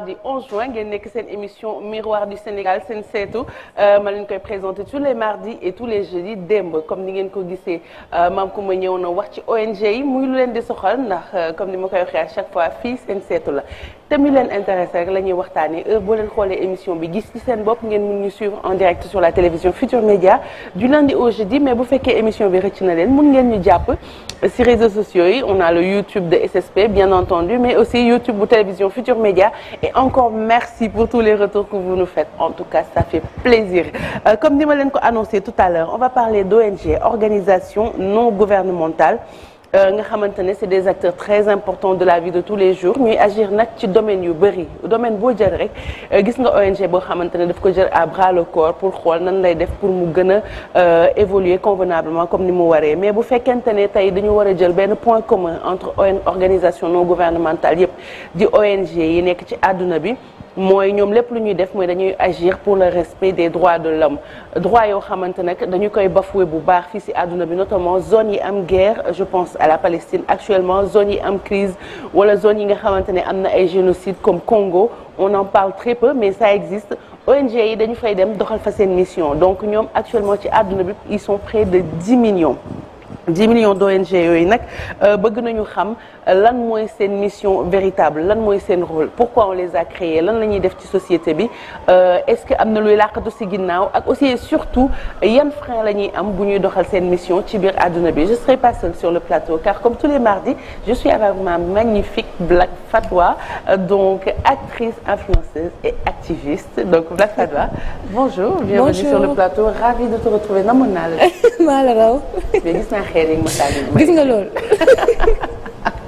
mardi 11 juin ngeen nekk seen émission miroir du Sénégal seen seetu euh, ma leen koy tous les mardis et tous les jeudis démb comme ni ngeen ko gisee maam ku ma ñëw na wax ci ONG yi euh, chaque fois fii seen la thème yu leen intéressé rek la ñuy waxtaanee heure boo leen émission bi gis ci seen bopp ngeen mun en direct sur la télévision Futur Média du lundi au jeudi mais bu fekkee émission bi rëcc na leen mun si réseaux sociaux yi et encore merci pour tous les retours que vous nous faites en tout cas ça fait plaisir euh, comme ni ma leen ko annoncé tout à l'heure on va parler d'ONG organisation non gouvernementale Euh, nga xamante ne c'est des acteurs très importants de la vie de tous les jours ñuy agir nag ci domaine yu bëri domaine boo jël rek euh, gis nga ONG boo xamante ne daf ko jël à bras le corps pour xool nan lay def pour mu gën a euh, évoluer convenablement comme ni mu waree mais bu fekkente ne tey dañu war a jël benn point commun entre organisation non gouvernementale yëpp di ONG yi nekk ci àdduna bi mooy ñoom lépp lu ñuy def mooy dañuy agir pour le respect des droits de l'homme droit yoo xamante nag dañu koy bafoué bu baax fii ci àdduna bi notamment zone yi am guerre je pense à la Palestine actuellement zone yi am crise wala zone yi nga xamante ne am na ay génocide comme Congo on en parle très peu mais ça existe ONG yi dañu fay dem doxal fa seen mission donc ñoom actuellement ci àdduna bi ils près de 10 millions dix millions d'ONG yooyu nag euh, bëgg nañu xam lan mooy seen mission véritable lan mooy seen rôle pourquoi on les a créés lan la ñuy def ci société bi euh, est-ce que am na luy làqatu si ginnaaw ak aussi surtout yan frein la ñuy am bu ñuy doxal seen mission ci biir àdduna bi je serai pas seule sur le plateau car comme tous les mardis je suis avec ma magnifique Black Fatwa euh, donc actrice influenceuse et activiste donc Black Fatwa bonjour bienvenue bonjour. sur le plateau ravie de te retrouver namoon naa la ñaaxee rek ma gis nga loolu.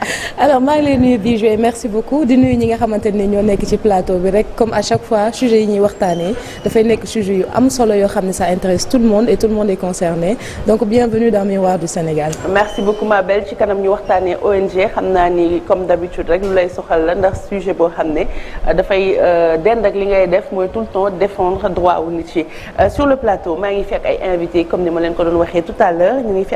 alors maa ngi lay nuyu Bijou merci beaucoup di nuyu ñi nga xamante ne nekk ci plateau bi rek comme à chaque fois sujet yi ñuy waxtaanee dafay nekk sujet yu am solo yoo xam ne ça intéresse tout le monde et tout le monde est concerné donc bienvenue dans Miroir du Sénégal. merci belle ci kanam ñu waxtaanee ONG xam naa ni comme d'habitude rek lu lay soxal la ndax sujet boo xam ne euh, dafay euh, dend ak li ngay def mooy tout le temps défendre droit wu nit yi euh, sur le plateau maa ngi ni ma leen ko doon waxee tout à l'heure ñu ngi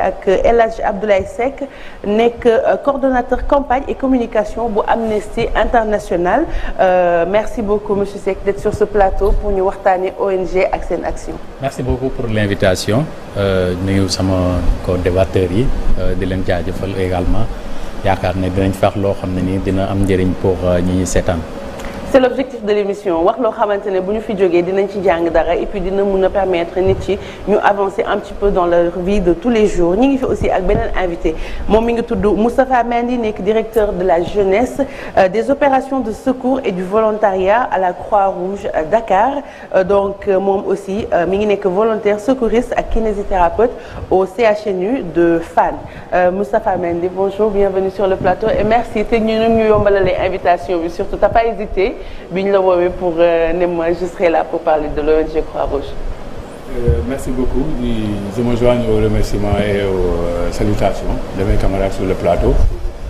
directeur campagne et communication bu Amnesty internationale euh, merci beaucoup monsieur Seck d'être sur ce plateau pour ñu waxtaanee ONG ak seen action. merci beaucoup pour l'invitation euh, nuyu sama ko débatteurs yi euh, di leen jaajëfal également yaakaar ne dinañ fex loo xam ne nii dina am njëriñ pour euh, ñu seetaan. c'est l'objectif de l'émission wax loo xamante ne bu ñu fi jógee dinañ ci jàng dara et puis dina mun a permettre nit ci ñu avancer un petit peu dans leur vie de tous les jours ñi ngi fi aussi ak beneen invité moom mi ngi tudd Moustapha Mendy nekk directeur de la jeunesse euh, des opérations de secours et du volontariat à la Croix-Rouge euh, Dakar euh, donc moom aussi mi ngi nekk volontaire secouriste ak kinésithérapeute au CHNU de Fann Moustapha Mendy bonjour bienvenue sur le plateau et merci te ñu ñu invitation bi surtout biñ la woowee pour euh, ne ma je serai là pour parler de l'ONG Croix-Rouge. Euh, merci beaucoup je me joins aux remerciements et aux euh, salutations de mes camarades le plateau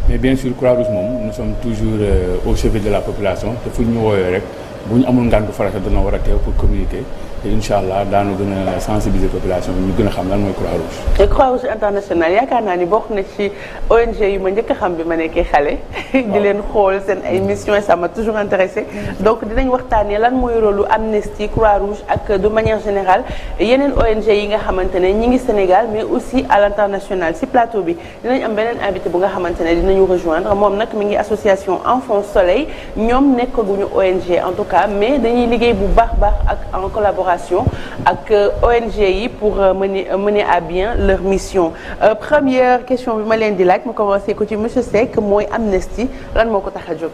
mais bien sûr Croix-Rouge moom nous sommes toujours euh, au chevet de la population te fu ñu woowee rek bu ñu amul ngaan bu farata dana war a teew pour communiquer. te incha allah daanu gën a sensibiliser population bi gën a xam lan mooy croix rouge. croix rouge internationale yaakaar naa ni bokk na ci ONG yu ma njëkk a xam bi ma nekkee xale. di leen xool seen ay missions ça m'a toujours intéressé donc dinañ lan mooy rôle lu Amnesty croix rouge ak de manière générale ONG yi nga xamante ne ñi ngi Sénégal mais aussi à l'international si plateau bi dinañ am beneen invité bu nga xamante ne dinañu rejoindre moom nag mi ngi association Enfant Soleil ñoom nekkaguñu ONG en tout cas mais dañuy liggéey bu baax baax ak en collaboration. collaboration ak euh, ONG yi pour euh, mener euh, mener à bien leur mission première question bi ma leen di laaj mu commencé ko ci monsieur Seck mooy Amnesty lan moo ko tax a jóg.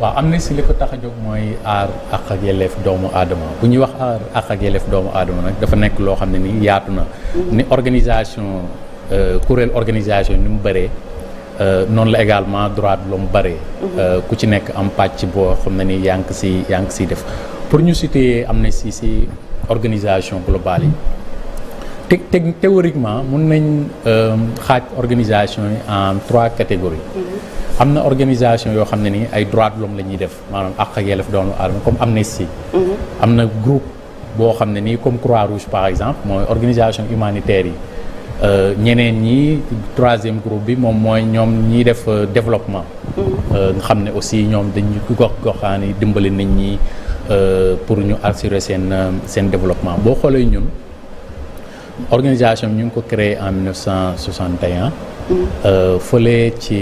waaw Amnesty li ko tax a jóg mooy aar àq ak yelleef doomu aadama bu ñuy wax aar àq ak yelleef doomu aadama nag dafa nekk loo xam ne ni yaatu na. Mm-hmm. ni organisation kuréel organisation ni mu bëree. noonu la également droit de l'homme bëree. Mm-hmm. ku ci nekk am pàcc boo xam ne ni yaa ngi si yaa si def. pour ñu citer Amnesty ci organisation globale yi teg teg théoriquement mun nañ euh, xaaj organisation yi en trois catégories mm-hmm. am na organisation yoo xam ne nii ay droits de l'homme la ñuy def maanaam àq ak yelleef doomu aadama comme Amnesty mm-hmm. am na group boo xam ne nii comme Croix-Rouge par exemple mooy organisation humanitaire yi euh, ñeneen ñi troisième groupe bi moom mooy ñoom ñiy def euh, développement mm-hmm. nga xam ne aussi ñoom dañu gox goxaan yi dimbali nit ñi Euh, pour ñu assurer seen euh, seen développement boo xoolee ñun organisation ñu ngi ko créé en 1961. Euh, fële ci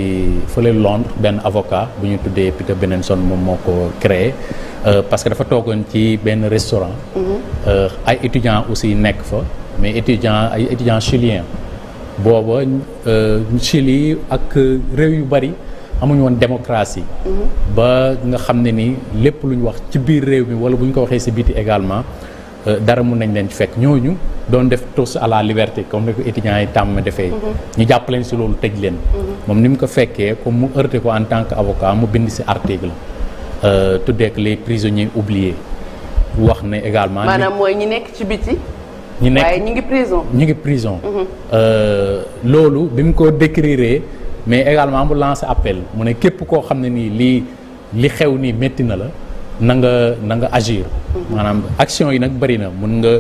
fële Londres benn avocat bu ñu tuddee Peter Benenson moom moo ko créé parce que dafa toogoon ci benn restaurant. ay étudiants aussi nekk fa mais étudiants ay étudiants chiliens booba Chili ak réew yu bari. amuñu woon démocratie. Mhm. ba nga xam ne ni lépp lu ñu wax ci biir réew mi wala bu ñu ko waxee si biti également euh, dara mun nañ leen ci fekk ñooñu doon def tous à la liberté comme ni ko étudiants yi tàmm defee. Mhm. ñu jàpp leen si loolu tëj leen. Mhm. moom ni mu ko fekkee comme mu heurté ko en tant que avocat mu bind si article euh, tuddee les prisonniers oubliés wax ne également. maanaam mooy ñi nekk ci biti. ñi nekk waaye ñi ngi prison. ñi ngi euh, loolu bi mu ko décrire. mais également mu lancé appel mu ne képp koo xam ne nii lii li xew nii métti na la na nga na agir maanaam action yi nag bëri na mun nga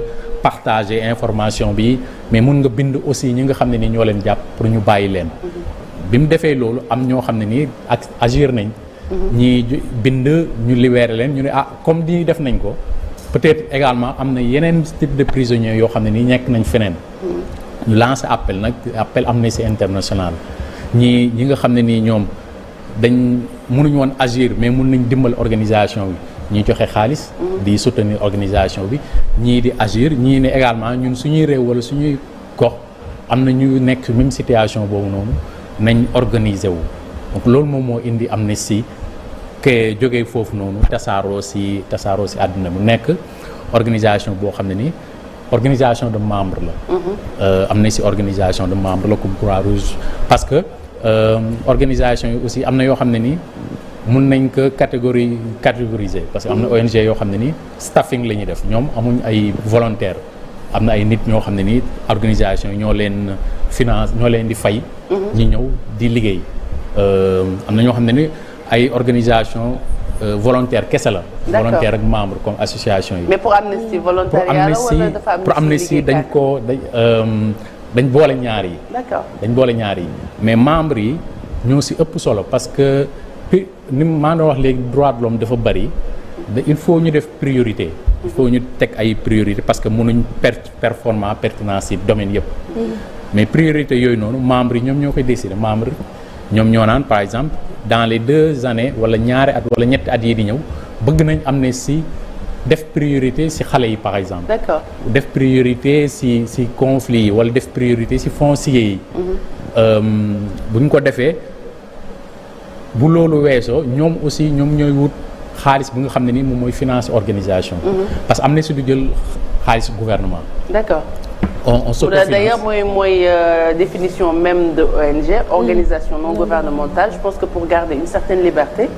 partager information bi mais mun nga bind aussi ñi nga xam ne nii ñoo leen jàpp pour ñu bàyyi leen bi mu defee loolu am ñoo xam ne nii ak agir nañ ñi bind ñu libéré leen ñu ne ah comme di def nañ ko peut-être également am na yeneen type de prisonniers yoo xam ne nii nekk nañ feneen ñu lancé appel nag appel Amnesty International ñi ñi nga xam ne nii ñoom dañ mënuñu woon agir mais mun nañ dimbal organisation bi ñuy joxe xaalis. Mm-hmm. di soutenir organisation bi ñii di agir ñii ne également ñun suñuy réew wala suñuy gox am na ñu nekk même situation boobu noonu nañ organiser wu. donc loolu moom moo indi am amnistie ke jógee foofu noonu tasaaroo si tasaaroo si àdduna bu nekk organisation boo xam ne ni organisation de membre la. am na si organisation de membre la comme Croix-Rouge Euh, organisation yi aussi am na yoo xam ne nii mun nañ ko catégorie catégoriser parce que am na mm-hmm. ONG yoo xam ne nii staffing la ñuy def ñoom amuñ ay volontaire am na ay nit ñoo xam ne nii organisation yi ñoo leen finance ñoo leen di fay. Mm-hmm. ñi ñëw di liggéey. Euh, am na ñoo xam ne ni ay organisation euh, volontaire kese la. volontaire ak membre comme association yi. mais pour Amnesty dañ ko dañ. dañ boole ñaar yi. d'accord boole ñaar yi mais membres yi ñoo si ëpp solo parce que pi ni maa doon wax léegi droit de l'homme dafa bari il faut ñu def priorité. il faut ñu teg ay priorité parce que mënuñ per performance pertinence si domaine yëpp. Mm-hmm. mais priorité yooyu noonu membres yi ñoom ñoo koy décider membre ñoom ñoo naan par exemple dans les deux années wala ñaari at wala ñetti at yi di ñëw bëgg nañ am ne si. def priorité si xale yi par exemple. d'accord def priorité si ci conflit yi wala def priorité si foncier yi. Mm-hmm. Euh, bu ñu ko defee bu loolu weesoo ñoom aussi ñoom ñooy wut xaalis bi nga xam ne ni moom mooy finance organisation. Mm-hmm. parce que am na ci du jël xaalis gouvernement. on on s'autofinance mooy mooy euh, définition même de ONG. Mm. organisation non mm. gouvernementale je pense que pour garder une certaine liberté.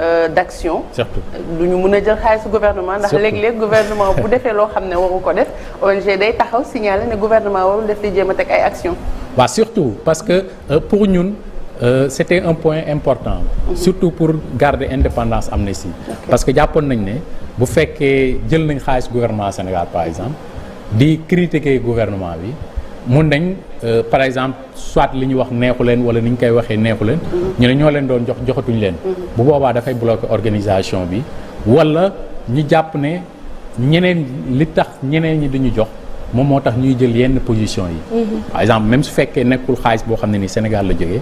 Euh, d'action. surtout du ñu mun a jël xaalisu gouvernement ndax léeg-léeg gouvernement bu defee loo xam ne waru ko def ONG day taxaw signaler ne gouvernement warul def li jéem teg ay action waaw surtout parce que euh, pour ñun. Euh, c'était un point important mm-hmm. surtout pour garder indépendance am Amnesty si parce que jàppoon nañ ne bu fekkee jël nañ xaalis gouvernement Sénégal par exemple di critiquer gouvernement bi mun nañ euh, par exemple soit li ñu wax neexu leen wala ni ñu koy waxee neexu leen. ñu ne ñoo leen doon jox joxatuñ leen. bu boobaa dafay bloquer organisation bi wala ñu jàpp ne ñeneen li tax ñeneen ñi duñu jox. moom moo tax ñuy jël yenn position yi. Mhm. par exemple même su fekkee nekkul xaalis boo xam ne nii Sénégal la jógee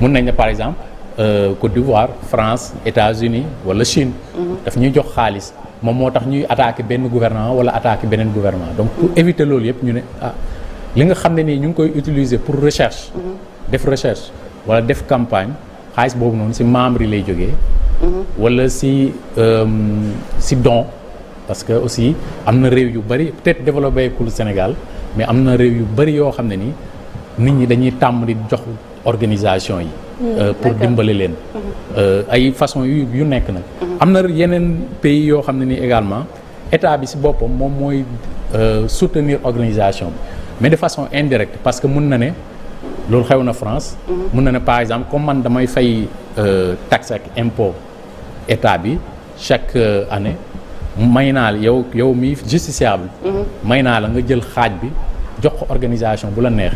mun nañ ne par exemple euh, Côte d'Ivoire France États-Unis wala Chine. Mhm. daf ñuy jox xaalis. moom moo tax ñuy attaqué benn gouvernement wala attaqué beneen gouvernement donc pour éviter loolu yëpp ñu ne ah li nga xam ne nii ñu ngi koy utiliser pour recherche mm-hmm. def recherche wala def campagne xaalis boobu noonu si membre yi lay jóge mm-hmm. wala si euh, si don parce que aussi am na réew yu bëri peut-être développé Sénégal mais am na réew yu bëri yoo xam ne nii nit ñi dañuy tàmm di jox organisation yi. Hmm, euh, pour dimbali leen. Hmm. Euh, ay façon yu yu nekk nag. Hmm. am na yeneen pays yoo xam ne ni également état bi si boppam moom mooy euh, soutenir organisation bi mais de façon indirecte parce que mun na ne loolu xew na France. mun na ne par exemple comme man damay fay taxe ak impôt état bi chaque année may naa la yow yow mi justiciable. may naa la nga jël xaaj bi jox ko organisation bu la neex.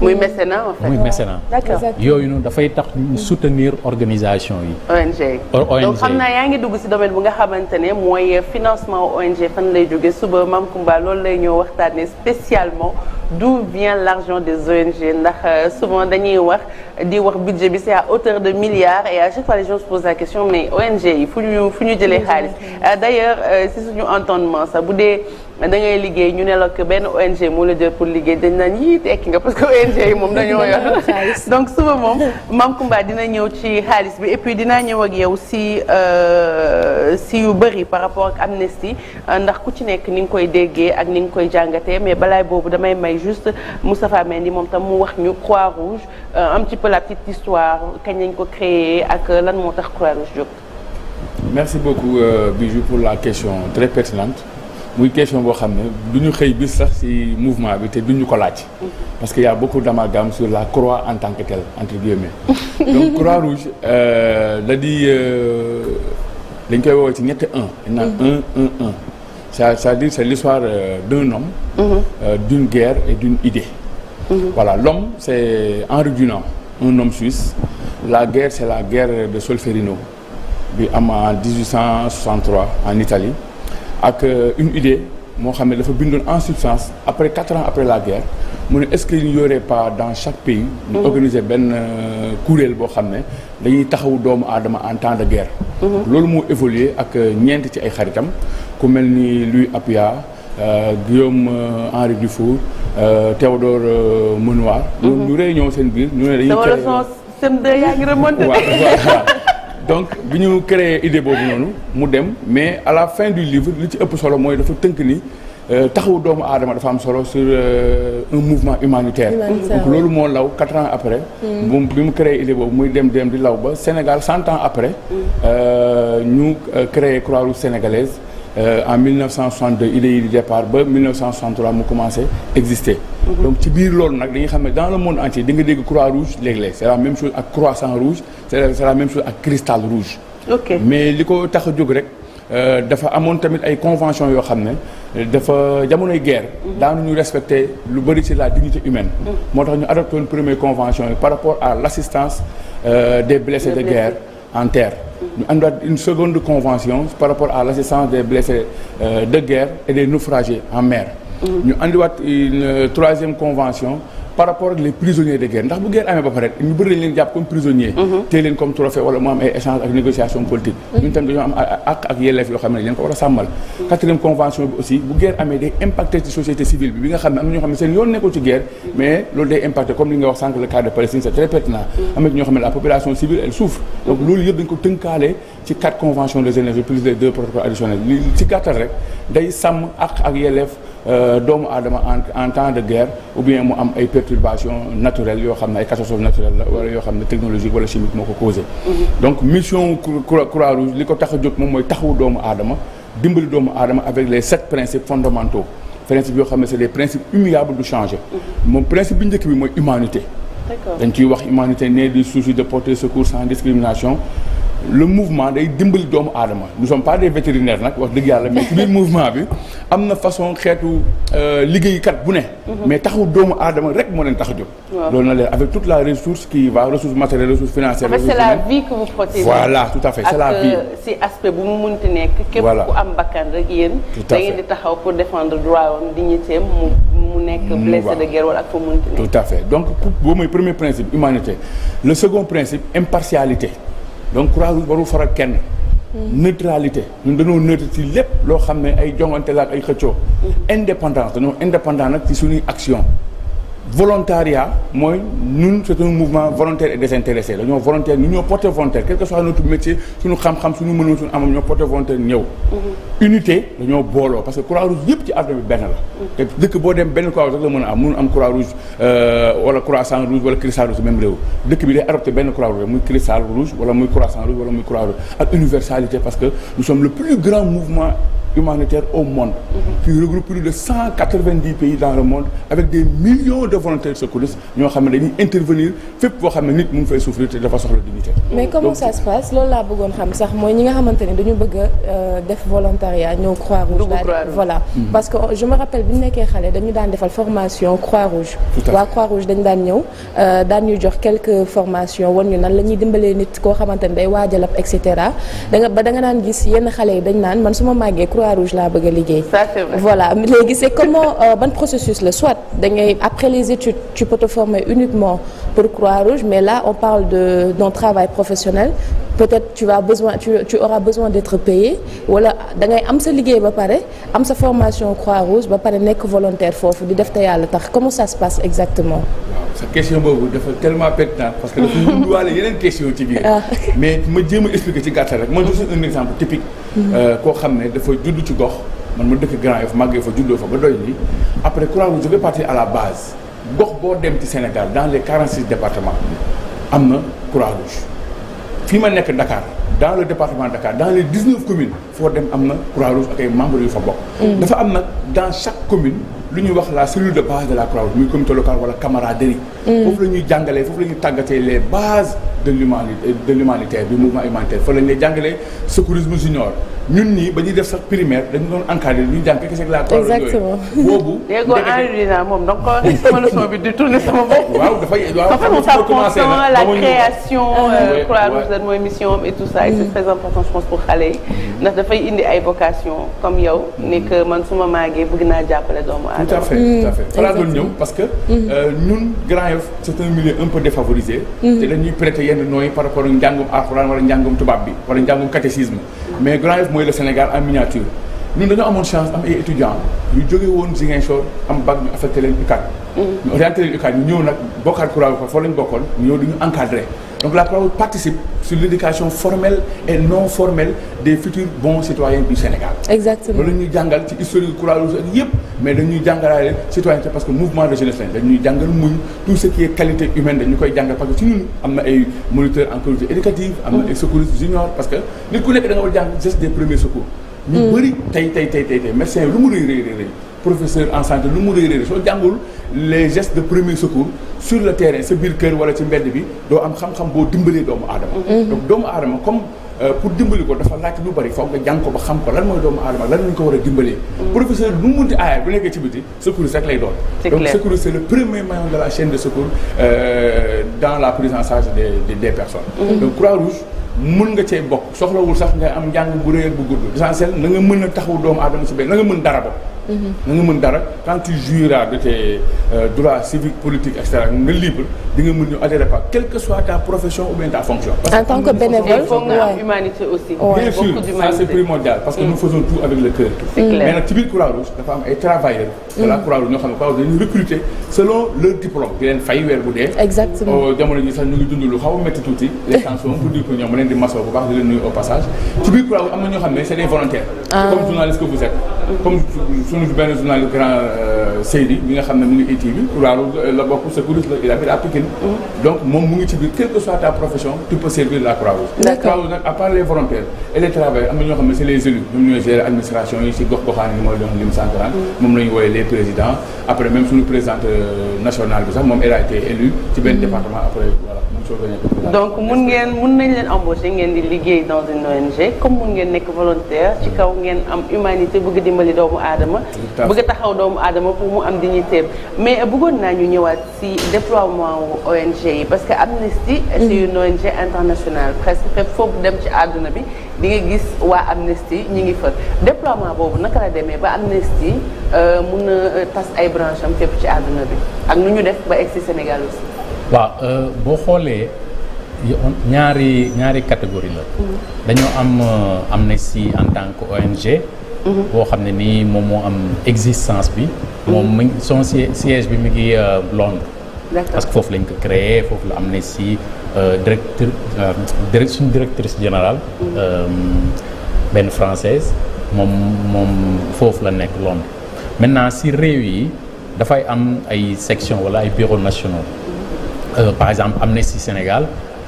muy mécénat en fait. muy mécénat. d'accord yooyu noonu dafay tax ñu soutenir organisation yi. ONG ONG donc xam naa yaa ngi dugg ci domaine bu nga xamante ne mooy financement ONG fan lay jógee suba Mame Koumba loolu lay ñëw waxtaanee spécialement d'où vient l'argent des ONG ndax euh, souvent dañuy wax di wax budget bi c'est à hauteur de milliards et à chaque fois les gens se posent la question mais ONG yi fu ñu fu ñu jëlee xaalis euh, d'ailleurs euh, ci suñu entendement sax bu dee. da ngay liggéey ñu ne la que benn ONG moo la jël pour liggéey dañ naan yii tekki nga parce que ONG yi moom dañoo yor donc suba moom Mame Koumba dina ñëw ci xaalis bi et puis dinaa ñëw ak yow si euh, si yu bëri par rapport ak amnistie euh, ndax ku ci nekk ni nga koy déggee ak ni nga koy jàngatee mais balaay boobu damay may juste Moustapha Mendy moom tam mu wax ñu Croix Rouge euh, un petit peu la petite histoire kañ lañ ko créer ak lan moo tax Croix Rouge jóg merci beaucoup Bijou pour la question très muy question boo xam ne du ñu xëy bis sax ci mouvement bi te du ñu ko laaj. parce que y a beaucoup d'amalgame sur la croix en tant que telle entre guillemets. donc croix rouge euh, da di euh, dañ koy woowee ci ñetti un. dañ naan mhm. un un un. c'est-à-dire c'est l'histoire euh, d'un homme. Mhm. d'une guerre et d'une idée. Mm -hmm. voilà l'homme c'est Henri Dunant un nom suisse la guerre c'est la guerre de Solferino bi am en 1863 en Italie. ak euh, une idée moo xam ne dafa bindoon en substance après quatre ans après la guerre mu ne est-ce qu'il n'y yore pas dans chaque pays ñu mhm. organiser benn euh, kuréel boo xam ne dañuy taxawu doomu aadama en temps de guerre mhm. loolu moo évolué ak euh, ñeent ci ay xaritam ku mel ni Louis Apia Guillaume Henri Dufour Théodore Menoir ñoom mhm. ñu réunion seen biir ñu ne dañuy seen yaa ngi remonté donc bi ñu créé idée boobu noonu mu dem mais à la fin du livre li ci ëpp solo mooy dafa tënk ni euh, taxawu doomu aadama dafa am solo sur euh, un mouvement humanitaire donc loolu moo law quatre ans après bu mm. bi mu créé idée boobu muy dem dem di law ba Sénégal cent ans après mm. euh, ñu créé Croix-Rouge sénégalaise en 1962 idée yi di départ ba 1963 mu commencé exister donc ci biir loolu nag dañuy xam ne dans le monde entier di nga dégg croix rouge léeg-léeg c' est la même chose ak croissant rouge c' est la même chose ak cristal rouge. mais li ko tax a jóg rek. Euh, dafa amoon tamit ay convention yoo xam ne dafa jamonoy guerre mhm. daanuñu respecter lu bari ci la dignité humaine mhm. moo tax ñu adopté woon première convention yi par rapport à l' assistance euh, des blessés de guerre en terre ñu àndaat une seconde convention par rapport à l' assistance des blessés euh, de guerre et des naufragés en mer ñu andiwaat une euh, troisième convention par rapport les prisonniers de guerre ndax bu guerre amee ba pare ñu bëri lañ leen jàpp comme prisonnier mhm. téye comme trophée wala mu am échange ak négociation politique ñun tam dañoo am àq ak yelleef yoo xam ne leen ko war sàmmal mhm. quatrième convention bi aussi bu guerre amee day impacté société civile bi bi nga xam ne ñoo xam ne seen yoon nekkul ci guerre mais loolu day impacté comme li nga wax sànq mhm. la Euh, doomu aadama en en temps de guerre ou bien mu am ay perturbations naturelles yoo xam ne ay catastrophes naturelles la wala yoo xam ne technologique wala chimique moo ko causé. Mhm. donc mission croix rouge li ko tax a jóg moom mooy taxawu doomu aadama dimbali doomu aadama avec les sept principes fondamentaux principes yoo xam ne c'est des principes immuables du changer. Mhm. moom principe bi njëkk bi mooy humanité. dañ ciy wax humanité né du souci de porter secours sans discrimination. le mouvement day dimbali doomu aadama nous sommes pas des vétérinaires nag wax dëgg yàlla mais ci biir mouvement bi am na façon xeetu euh, liggéey kat bu ne mhm. mais taxaw doomu aadama rek moo leen tax a jóg loolu na leen avec toute la ressource qui va ressource matérielle ressource financière c'est la vie que vous protégez voilà tout à fait euh, nekk képp ku am bakkan rek yéen da ngeen di taxaw pour défendre droit am dignitéem mu nekk blessé de guerre wala ak fa munti nekk tout à fait donc boobu mooy premier principe humanité le second principe impartialité donc Croix-Rouge warul faral kenn. Hmm. neutralité ñun dañoo neutre ci lépp loo xam ne ay jongante laal ay xëccoo. Hmm. indépendant dañoo indépendant nag ci suñuy action. volontariat mooy ñun c'est un mouvement volontaire et désintéressé dañoo volontaire ñun ñoo porté volontaire quel que soit notre métier suñu xam-xam suñu mënoon suñu amam ñoo porté volontaire ñëw mm-hmm. unité dañoo booloo parce que croix rouge yëpp ci àdduna bi benn la mm-hmm. te dëkk boo dem benn croix rouge rek la mën a euh, bi day adopté benn croix rouge muy cristal rouge wala muy croissant rouge ak universalité parce que nous sommes le plus grand mouvement humanitaire au monde mhm. qui regroupe de pays dans le monde avec des millions de volontaires secouristes ñoo xam ne dañuy intervenir fépp boo xam ne nit mu ngi fay souffrir te dafa soxla dignité mais comment ça se passe loolu laa bëggoon xam sax mooy ñi nga xamante dañu bëgg a euh, def volontariat ñëw croix rouge voilà mhm. parce que je me rappelle bi nekkee xale dañu daan defal formation croix rouge waa croix rouge dañu daan ñëw euh, daan ñuy jox quelques formations da nga ba da nga daan gis yenn xale yi dañ naan man su Croix-Rouge laa bëgg voilà léegi c'est comment euh, ban processus la soit da ngay après les études tu peux te former uniquement pour Croix-Rouge mais là on parle de d'un travail professionnel peut-être tu auras besoin d'être payé wala da am sa liggéey ba pare am sa formation Croix-Rouge ba pare nekk volontaire foofu di def te yàlla tax comment ça se passe exactement. Ah, sa question boobu dafa tellement pertinente parce que dafa dunduwaale yeneen question ci ah. mais ma jéem a expliquer ci gàttal rek. man lu ci gox man ma dëkk Grand Yoff màggee fa juddoo fa ba doy nii après Croix-Rouge je vais à la base gox boo dem ci Sénégal dans les 46 départements am na Croix-Rouge fii ma nekk Dakar dans le département Dakar dans les 19 communes. foo dem am na Croix-Rouge ak yu fa bokk. Mm. dafa am nag dans chaque commune lu ñuy wax la cellule de base de la Croix-Rouge muy comité local wala camaraderie. Mm. foofu la ñuy foofu la ñuy tàggatee les de l'humanité de l'humanitaire du mouvement humanitaire fa la ñuy jàngalee junior ñun ñii ba ñuy def sax primaire dañu doon encadré ñu jàng kese la Croix-Rouge yooyu. bi di tourner sama la création. Euh, Croix-Rouge lan et tout ça et c'est mm. très important je pense pour xale yi. dafay indi ay vocation comme yow. Mhm. ni man su ma bëgg naa jàppale doomu aadama. tout à fait tout ñëw parce que. Mhm. Euh, un milieu un peu défavorisé. Mhm. te dañuy prêter yenn nooy par rapport ak wala njàngum tubaab bi wala njàngum catéchisme. mais Grand mooy le Sénégal en miniature. ñun dañoo amoon chance yu jóge woon Ziguinchor am bac ñu affecté leen UCAD. ñu orienté leen UCAD ñu nag bokkaat kuréel ko foofu lañ bokkoon ñu ñëw ñu encadré. donc la PRAO participe sur l'éducation formelle et non formelle des futurs bons citoyens du Sénégal. exactement la ñuy jàngal ci historique Croix-Rouge ak yëpp mais dañuy jàngalaale citoyenneté que mouvement de jeunesse lañ dañuy jàngal muñ tout ce koy jàngal parce que ci ñun am mm. parce que nit ku nekk da mm. tey tey tey tey professeur en santé lu mu réeréer soo jàngul les gestes de premier secours sur le terrain sa biir kër wala ci mbedd bi doo am xam-xam boo dimbalee doomu aadama mm-hmm. doomu aadama comme euh, pour dimbali ko dafa laaj lu xam ko lan mooy doomu aadama lan lañ ko war a dimbalee mm-hmm. professeur lu mu munti aaya bu nekkee ci biti secours rek lay doon donc secours c'est le premier maillon la chaîne de secours euh, dans la mm-hmm. Croix-Rouge mën nga cee bokk soxlawul sax nga am njàng bu réer bu gudd l'essentiel na nga mën a taxaw doomu aadama si benn na nga mën dara bokk na nga mën dara quand tu de tes euh, droits civiques politiques et cetera nga libre di mën ñu adhérer pas quelle que soit ta profession ou bien ta fonction. parce que nous mm. faisons tout avec le cœur. c'est clair ci biir croix dafa am ay travailleurs. de la mm. Croix-Rouge ñoo xam ne Croix-Rouge dañuy selon leur diplôme di leen fay weer bu dee. exactement oh, jamono sax ñu ngi dund lu xaw a tuuti. les chansons pour dire que ñoom leen di masoo bu baax di leen nuyu au sunu benn journal yu grand euh, Seydi bi nga xam ne mu ngi ITV croix euh, la bokk secouriste la il habite mhm. donc moom mu ngi ci biir quelle que soit ta profession tu peux servir la Croix-Rouge Croix-Rouge nag à part les volontaires et les travailleurs am na ñoo xam ne c'est les élus ñoom ñooy administration yi si gox goxaan yi mooy doon lim santaran mhm. moom la ñu wooyee les présidents après même suñu présidente euh, nationale bi sax moom elle a été élue ci benn mhm. département donc mun ngeen mun nañ leen embaucher ngeen di liggéey dans une ONG comme mun ngeen nekk volontaire ci kaw ngeen am humanité bëgg dimbali doomu aadama bëgg taxaw doomu aadama pour mu am dignité mais euh, bëggoon naa ñu ñëwaat si déploiement wu ONG yi parce que Amnesty mm. c'est une ONG internationale presque fépp foofu dem ci àdduna bi di nga gis waa Amnesty ñu ngi fa déploiement boobu naka la demee ba Amnesty euh, mun a euh, tas ay branche am ci àdduna bi ak nu ñu def ba egsi Sénégal waaw euh, boo xoolee ñaari ñaari catégorie la. Mm-hmm. dañoo am euh, Amnesty en tant que ONG. Mm-hmm. boo xam ne nii moom moo am existence bi. Mm-hmm. moom mi son siège bi mi ngi euh, Londres. parce que foofu lañ ko créé foofu la Amnesty directeur direct suñu directrice générale. benn française moom moom foofu la nekk Londres. maintenant si réew yi dafay am ay section wala ay bureaux nationaux. Euh, par exemple Amnesty Sénégal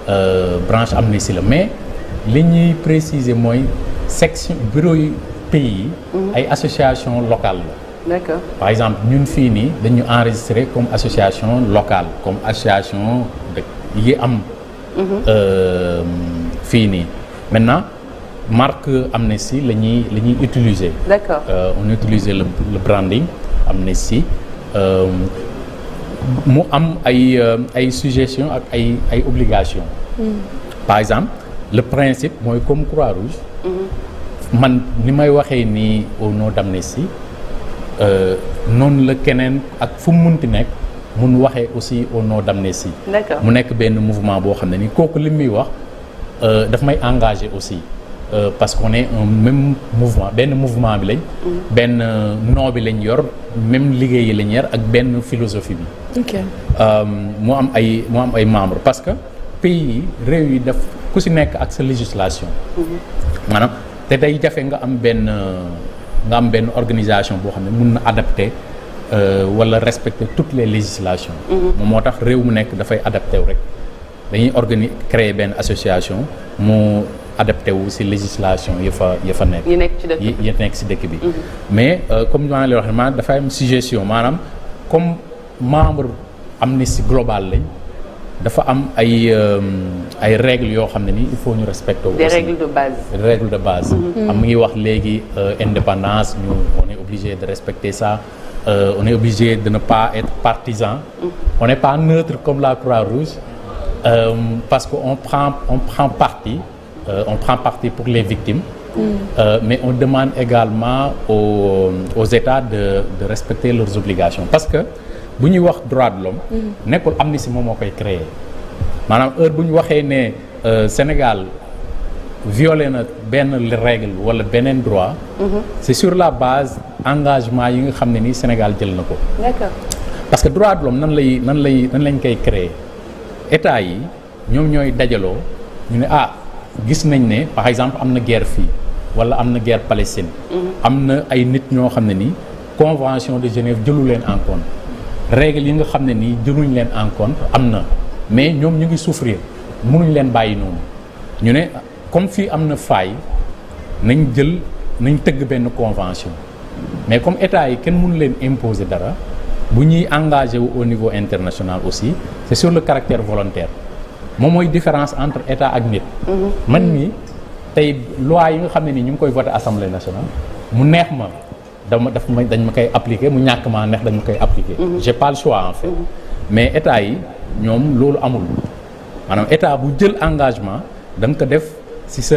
euh, branche Amnesty la mais li ñuy préciser mooy section bureau yu pays yi. Mm-hmm. ay association locale la. par exemple ñun fii nii dañu enregistré comme association locale comme association de yi am. Mm-hmm. Euh, fii nii maintenant marque Amnesty la ñuy la ñuy utiliser. d'accord euh, on utilise le le branding Amnesty. Euh, mu am ay euh, ay suggestion ak ay ay obligation mm. par exemple le principe mooy comme croix rouge mm-hmm. man ni may waxee nii au nom d'Amnesty euh, noonu la keneen ak fu mu munti nekk mun waxee aussi au nom d'Amnesty mu nekk benn mouvement boo xam ne ni kooku li muy wax euh, daf may engagé aussi Euh, parce que est un même mouvement benn mouvement bi lañ. benn euh, nom bi lañ yor même liggéey yi lañ yor ak benn philosophie bi. ok euh, mu am ay mu ay membres parce que pays yi réew yi daf ku si nekk ak sa législation. Mhm. maanaam te day jafe nga am benn am benn organisation boo xam ne mun na adapté euh, wala respecter toutes les législations. Mhm. moom moo tax réew mu nekk dafay adapté wu rek dañuy organi créer benn association mu. adapté wu si législation yi fa yi fa nekk. yi nekk si dëkk bi mhm. mais euh, comme maa ngi lay wax maanaam dafa am suggestion maanaam comme membre am Amnesty Global lañ dafa am ay euh, ay règles yoo xam ne nii il faut ñu respecté wu. des règles de base de base. am mu ngi wax léegi euh, indépendance ñu on est obligé de respecter ça. Euh, on est obligé de ne pas être partisan. Mhm. On n'est pas neutre comme la Croix-Rouge euh, parce qu'on prend on prend parti Euh, on prend parti pour les victimes. Mm. Euh, mais on demande également aux, euh, aux États de, de respecter leurs obligations parce que bu ñuy wax droit de l'homme mm. nekkul amnistie moom moo koy créer maanaam heure bu ñu waxee ne Sénégal violé na benn règle wala beneen droit mm-hmm. c'est sur la base engagement yi nga xam ne nii Sénégal jël na ko parce que droit de l'homme nan lay nan lay nan lañ koy créer état yi ñoom ñooy dajaloo ñu ne ah gis nañ ne par exemple am na guerre fii wala am na guerre Palestine. Mm-hmm. am na ay nit ñoo xam ne nii convention de Genève jëlu leen en compte règle yi nga xam ne nii jëluñ leen en am na mais ñoom ñu ngi souffrir mënuñ leen bàyyi noonu ñu ne comme fii am na fay nañ jël nañ tëgg benn convention mais comme état yi kenn munu leen imposer dara bu ñuy engagé wu au niveau international aussi c'est sur le caractère volontaire. moom mooy différence entre état ak nit. Mhm. man mii tey loi yi nga xam ne nii ñu ngi koy voté assemblée nationale mu neex ma dama daf ma dañ ma koy appliqué mu ñàkk maa neex dañ ma koy appliqué. Mhm. j'ai pas le choix en fait. Mhm. mais état yi ñoom loolu amul maanaam état bu jël engagement da ko def si sa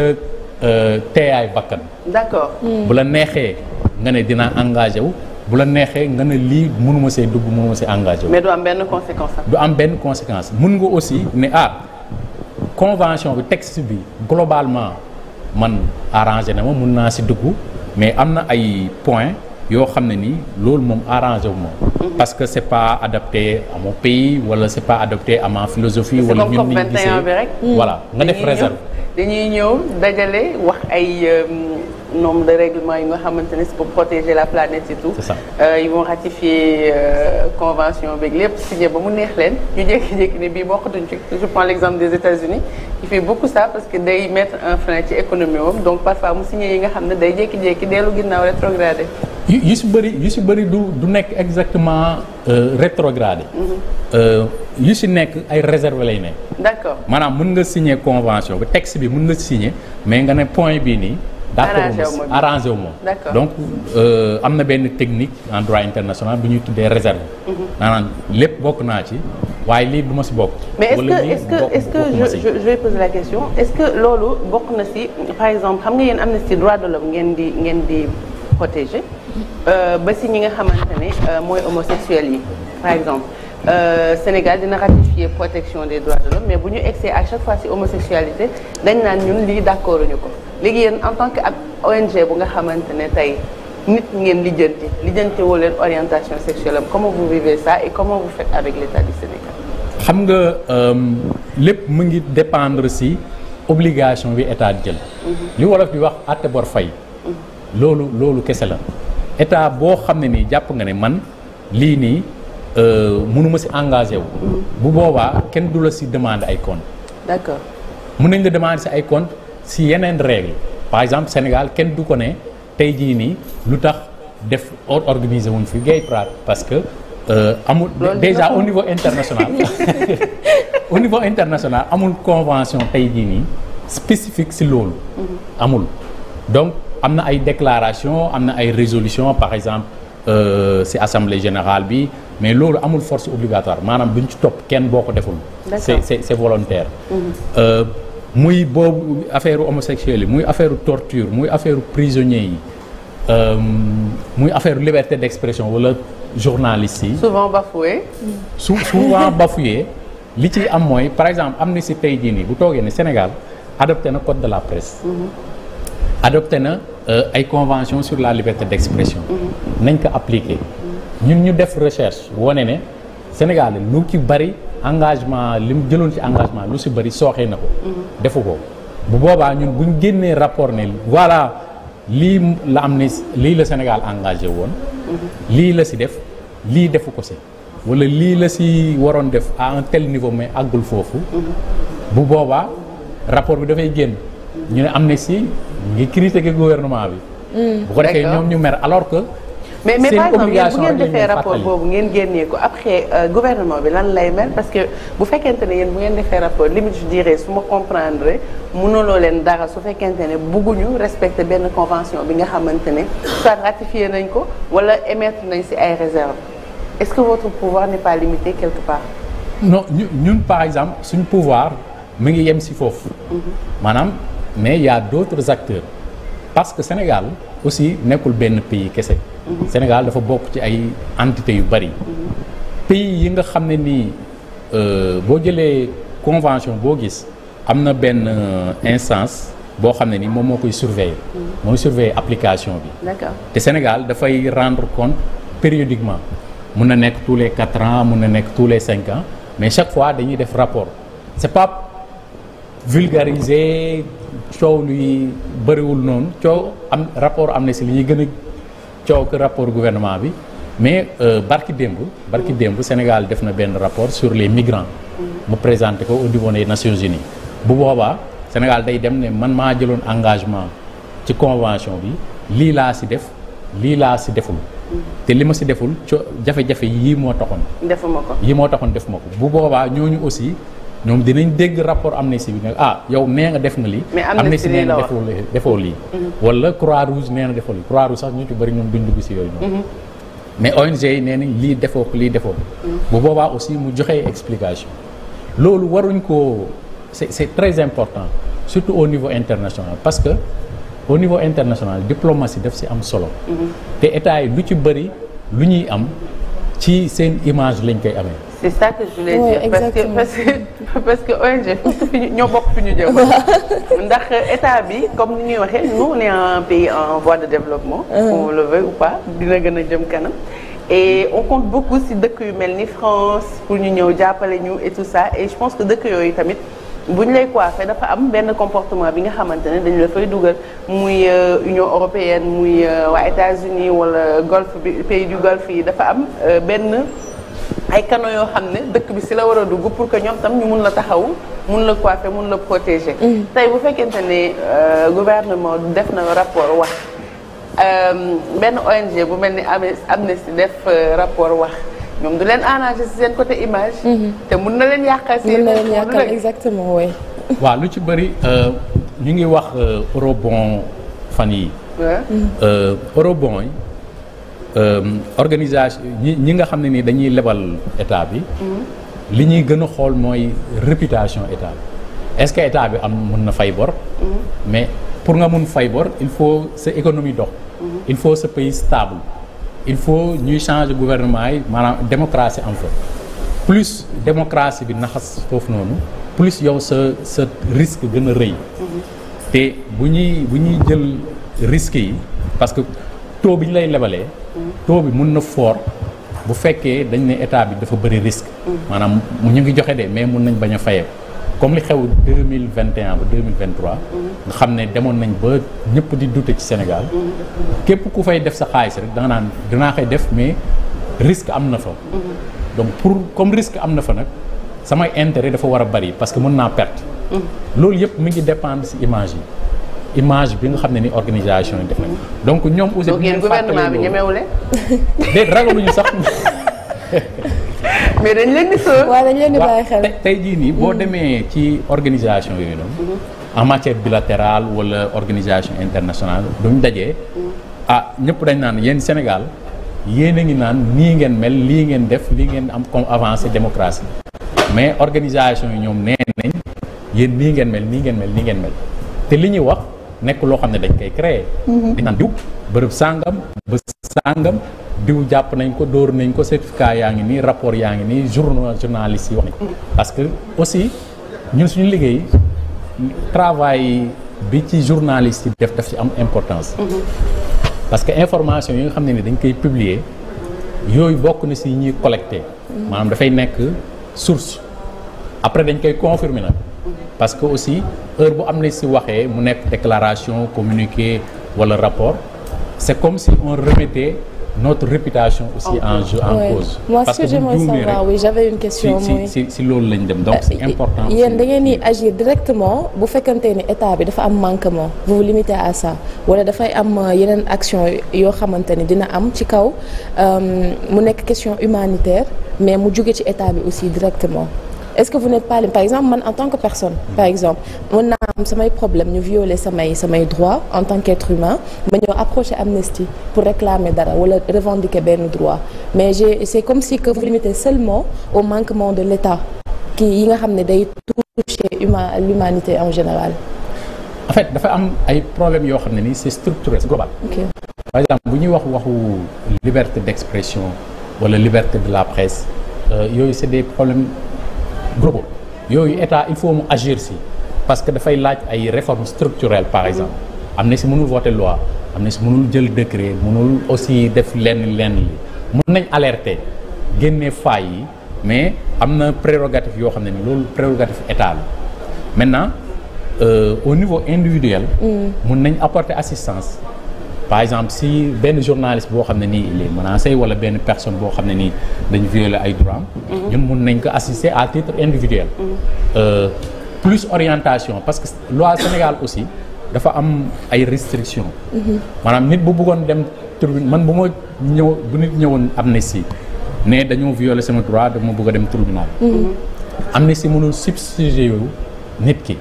euh, teeyaay bakkan. d'accord hmm. bu la neexee nga ne dina engagé wu. bu la neexee nga ne lii mënuma see dugg mënuma see engagé wu. mais du am benn conséquence. du am benn conséquence mën nga aussi ne ah. convention bi texte bi globalement man arrangé na ma mun naa si duggu mais am na ay points yoo xam ne nii loolu moom arrangé wu ma. parce que c' est pas adapté à mon pays wala c' est pas adapté à ma philosophie. wala ñun ni ñu gisee voilà nga def réserve. dañuy ñëw dajale wax ay. Euh, nombre de règlements yi nga xamante ne c'est pour protéger la planète et tout. Euh, ils ratifier euh, convention beeg lépp signé ba mu neex leen ñu jékki-jékki ne bii bokkatuñ ci je prends l'exemple des États-Unis qui parce que day mettre un frein ci économie wam donc parfois mu xam ne day jékki-jékki dellu ginnaaw rétrogradé. yu si bëri yu si bëri du du nekk exactement euh, rétrogradé. Mhm. yu si nekk ay réserve lay nekk. d'accord maanaam mën nga signe convention bi texte bi mën nga signe mais nga ne point bii nii. d'accord arrangé wu moom donc euh, am na benn technique en droit international bu ñuy tuddee réserve mhm. maanaam lépp bokk naa ci waaye lii du ma si bokk mais est-ce que est-ce que est-ce que je vais poser la question est-ce que loolu bokk na si par exemple xam nga yéen Amnesty droit de l'homme ngeen di ngeen di protéger euh, ba si ñi nga xamante ne euh, mooy homosexuels yi par exemple Euh, Sénégal dina ratifier protection des droits de l'homme mais bu ñu egsee à chaque fois ci homosexualité dañ naan ñun lii d'accord ñu ko léegi en tant que ab ONG bu nga xamante ne tey nit ngeen lijjanti lijjanti woo leen orientation sexuelle am comment vous vivez ça et comment vous faites avec l'État du Sénégal. xam nga euh, lépp mu ngi dépendre si obligation bi état jël. Mhm. li wolof di wax àtte bor fay. Mhm. loolu loolu kese la état boo xam ne nii jàpp nga ne man lii nii. Euh, mënuma si engagé wu. bu boobaa kenn du la si demande ay compte d'accord mën nañ la demande si ay compte si yeneen règle par exemple Sénégal kenn du ko ne tey jii nii lu tax def organiser wuñ fi gay pride parce que euh, amul euh, déjà au niveau international au niveau international amul convention tey jii nii spécifique si loolu mhm. amul donc am na ay déclaration am na ay résolution par exemple euh, si assemblée générale bi mais loolu amul force obligatoire maanaam duñ ci topp kenn boo ko deful. c'est c'est volontaire. Mhm. Euh, muy boobu affaire homosexuelle yi muy affaire torture muy affaire prisonniers yi euh, muy affaire liberté d'expression wala journalistes yi. souvent bafoué. su souvent bafoué li ci am mooy par exemple am na si tey jii nii bu toogee ne Sénégal adopté na code de la presse. Mhm. adopté na euh, ay convention sur la liberté d'expression. Mhm. nañ ko appliquer. ñun ñu def recherche wane ne Sénégal lu ci bari engagement li mu jëloon ci engagement lu si bari sooxee na ko. Mhm. defu ko bu boobaa ñun ñu génnee rapport ne voilà lii la am ne lii la Sénégal engagé woon. Mhm. lii la si def lii defu ko si. wala lii la si waroon def a un niveau mais àggul foofu. Mhm. bu boobaa rapport bi dafay génn. ñu ne am na si ngi critiquer gouvernement bi. Mm. bu ko defee ñoom ñu mer alors mais mais par exemple yéen bu ngeen defee rapport boobu ngeen génnee ko après euh, gouvernement bi lan lay mel parce que bu fekkente ne yéen bu ngeen defee rapport limite je dirais su ma comprendre mënuloo leen dara su fekkente ne bugguñu respecter benn convention bi nga xamante ne soit ratifié nañ ko wala émettre nañ si ay réserve est-ce que votre pouvoir n'est pas limité quelque part. non ñun par exemple suñu pouvoir mu ngi yem si foofu. Mm-hmm. maanaam mais il y a d'autres parce que Sénégal aussi nekkul benn pays kese. Sénégal dafa bokk ci ay entités yu bari. pays yi nga xam ne nii euh, boo jëlee convention boo gis am na benn euh, instance boo xam ne ni moom moo koy surveiller. mooy surveiller application bi. te Sénégal dafay rendre compte périodiquement mun na nekk tous les quatre ans mun na nekk tous les cinq ans mais chaque fois dañuy def rapport c'est pas vulgariser. coow luy bëriwul noonu coow am rapport am na si li ñuy gën a coow que rapport gouvernement bi mais euh, barki démb barki démb Sénégal def na benn rapport sur les migrants mu présenté ko au niveau des Nations Unies bu boobaa Sénégal day dem ne man maa jëloon engagement ci convention bi lii laa si def lii laa si deful te li ma si deful co jafe-jafe yii moo taxoon defuma ma yii moo taxoon defuma ko bu boobaa ñooñu aussi ñoom dinañ dégg rapport si bi nag ah yow nee nga def nga lii. Amnesty am na defoo lii defoo lii. Mhm. wala Croix Rouge nee na defoo lii Croix Rouge sax ñu ci bëri ñoom duñ dugg si yooyu. Mhm. mais ONG nee nañ lii defoo lii defoo. Mhm. bu boobaa aussi mu joxee explication. loolu waruñ ko c'est c'est très important surtout au niveau international parce que au niveau international diplomatie daf si am solo. te état yi lu ci bëri lu ñuy am ci seen image lañ koy amee. c'est ça que je voulais oui, dire parce que parce ONG ñoo bokk fi ñu jëm ndax état bi comme ni ñuy waxee nous on est en voie de développement ah. qu'on le veuille ou pas dina gën a jëm kanam et on compte beaucoup si dëkk yu mel ni France pour ñu ñëw jàppale ñu et tout ça et je pense que dëkk yooyu tamit bu ñu lay coiffé dafa am benn comportement bi nga xamante ne dañu la fay dugal muy euh, Union européenne muy euh, waa États-Unis wala golfe bi pays du golfe yi dafa am euh, benn ay kano yoo xam ne dëkk bi si la war a dugg pour que ñoom tam ñu mun la taxaw mun la coiffer mun la protéger. Mm. tey bu fekkente ne euh, gouvernement def na rapport wax euh, benn ONG bu mel ni Amnesty def euh, rapport wax. ñoom du leen arrangé ci seen côté image. Mm-hmm. te mun na leen yàqal si. mun na leen yàqal exactement oui. waaw lu ci bëri ñu ngi wax eurobond fan yi mm. eurobond yi Euh, organisation ñi ñi nga xam ne ni dañuy lebal état bi. Mm-hmm. li ñuy gën a xool mooy réputation état bi est-ce que bi am mën na fay bor. Mm-hmm. mais pour nga mun fay bor il faut sa économie dox. Mm-hmm. il faut sa pays stable. il faut ñuy changer gouvernement yi maanaam démocratie am fa plus démocratie bi naxas foofu noonu plus yow sa sa risque gën a rëy. te bu ñuy bu ñuy jël risques yi parce que. taux bi ñu lay lebalee. taux bi mun na foor bu fekkee dañ ne état bi dafa bëri risque. maanaam mu ñu ngi joxe de mais mun nañ bañ a fayee comme li xew deux mille vingt ba deux mille vingt xam ne demoon nañ ba ñëpp di dute ci Sénégal. képp ku fay def sa xaalis rek danga naan danaa koy def mais risque am na fa. donc pour comme risque am na fa nag samay intérêt dafa war a bari parce que mën naa perte. Mm. loolu yëpp mu ngi dépendre ci image yi. image bi nga xam ne ni organisation yi def nañ donc ñoom aussi. bu ngeen gouvernement bi ñemewu leen. déet ragaluñu sax. mais dañ leen di sóor. waaw dañ leen di bàyyi xel tey jii nii boo mm-hmm. demee ci organisation yooyu noonu. Mm-hmm. en matière bilatérale wala organisation internationale duñ dajee. Mm-hmm. ah ñëpp dañ naan yéen Sénégal yéen a ngi naan nii ngeen mel lii ngeen def lii ngeen am comme avancée démocratie mais organisation yi ñoom nee nañ yéen nii ngeen mel nii ngeen mel nii ngeen mel te li ñuy wax. nekk loo xam ne dañ koy créer mhm. dañ naan diw bërëb sàngam bés sàngam diw jàpp nañ ko dóor nañ ko certificat yaa ngi nii rapport yaa ngi nii journal journaliste yi wax nañ parce que aussi ñun suñu liggéey travail bi ci journaliste yi def daf ci am importance mhm. parce que information yi nga xam ne ni dañ koy publier yooyu bokk na si ñuy collecté mhm. maanaam dafay nekk source après dañ koy confirmer nag parce que aussi heure bu si waxee mu nekk déclaration communiqué wala rapport c'est comme si on remettait notre réputation aussi en, en jeu en cause. parce que j'aimerais savoir oui j'avais une question. si si loolu lañ dem donc c'est euh, important. yéen da ngeen di agir directement bu fekkante ni état bi dafa am manquement vous limiter à ça wala dafay am euh, yeneen action yoo xamante ni dina am ci kaw euh, mu nekk question humanitaire mais mu juge ci état bi aussi directement. est-ce que vous n'êtes pas par exemple man en tant que personne par exemple mën naa am samay problème ñu violer samay samay droit en tant qu'être humain ma ñëw approcher Amnesty pour réclamer dara wala revendiquer benn droit mais j'ai c'est comme si que vous limitez seulement au manquement de l'État ki yi nga xam ne day toucher huma l'humanité en général en fait dafa am ay problèmes yoo xam ne nii c'est structurel c'est global okay. par exemple bu ñuy wax waxu liberté d'expression wala liberté de la presse euh, yooyu globaux yooyu état il faut mu agir si parce que dafay laaj ay réformes structurelles par exemple am na si mënul voter loi am na si mënul jël décret mënul aussi def lenn lenn li mën nañ alerte génne failles yi mais am na prérogative yoo xam ne ni loolu prérogative état la maintenant euh, au niveau individuel mun mm. nañ apporter assistance par exemple si benn journaliste boo xam ne nii il est menacé wala benn personne boo xam ne nii dañu violer ay droit ñun mun nañ ko assister à titre individuel. Mm-hmm. Euh, plus orientation parce que loi Sénégal aussi dafa am ay restriction mm-hmm. maanaam nit bu bëggoon dem tribunal man bu ma ñëw bu nit ñëwoon amnistie ne dañoo violer sama droit dama bëgg a dem tribunal. Mm-hmm. amnistie mënul substituer nit ki.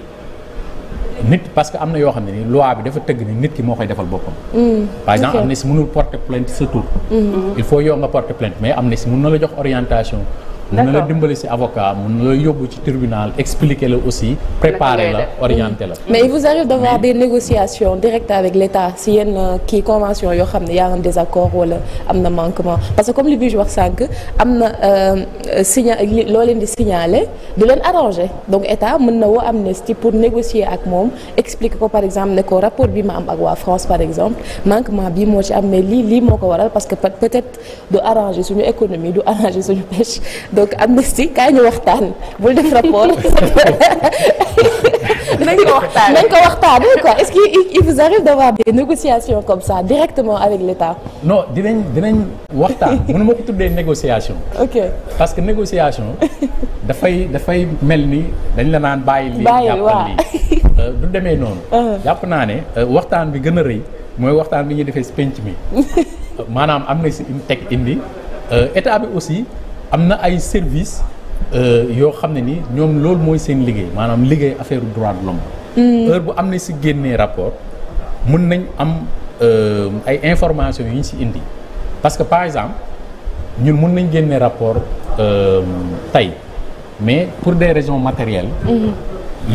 nit parce que am na yoo xam ne ni loi bi dafa tëgg ni nit ki moo koy defal boppam. Mm. par exemple amnistie mënul porter plainte sa surtout mm-hmm. il faut yow nga porter am mais si mën na la jox orientation. mun na la dimbali ci avocat mun na la yóbbu ci tribunal expliquer la aussi préparer la orienter la mais il vous arrive d'avoir des négociations directes avec l'État si yenn euh, kii convention yoo xam ne yaa am désaccord wala am na manquement parce que comme li Bijou wax sànq am na euh, signa loo leen di signale du leen arranger donc État mën na woo amnistie pour négocier ak moom expliquer ko par exemple ne ko rapport bi ma am ak waa France par exemple manquement bi moo ci am mais lii lii moo ko waral parce que peut-être du suñu économie du arranger suñu pêche donc amnistie kaay ñu waxtaan bul def rapport dinañ ko waxtaanee dinañ ko waxtaanee quoi est-ce que il vous arrive d'avoir des négociations comme ça directement avec l'État. non dinañ dinañ waxtaan mënu ma ko tuddee négociation. ok parce que négociation dafay dafay mel ni dañ la naan bàyyi. lii euh, du demee noonu. Uh-huh. jàpp naa ne euh, waxtaan bi gën a rëy mooy waxtaan bi ñuy defee penc mi euh, maanaam am si teg indi état bi aussi. am na ay service euh, yoo xam ne ni ñoom loolu mooy seen liggéey maanaam liggéey affaire droit de l'homme hmm. heure bu am na si génnee rapport mun nañ am euh, ay information yu ñu si indi parce que par exemple ñun mun nañ génnee rapport euh, tey mais pour des raisons matériels hmm.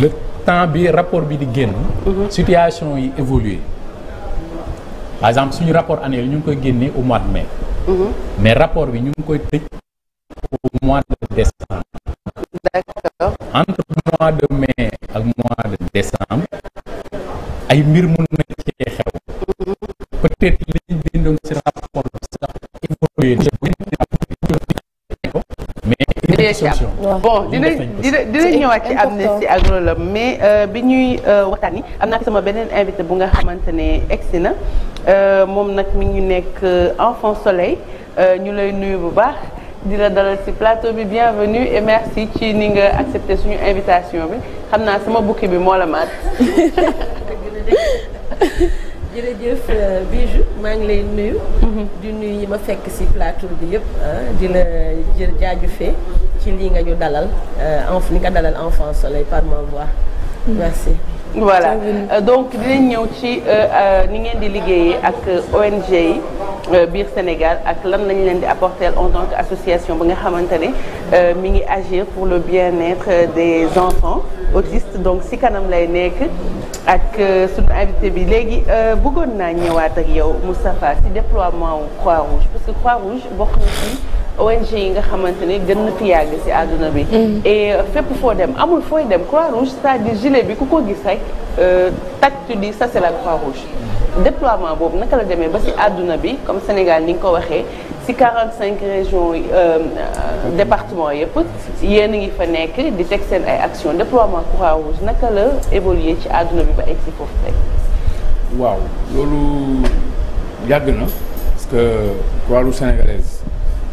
le temps bi rapport bi di génn hmm. situation yi évolué par exemple suñu rapport annuel ñu ngi koy génnee au mois de mai mais rapport bi ñu ngi koy tëj mois de décembre. d'accord entre mois de mai ak mois de décembre ay mbir mun na cee xew. peut-être bi mais euh, bi ñuy euh, waxtaan yi am naa sama beneen invité bu nga xamante ne egsi na euh, moom nag mi ngi nekk enfant soleil ñu lay nuyu bu baax. di la dalal ci plateau bi bienvenue et merci ci ni nga accepté suñu invitation bi xam naa sama bukki bi moo la maat. jërëjëf euh, Bijou maa ngi lay nuyu. Mhm. di nuyu ñi ma fekk ci plateau bi yëpp ah, di la jër jaajëfee ci lii nga ñu dalal euh, en li nga dalal enfant soleil par ma voix. Mhm. merci. voilà euh, donc dinañ ñëw ci euh, euh, ni ngeen di liggéeyee ak ONG yi biir Sénégal ak lan lañ leen di apporter en tant que association bi nga xamante ne mi ngi agir pour le bien-être des enfants autistes donc si kanam lay nekk ak suñu invité bi léegi bëggoon naa ñëwaat ak yow Moustapha ci déploiement wu Croix-Rouge parce que Croix-Rouge bokk na ONG yi nga xamante ne gën na fi si ci àdduna bi. Mm. et euh, fépp foo dem amul fooy dem croix rouge cest à bi ku ko gis rek euh, tag tu di ça c'est la croix rouge. boobu naka la demee ba si àdduna bi comme Sénégal ni nga ko waxee ci 45 régions yi euh, département yëpp yéen a ngi fa nekk di teg seen ay actions déploiement croix rouge naka la évoluer ci àdduna bi ba egg ci foofu tey. waaw loolu yàgg na parce que croix rouge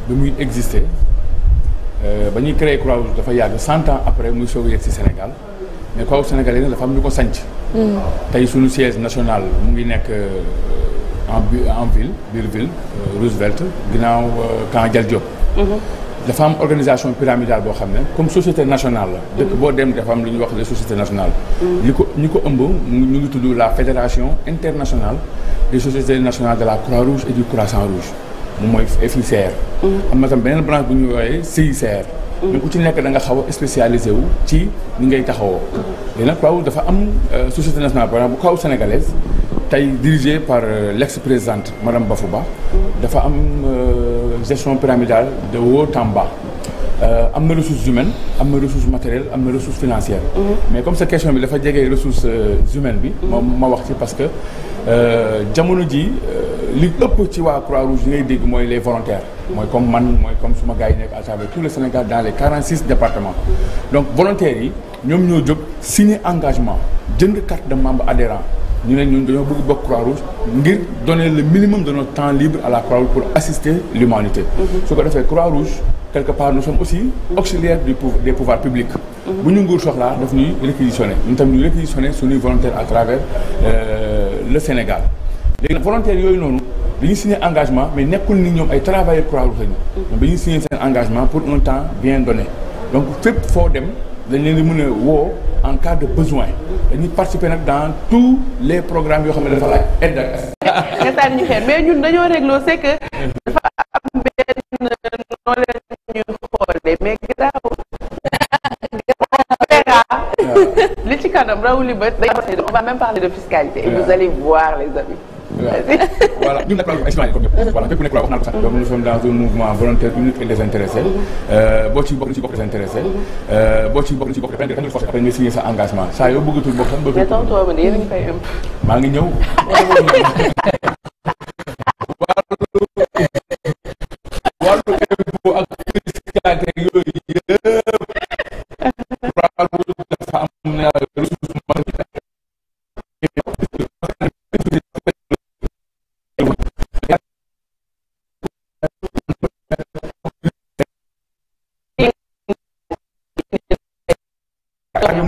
bi muy exister euh, ba ñuy créer Croix-Rouge dafa yàgg cent ans après muy soog a yegg si Sénégal mais Croix-Rouge sénégalais nag dafa am ñu ko sanc hmm. tey suñu siège national mu ngi nekk euh, en en ville biir ville euh, Roosevelt ginnaaw camp Dial Diop hmm. dafa am organisation pyramidale boo xam ne comme société nationale la dëkk hmm. boo dem dafa am lu ñuy wax les sociétés nationales li ko ñi ko ëmb ñu ngi tuddu la fédération internationale des sociétés nationales de la Croix-Rouge et moom mooy FICR. Mm-hmm. am na tam beneen branche bu ñuy woowee CICR. mais mm-hmm. ku ci nekk danga xaw a spécialisé wu ci ni ngay taxawoo. Mm-hmm. léegi nag croix dafa am euh, société nationale par exemple bu Croix-Rouge sénégalaise tey dirigée par euh, l'ex-présidente madame Bafou Ba. dafa am euh, gestion pyramidale de haut en bas. am na ressources humaines am na ressource matérielle am na ressource financière. mais comme sa question bi dafa jege ressource humaine bi. moom ma wax ci parce que jamono ji li ëpp ci waa Croix-Rouge ngay dégg mooy les volontaires mooy comme man mooy comme suma gars yi nekk à travers tout le Sénégal dans les 46 départements donc volontaires yi ñoom ñoo jóg signer engagement jënd carte de membre adhérent ñu ne ñun dañoo bëgg bokk Croix-Rouge ngir donner le minimum de notre temps libre à la Croix-Rouge pour assister l'humanité mm-hmm. su ko defee Croix-Rouge quelque part nous sommes aussi auxiliaires du des pouvoirs publics mm-hmm. bu ñu nguur soxlaa daf ñuy réquisitionner ñu tam ñuy réquisitionner suñuy volontaire à travers euh, le Sénégal léegi nag volontaires yooyu noonu dañuy signé engagement mais nekkul ni ñoom ay travailleurs Croix-Rouge lañu dañuy signé seen engagement pour un temps bien donné donc fépp foo dem dañ leen di mën a woo en cas de besoin dañuy participer nag dans tous les programmes yoo xam ne dafa laaj aide ak nga sànni ñu xeer mais ñun dañoo régloo c'est que dafa am benn noo leen ñuy xoolee mais garaaw li ci kanam rawu li bët dañ on va même parler de fiscalité et vous allez voilà ñun nag ko expérimenté comme ñëpp voilà fépp nekk wax naa ko sax donc nous sommes dans un mouvement volontaire unique et désintéressé euh, boo ci bokk ñu ci bokk désintéressé euh, boo ci bokk ñu ci bokk dañ la forcé après nga signé sa engagement saa yoo bëggatul bokk sax bëgg maa ngi ñëw wàllu wàllu impôt ak fiscalité yooyu yëpp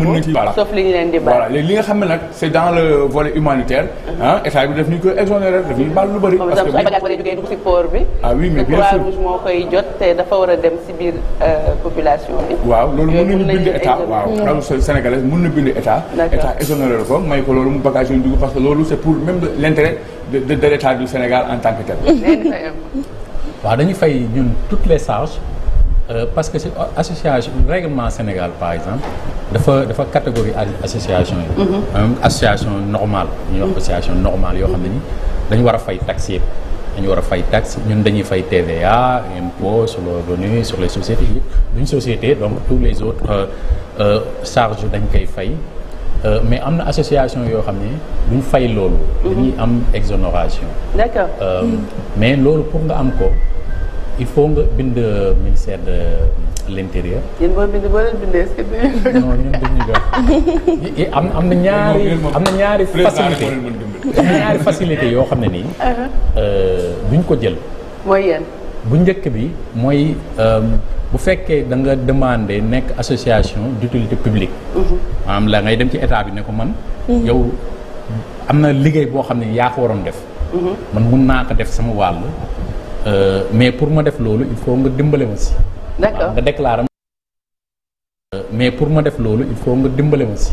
mun na ci voilà sauf li ñu leen di baal voilà léegi nga xam ne nag c' dans le volet humanitaire. Mhm. Ah, état bi daf ñu koy exonérer daf ñuy baal lu bëri. parce que bu ñu ko jógee dugg si port bi. Ah moo koy jot te dafa war a dem si biir euh, population bi. waaw loolu mën nañu bind état waaw rajo sénégalaise mën na bind état. état exonéré ko may ko loolu mu bagage yu ñu dugg parce que loolu c' est pour même l' intérêt de de état du Sénégal en tant que tel. waaw dañu fay ñun toutes les charges Euh, parce que euh, association règlement Sénégal par exemple dafa dafa catégorie association yi. Mm -hmm. association normale. ñuy mhm. yoo xam ne ni dañu war a fay taxe yëpp. dañu war a fay taxe ñun dañuy fay TVA impôt sur le revenu sur les sociétés yëpp duñ société donc tous les autres euh, euh, charges dañ koy fay euh, mais am na association yoo xam ne duñ fay loolu. Mhm. dañuy am exonération. d'accord. Euh, mhm. mais loolu pour nga am ko. il faut nga bind euh, ministère de euh, l' ñun am am na ñaari ñaari facilité yoo xam ne nii. Uh-huh. Euh, duñ ko jël. mooy bu njëkk bi mooy bu fekkee da nga demandé nekk association d' utilité publique. Uh-huh. maanaam la ngay dem ci état bi ne ko man. Uh-huh. yow am na liggéey boo xam ne yaa ko waroon def. man mun naa ko def sama wàll. Euh, mais pour ma def loolu il faut nga dimbale ma si. d'accord nga déclaré ma. Euh, mais pour ma def loolu il faut nga dimbale si.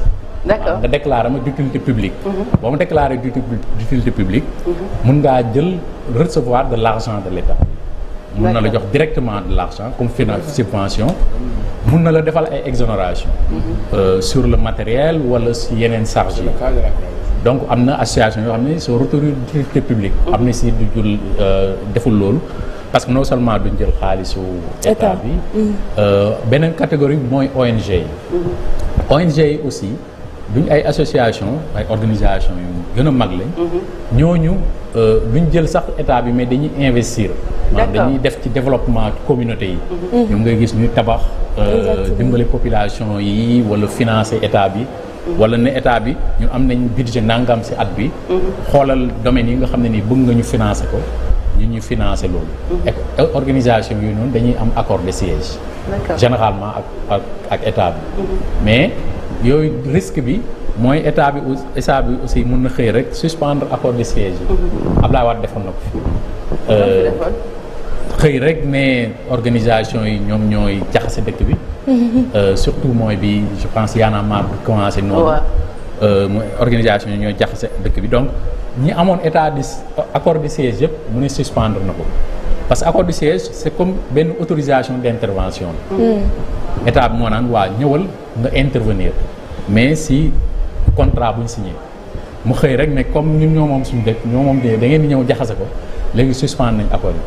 déclaré ma d'utilité publique. Mhm. boo ma déclaré d'utilité publique. Mhm. mun ngaa jël recevoir de l'argent de l'État. mun na la jox directement de l'argent comme finance subvention. mun na la defal ay exonération mhm. euh, sur le matériel wala si yeneen charges donc am na association yoo xam ne soo retour d'utilité publique mm-hmm. am na si du jul euh, deful loolu parce que non seulement duñ jël xaalisu état bi mm-hmm. euh, beneen catégorie bi mooy ONG yi mm-hmm. ONG yi aussi duñ ay association ay organisation yu gën a mag lañ ñooñu euh, duñ jël sax état bi mais dañuy investir maanaam dañuy def ci développement communauté yi ñoom ngay gis ñuy tabax dimbali population yi wala financer état bi wala ne état bi ñun am nañ budget nangam si at bi mm-hmm. xoolal domaines yi nga xam ne nii bëgg nga ñu financer ko ñu ñu financer loolu mm-hmm. euh, organisation yooyu noonu dañuy am accord de siège généralement ak ak ak état bi mm-hmm. mais yooyu risque bi mooy état bi état bi aussi mun na xëy rek suspendre accord de siège yi Abdoulaye Wade defoon na ko fi xëy rek ne organisation yi ñoom ñooy jaxase dëkk bi. Mhm. Euh, surtout mooy bi je pense Y en a marre bi commencé. noonu euh, mooy organisation yi ñooy jaxase dëkk bi donc ñi amoon état di accord de siège yëpp mu ne suspendre na ko parce que accord de siège c'est comme benn autorisation d'intervention la. Mm. état moo naan waa ñëwal nga intervenir mais si contrat buñ signé. mu xëy rek ne comme ñu ñoo moom suñu dëkk ñoo moom da ngeen ñëw jaxase ko léegi suspendre nañ accord bi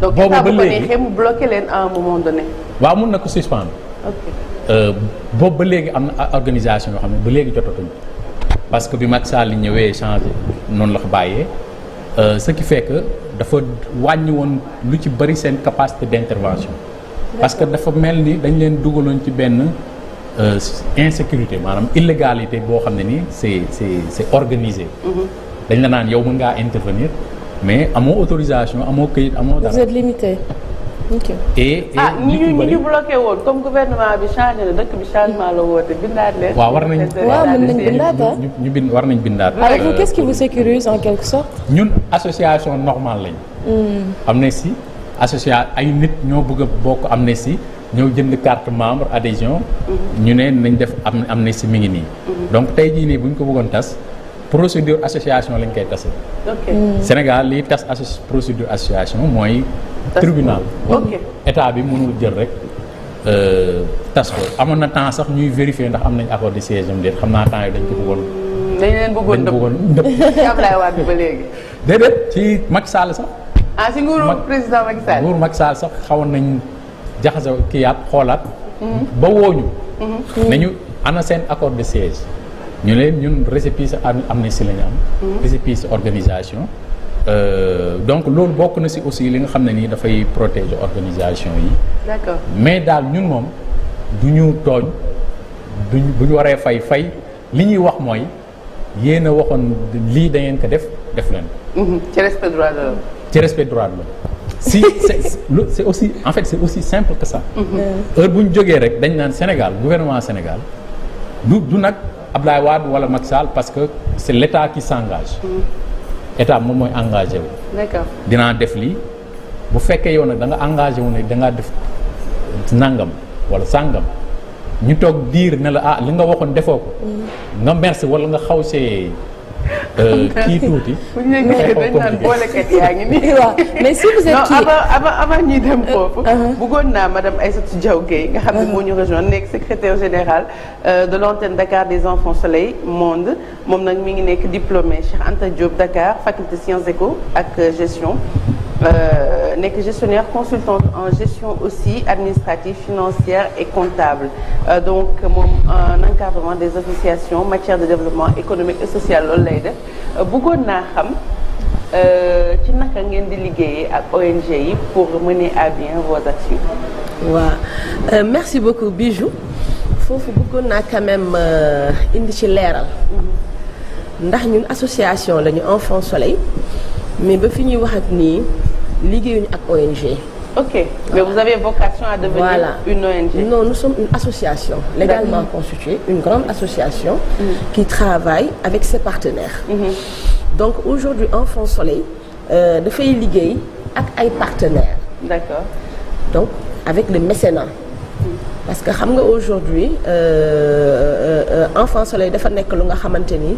donc état bu ko neexee leen à un moment donné. waaw mun na ko suspendre. ok euh, boobu ba léegi am na organisation yoo xam ne ba léegi jotatuñu parce que bi Macky Sall li ñëwee changé noonu la ko bàyyee euh, ce qui fait que dafa wàññi woon lu ci bëri seen capacité d'intervention. parce que dafa mel ni dañ leen dugaloon ci benn euh, insécurité maanaam illégalité boo xam ne nii c'est c'est c'est mm-hmm. dañ la naan yow mën ngaa intervenir. mais amoo autorisation amoo këyit amoo dara. vous êtes limité. ok et ah ñi ñu ñu bloqué woon comme gouvernement bi changé na dëkk bi changement la woote bindaat leen. waaw war nañ waaw mën nañ bindaat ah ñu bind war nañ bindaat. avec vous qu'est-ce qui vous sécurise en quelque sorte. ñun association normale lañ. Hmm. Amnesty association ay nit ñoo bëgg a bokk Amnesty ñëw jënd carte membre adhésion. Hmm. ñu ne nañ def am Amnesty mi ngi nii. Hmm. donc tey jii nii bu ñu ko bëggoon tas. procédure association lañ koy tase. Sénégal liy tas as procédure association mooy. tribunal état bi mënul jël rek euh, tas ko amoon na temps sax ñuy vérifier ndax am nañ accord de siège am déet xam naa temps yi dañ ko bëggoon. dañ leen bëggoon dëpp dañ ba léegi. déedéet ci Macky Sall sax. ah si nguuru président Macky Sall nguuru Macky Sall sax xawoon nañ jaxase kiyaat xoolaat. Mm-hmm. ba wooñu mm-hmm. nañu ana seen accord de siège. ñu ne ñun récépissé am amnistie la ñu am. Mm-hmm. récépissé organisation. Euh, donc loolu bokk na si aussi li nga xam ne nii dafay protéger organisation yi. d'accord mais daal ñun moom du ñu tooñ duñ bu ñu waree fay fay li ñuy wax mooy yéen a waxoon lii da ngeen ko def def leen. Mm-hmm. ci respect droit de ci respect droit la l'homme. si c'est c'est aussi en fait c'est aussi simple que ça. Mm-hmm. heure bu ñu jógee rek dañ naan Sénégal gouvernement Sénégal du nag. Abdoulaye Wade wala Macky Sall parce que c' est l' état état moom mooy engagé wu. d' dinaa def lii bu fekkee yoon nag danga nga engagé wu ne dangaa def nangam walla sàngam ñu toog diir ne la ah li nga waxoon defoo ko. Mm-hmm. nga merci wala nga xaw see. Euh, kii tuuti. mais si vous êtes non avant avant ñuy dem euh, foofu. Uh-huh. bëggoon naa madame Aïssatou Diaw Gueye nga xam ne uh-huh. moo ñu rejoindre nekk secrétaire général euh, de l' antenne Dakar des enfants soleil monde moom nag mi ngi nekk diplômé Cheikh Anta Diop Dakar faculté sciences éco ak gestion. Euh, nekk gestionnaire consultante en gestion aussi administrative financière et comptable euh, donc moom en euh, encadrement des associations matière de développement économique et social loolu lay def bëggoon naa xam ci naka ngeen di liggéeyee ak ONG yi pour mener à bien vos actions. waaw merci beaucoup Bijou foofu bëggoon naa quand même indi ci leeral. Mm-hmm. ndax ñun association lañu Enfant Soleil. mais ba fi ñuy wax ak nii liggéeyuñu ak ONG. ok voilà. mais vous avez vocation à devenir voilà. une ONG. non nous sommes une association. légalement constituée une grande association. Mmh. qui travaille avec ses partenaires. Mmh. donc aujourd'hui Enfant Soleil euh, dafay liggéey ak ay partenaires. d'accord donc avec le mécénat. parce que xam nga aujourd'hui euh, euh, euh, enfant soleil dafa nekk lu nga xamante ni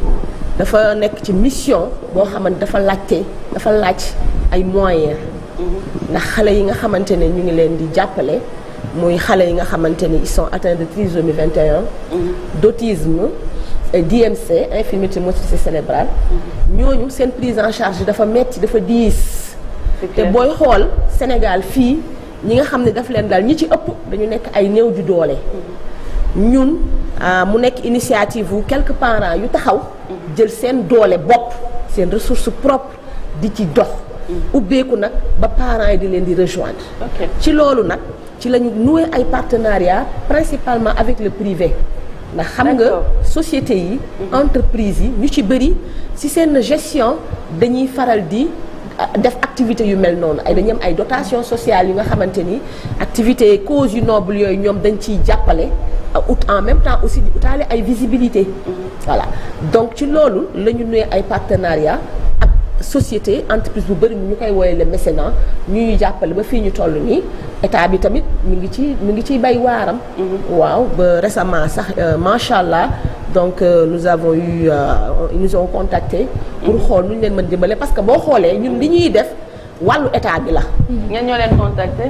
dafa nekk ci mission boo xamante dafa laajte dafa laaj ay moyens ndax xale yi nga xamante ne ñu ngi leen di jàppale muy xale yi nga xamante ni ils sont atteints de trisomie 21 d'autisme DMC infirmité motricité cérébrale ñooñu seen prise en charge dafa metti dafa diis te booy xool Sénégal fii ñi nga xam ne daf leen daal ñi ci ëpp dañu nekk ay néew ju doole. ñun ah, mu nekk initiative wu quelque parents yu taxaw. jël seen doole bopp seen ressource propre di ci dox. ubbeeku nag ba parents yi di leen di rejoindre. ci loolu nag ci lañu noué ay partenariat principalement avec le privé. ndax xam nga société yi. Mhm. entreprise yi ñu ci bëri ci seen gestion dañuy faral di. def activité yu mel noonu ay dañu ay dotation sociale yu nga xamante ni activité cause yu noble yooyu ñoom dañ ciy jàppale euh, ut en même temps aussi di utaale ay visibilité mm-hmm. voilà donc ci loolu la ñu nuye ay partenariat société entreprise bu bëri ñu koy wooyee le mécénat ñu ñuy jàppale ba fii ñu toll nii état bi tamit mi ngi ci mi ngi ciy bay waaram. Mm-hmm. waaw ba récemment sax euh, macha allah donc euh, nous avons eu euh, ils contacté. pour mm-hmm. xool lu ñu leen mën dimbale parce que boo xoolee ñun li ñuy def wàllu état bi la. Mm-hmm. ñenn ñoo leen contacté.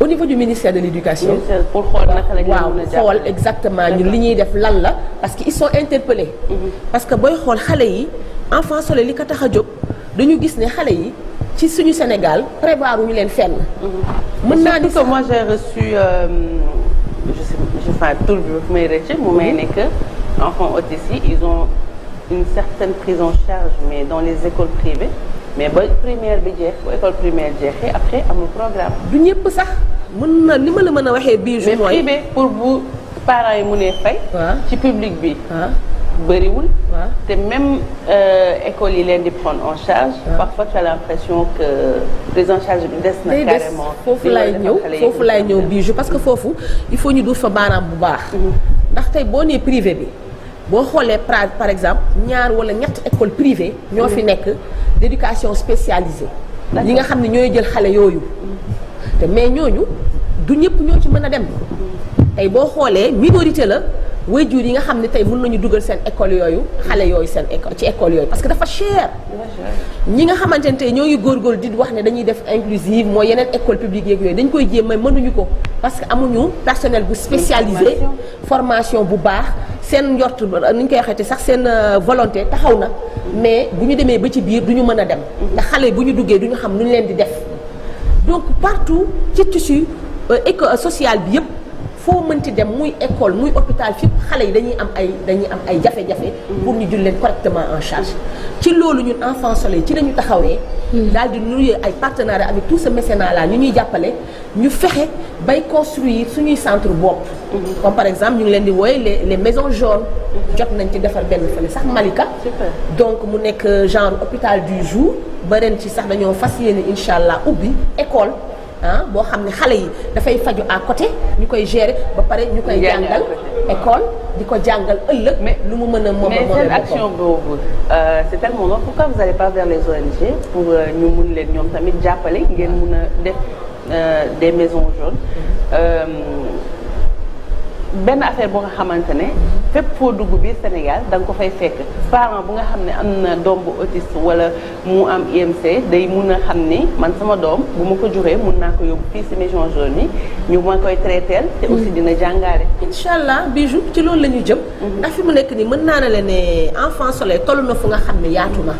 au niveau du ministère de l'éducation pour xool naka la waaw xool exactement ñun li ñuy def lan la parce que ils sont interpellés. parce que booy xool xale yi. enfant sole li ko tax a jóg dañu gis ne xale yi ci suñu Sénégal prévoir ñu leen fenn. Mm-hmm. mën naa ni que moi j'ai reçu euh, je sais je sais pas tur bi fu may rëcc mu may mm-hmm. nekk enfant autistes yi ils ont une certaine prise en charge mais dans les écoles privées mais ba primaire bi jeex ba école primaire jeexe après amul programme. du ñëpp sax mën na li ma la mën a waxee. biir ju mooy pour bu parent yi mënee fay. ci public bi. bëriwul te même euh, école yi leen di prendre en charge parfois tu as l'impression que prise en charge bi des na carrément foofu lay ñëw foofu lay ñëw parce que foofu il faut ñu duut fa baaraam bu baax mhm. ndax tey boo nee privé bi boo xoolee par exemple ñaar wala ñett école privée ñoo fi mhm. nekk d'éducation spécialisée ñi nga xam ne ñooy jël xale yooyu mhm. te mais ñooñu du ñëpp ñoo ci mën a dem tey boo xoolee minorité la jur yi nga xam ne tey mun nañu dugal seen école yooyu xale yooyu seen école ci école yooyu parce que dafa cher ñi nga xamante ne tey ñoo ngi góorgóorlu di wax ne dañuy def inclusive mooy yeneen école publique yeeg yooyu dañ koy jéem mais mënuñu ko parce que amuñu personnel bu spécialisé formation bu baax seen njort ni ñu koy waxeete sax seen euh, volonté taxaw na mais bu ñu demee ba ci biir du ñu mën a dem ndax xale bu ñu duggee du ñu xam nu ñu leen di def donc partout ci tissu euh, éco euh, social bi yëpp foo mënti dem muy école muy hôpital fépp xale yi dañuy am ay dañuy am ay jafe-jafe. pour ñu jël leen correctement en charge. ci loolu ñun enfant soleil ci la ñu taxawee. Mm. daal di nuyu ay partenariat avec tout ce mécénat là ñu ñuy jàppale ñu fexe bay construire suñuy centre bopp. Mm-hmm. comme par exemple ñu ngi leen di wooye les les maisons mm-hmm. jot nañ ci defar benn fële sax Malika. donc mu nekk genre hôpital du jour ba ren ci sax dañoo fas yéene incha allah ubbi école. ah boo xam ne xale yi dafay faju à côté ñu koy gérer ba pare ñu koy jàngal école di ko jàngal ëllëg mais lu mu mën a moom mais seen action boobu euh, c'est tellement long pourquoi vous allez pas vers les ONG pour euh, ñu mun leen ñoom tamit jàppale ngeen mun a def euh, des maisons jaunes benn affaire boo nga xamante ne fépp foo dugg biir Sénégal da nga ko fay fekk parent bu nga xam ne am na doom bu autiste wala mu am IMC day mun a xam ni man sama doom bu ma ko juree mun naa ko yóbbu fii si maison jaune yi ñu ma koy traiteel te mm. aussi dina jàngaale incha allah bijou ci loolu la ñu jëm mm-hmm. ndax fi mu nekk nii mën naa ne le ne enfant soleil toll na fu nga xam ne yaatu na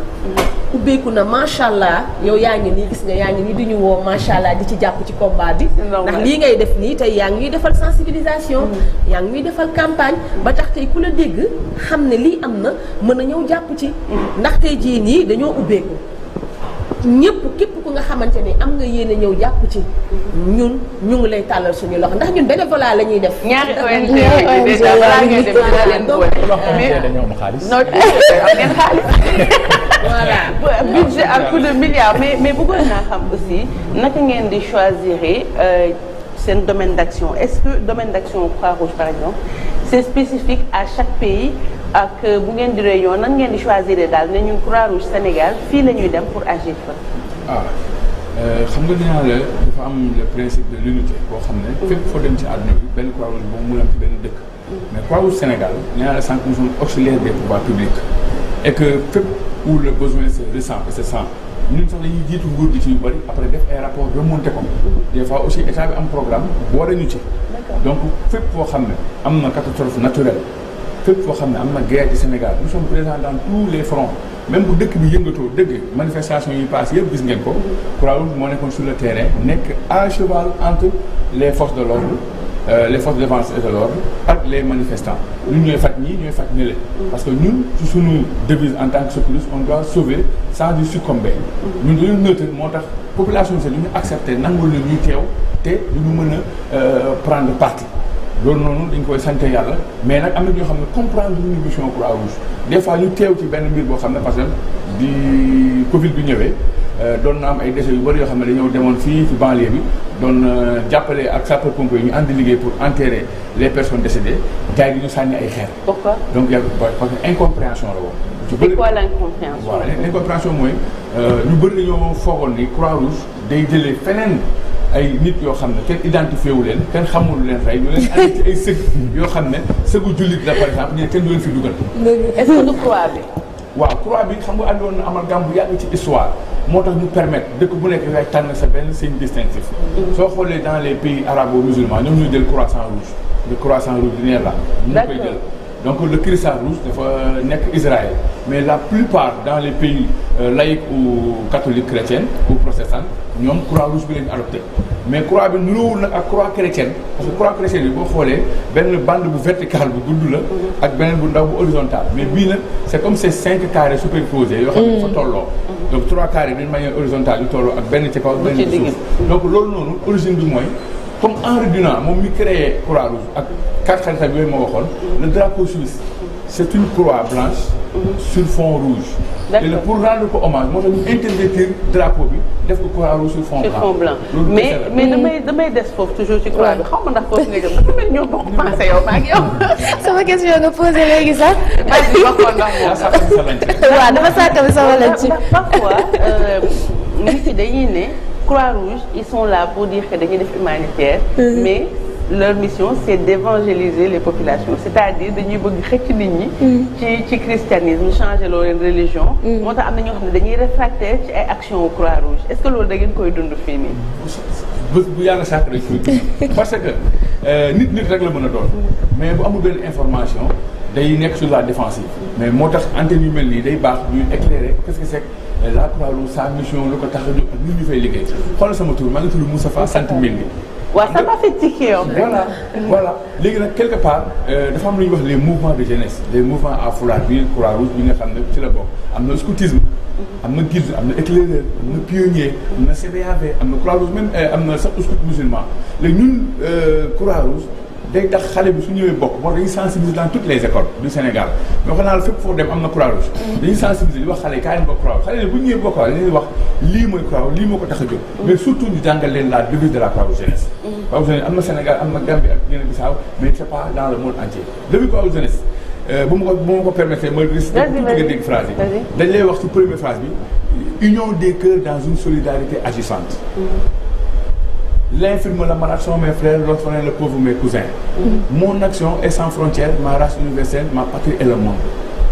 ubbeeku na macha allah yow yaa ngi nii gis nga yaa ngi nii di ñu woo macha allah di ci jàpp ci combat bi. ndax lii ngay def nii tey yaa ngi ñuy defal sensibilisation. Mm. yaa ngi ñuy defal campagne. ba tax tey ku la dégg xam ne lii am na mën a ñëw jàpp ci. Mm. ndax tey jii nii dañoo ubbeeku. ñëpp képp ku nga xamante ni am nga yéene ñëw jàpp ci ñun ñu ngi lay tàllal suñu loxo ndax ñun bénévolat la ñuy def. ñaari ONG ñaari voilà budget à coup de milliards mais mais bëggoon naa xam aussi naka ngeen di choisir euh, seen domaine d'action est-ce que domaine d'action Croix-Rouge par exemple c'est spécifique à chaque pays ak euh, bu ngeen di réunion nan ngeen di choisir daal ne ñun Croix-Rouge Sénégal fii la ñuy dem pour agir fa. ah euh, xam nga am le principe de l'unité boo xam ne. fépp dem ci àdduna bi benn Croix-Rouge mu am ci benn dëkk. Mm. mais Croix-Rouge Sénégal nee naa la sànq auxiliaires des pouvoirs publics et que où le besoin c'est de cent et c'est cent ñun sax dañuy jiitu nguur gi ci yu bëri après def ay rapport remonté ko des xam ne am na catastrophe naturelle fépp foo xam ne am na guerre Sénégal nous sommes présents dans tous les fronts même bu dëkk bi yëngatoo dëgg manifestation yi passe yëpp gis ngeen ko Croix-Rouge moo nekkoon sur le terrain nekk a cheval entre les forces de l'ordre Euh, les forces de défense et de l'ordre ak les manifestants ñun ñooy faj ñii ñooy faj ñële parce que ñun su suñu devise en tant que secouriste on doit sauver sans y ñu ñun dañu neutre moo tax population bi sax du ñu accepté nangul na ñuy teew te du ñu mën a euh, prendre parti loolu noonu dañ koy sant yàlla mais nag am na ñoo xam ne comprendre ñu mission croix rouge des fois ñu teew ci benn mbir boo xam ne parce que di euh, doon na ay déchets yu bëri yoo xam ne dañoo demoon fii ci banlieue bi doon euh, jàppale ak sapeur pompier ñu ànd liggéey pour enterrer les personnes décédées gars yi ñu sànni ay xeer. pourquoi donc yàlla parce que incompréhension la woon. ci bëri mooy euh, ñu bëri dañoo foogoon ni croix rouge day jëlee feneen. ay nit yoo xam ne kenn identifié wu leen kenn xamul leen rey ñu leen andi ci ay sëg yoo xam ne sëgu jullit la par exemple ñeen kenn du leen fi dugal. est-ce que du bi. waaw croix bi xam nga àndoon na amal gàmm yàgg ci histoire moo tax ñu permettre dëkk bu nekk dafay tànn sa benn signe distinctif. soo xoolee dans le pays arabo musulmans ñoom ñu jël croissant rouge le croissant rouge linéaire la. ñu koy jël. donc le Christ rouge dafa nekk Israël mais la plupart dans les pays euh, laïcs ou catholiques chrétiennes ou protestantes ñoom croix rouge bi lañu adopté mais croix bi nuroowul nag ak croix chrétienne parce que croix chrétienne bi boo xoolee benn bande bu verticale bu gudd la ak beneen bu ndaw bu horizontale mais bii nag c'est comme ces cinq carrés superposés yoo xam ne dafa mm. tolloo donc trois carrés d'une manière horizontale yu tolloo ak benn ci kaw benn suuf donc loolu noonu origine bi mooy comme Henri Dunant moom mi créé croix rouge ak quatre xaritam yooyu ma waxoon le drapeau suisse c'est une croix blanche sur fond rouge et le pour rendre ko hommage moo tax ñu intervertir drapeau bi def ko croix rouge sur fond blanc mais mais damay damay des foofu toujours ci croix bi xaw ma ndax foofu nga jëm dafa mel ñoo bokk pensé yow maa ngi yow sama question nga posé léegi sax maa ngi bokkoon ndax moom waaw dafa sàkkal sama lañ ci parfois euh, nit yi dañuy ne Croix-Rouge la sont là pour dire que dañuy def humanitaire mm-hmm. mais leur mission c'est d'évangéliser les populations c'est-à-dire dañuy bëgg xëcc nit ñi mm-hmm. ci ci christianisme changer loo leen religion mm-hmm. moo tax am na ñoo xam ne dañuy réfractaire ci ay action wu Croix-Rouge est-ce que loolu da ngeen koy dund fii nii bés bu yàlla sàkk dañ koy dund parce que euh, nit nit rek la mën a doon mais bu amul information day nekk sur la défensive mais moo tax antenne yu day baax ñuy éclairer quest la Croix-Rouge sa mission lu ko tax a jóg ak ñun ñu fay liggéey xoolal sama tur maa ngi tudd Moustapha sant Mendy. waaw ça m'a fait tiquer en fait. nag quelque part euh, dafa am lu ñuy wax les mouvements de jeunesse les mouvements à foulard bi Croix-Rouge bi nga xam ne ci la am na scoutisme. am na guide am na éclaireur am na pionnier am na CBAV am na Croix-Rouge même euh, am na sax scout musulman léegi ñun euh, Croix-Rouge. day tax xale bi su ñëwee bokk moo dañuy sensibiliser dans toutes les écoles du Sénégal mais wax naa la fépp foo dem am na Croix-Rouge mm. dañuy sensibiliser di wax xale yi kaay leen bokk xale yi bu ñu bokk waaw dañuy wax lii mooy croix lii moo ko tax a jóg mm. mais surtout ñu jàngal leen la devise de la Croix-Rouge jeunesse mm. Croix-Rouge jeunesse am na Sénégal am na Gambie ak Guinée-Bissau mais c'est entier devise Croix-Rouge jeunesse euh, bu ma ko bu ma ko permettre ma gis tuuti nga dégg L'infirme, la malade sont mes frères, l'orphelin, le pauvre, mes cousins. Mm -hmm. Mon action est sans frontières, ma race universelle, ma patrie est le monde.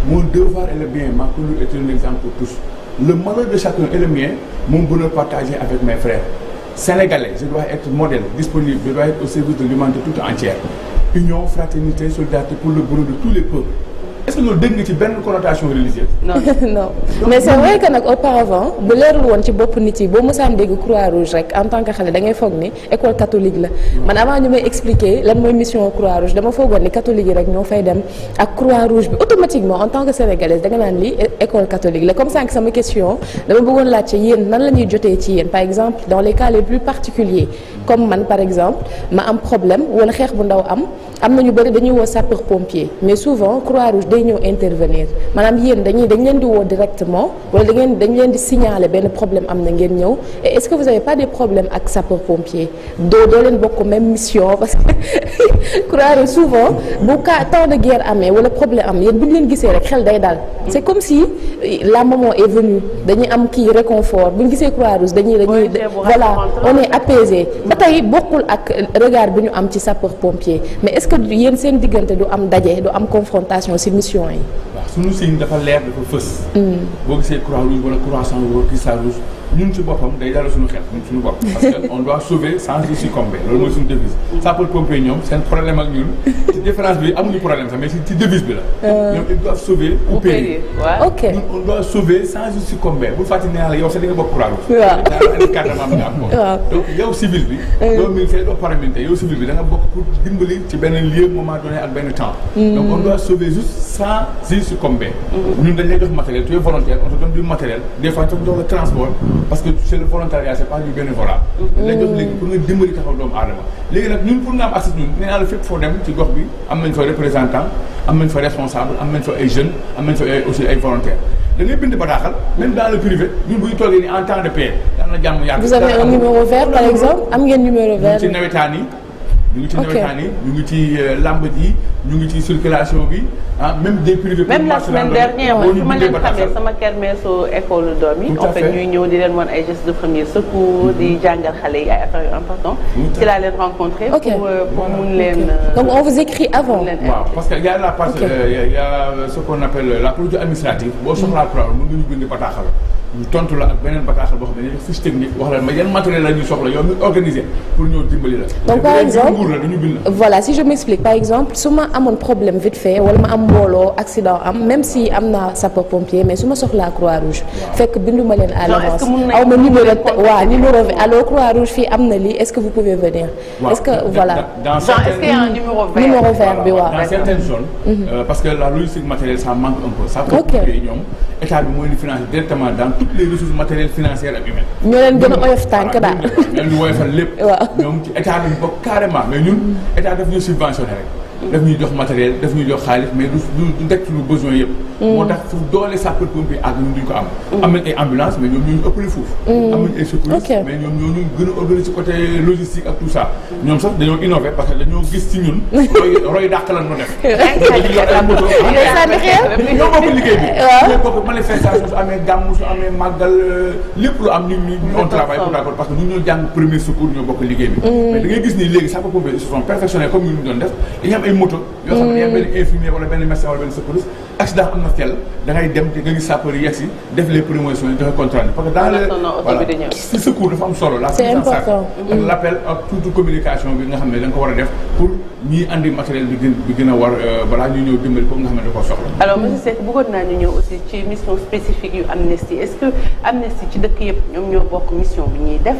Mon devoir est le bien, ma couleur est un exemple pour tous. Le malheur de chacun est le mien, mon bonheur partagé avec mes frères. Sénégalais, je dois être modèle, disponible, je dois être au service de l'humanité tout entière. Union, fraternité, solidarité pour le bonheur de tous les peuples. est-ce que loolu dégg nga ci benn connotation religieuse. non non mais c'est vrai que nag auparavant bu leerul woon ci bopp nit yi boo mosaan dégg croix rouge rek en tant que xale da ngay foog ni école catholique la. man avant ñu may expliquer lan mooy mission croix rouge dama foogoon ni catholique yi rek ñoo fay dem ak croix rouge bi automatiquement en tant que sénégalaise da nga naan lii école catholique la comme sànq sama question dama bëggoon laajte yéen nan la ñuy jotee ci yéen par exemple dans les cas comme man par exemple ma am problème wala xeex bu ndaw am. am na ñu bëri dañuy woo sapeur pompier mais souvent croix rouge day ñëw intervenir maanaam yéen dañuy dañ leen di woo directement wala da dañ leen di signaler benn problème am na ngeen ñëw et est-ce que vous avez pas des problèmes ak sapeur pompier doo doo leen bokk même mission parce que croix rouge souvent bu cas temps de guerre amee wala problème am yéen bu ñu leen gisee rek xel day dal c'est comme si euh, la maman est venue dañuy am kii réconfort bu ñu gisee croix rouge dañuy dañuy voilà on est apaisé ba tey bokkul ak regard ñu am ci sapeur pompier que yéen seen diggante du am daje du am confrontation ci mission yi. su sunu signe dafa leer dafa fës. Mm. boo gisee croix rouge wala croissant wala cristal rouge. ñun ci boppam day dalal suñu xel ñun suñu bopp parce que on doit sauver sans y succomber loolu mooy suñu devise sapeurs-pompiers ñoom seen problème ak ñun ci différence bi amuñu problème sax mais ci ci bi la euh. ñoom ils doivent sauver ou périr ok ñun on doit sauver sans y succomber bul fàttali ne yàlla yow sax di nga bokk croix si waaw encadrement bi nga am ko donc yow bi doo militaire doo paramilitaire yow civil bi euh. nga bokk pour dimbali ci benn lieu moment donné ak benn temps hmm. donc on doit sauver juste sans y succomber hmm. ñun dañ lay jox matériel tu es volontaire on te donne du matériel parce que c'est le volontariat c'est pas du bénévolat. Mm-hmm. la jox léegi pour nga dimbali taxaw doomu aadama. léegi nag ñun pour nga am accès ñun nee naa la fépp foo dem ci gox bi am nañ fa représentant am nañ fa responsable am nañ fa ay jeunes am nañ fa ay aussi ay volontaires da ngay bind bataaxal même dans le privé ñun bu toogee nii en temps de paix. daan na jàmm yàgg. vous avez un numéro vert par exemple am ngeen numéro vert. ci nawetaan ñu ngi ci nawetaan yi ñu ngi ci euh, lamb ji ñu ngi ci circulation bi ah même des privés. même la semaine dernière woon su ma leen xamee sama kermeesu école doom yi. ñuy ñëw di leen wan ay gestes de premier secours. Mm-hmm. di jàngal xale yi a affaires yu important. ci laa leen rencontré. ok pour euh, pour mun euh, donc on vous écrit avant. parce que y a la part y a ce qu'on appelle la procédure administrative boo mm-hmm. soxlaa kuréel mën nga ñu bind bataaxal. ñu tontu la ak beneen bataaxal boo xam ne dañuy fiche ma yan matériel la ñuy soxla yow ñu organiser pour ñëw dimbali la. donc par exemple voilà si je m'explique par exemple su ma amoon problème vite fait wala ma am mbooloo accident am même si am na sapeur pompier mais su ma soxlaa croix rouge. fekk bindu ma leen à l'avance. aw ma numéro waaw numéro bi croix rouge fii am na lii est-ce que vous pouvez venir. est-ce que voilà. dans est-ce qu'il y a un numéro vert bi waaw. dans certaines zones. Mhm. Euh, parce que la logistique matérielle toutes les ressources matérielles financières ak humaines. ñoo leen gën a oyof tànk daal. ñoo leen di woyofal lépp. waaw ñoom ci état lañ bokk carrément mais ñun état daf ñu subventionné rek. daf ñuy jox matériel daf ñuy jox xaalis mais du dekk lu besoin yëpp mm. moo tax fu doole sapeur-pompier ak ñun duñ ko am mm. am nañ ambulance mais ñoom ñoo ñu ëppale foofu mm. am nañ ay secouriste mais ñoom a organiser côté logistique ak tout ça ñoom sax dañoo innové parce que dañoo gis ci ñun roy dàq lan nu def dañuy yor ah, ñoo bokk liggéey bi ñoo bokk manifestation su amee gàmm su amee màggal euh, lépp lu am ñun ñu on travaille pour que ñun ñoo jàng premier secours ñoo bokk liggéey bi mais da ngay gis nii léegi ñu doon ay moto. yoo xam ne yaa mm. benn infirmier wala benn médecin wala benn secouriste accident am na fell da dem te nga gis sapeur yi si def les premiers soins joxe contrat parce que dans le voilà si secours dafa am solo la mm. xam ne da war a def pour ñiy andi matériel bi gën a war euh, balaa ñu ñëw dimbali ko nga xam ne da soxla alors monsieur Seck naa ñu ñëw aussi ci mission spécifique yu Amnesty est-ce que Amnesty ci dëkk yëpp ñoom ñoo bokk mission bi ñuy def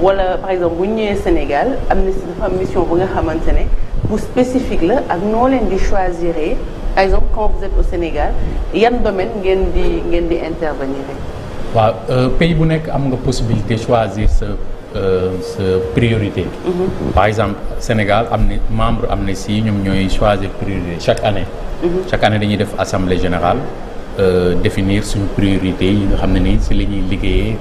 wala par exemple bu ñëwee Sénégal am na dafa mission bu nga xamante ne bu spécifique la ak noo leen di choisir par exemple quand vous êtes au Sénégal yan domaine ngeen di ngeen di intervenir. waaw euh, pays bu nekk am nga possibilité choisir sa euh, sa priorité. Mhm. par exemple Sénégal am na membre am na si ñoom ñooy choisir priorité chaque année. Mm -hmm. chaque année dañuy def assemblée générale. Euh, définir suñu priorité yi nga xam ne ni si li ñuy liggéeyee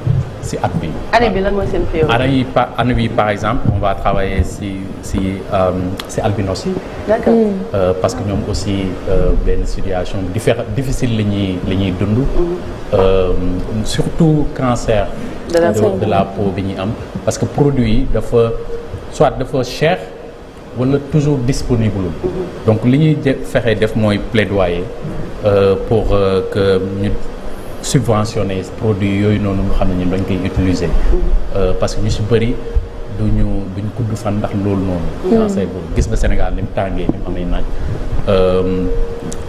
si at bi. année bi lan mooy seen yi par exemple on va travailler si si si albinos yi. Mm. Euh, parce que ñoom aussi euh, benn situation diffère difficile la ñuy la ñuy dund. Mm-hmm. surtout cancer. de la peau de la peau bi ñuy am parce que produit yi dafa soit dafa cher. wala toujours disponible mm-hmm. donc li ñuy fexe def mooy plaidoyer Euh, pour euh, que ñu subventionner produit yooyu noonu nga xam nañu ñun dañ koy utiliser. Euh, parce que ñu su bëri du ñu du ñu gudd fan ndax loolu noonu. conseil mm. gis na Sénégal ni mu tàngee ni mu amee naaj.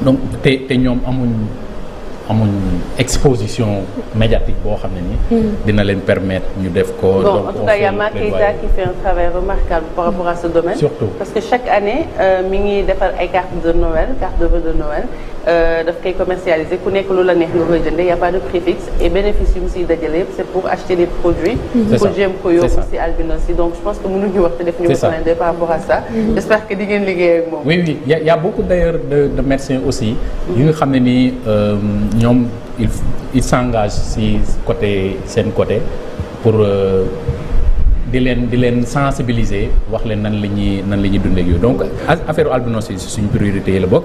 donc te te ñoom amuñ. amuñ exposition médiatique boo xam ne ni hmm. dina leen permettre ñu def ko. donc bon tout cas y Keita qui fait un travail remarquable par rapport à ce domaine. parce que chaque année euh, mi ngi defar ay cartes de Noël carte de vœux de Noël euh, daf koy commercialiser ku nekk lu la neex nga koy jëndee y a pas de prix fixe et bénéfice yu mu siy c'est pour acheter des produits. Hmm. pour jéem ko yóbbu si albinos yi donc je pense que mënuñu wax te def ñu. c'est par rapport hmm. ngeen liggéey ak moom. oui oui a y aussi. yu nga xam ne nii. Euh, ñoom il il s'engage si côté seen côté pour euh, di leen di leen sensibiliser wax leen nan la ñuy nan la ñuy dundee yooyu donc affaire albinos yi suñ priorité yi la bokk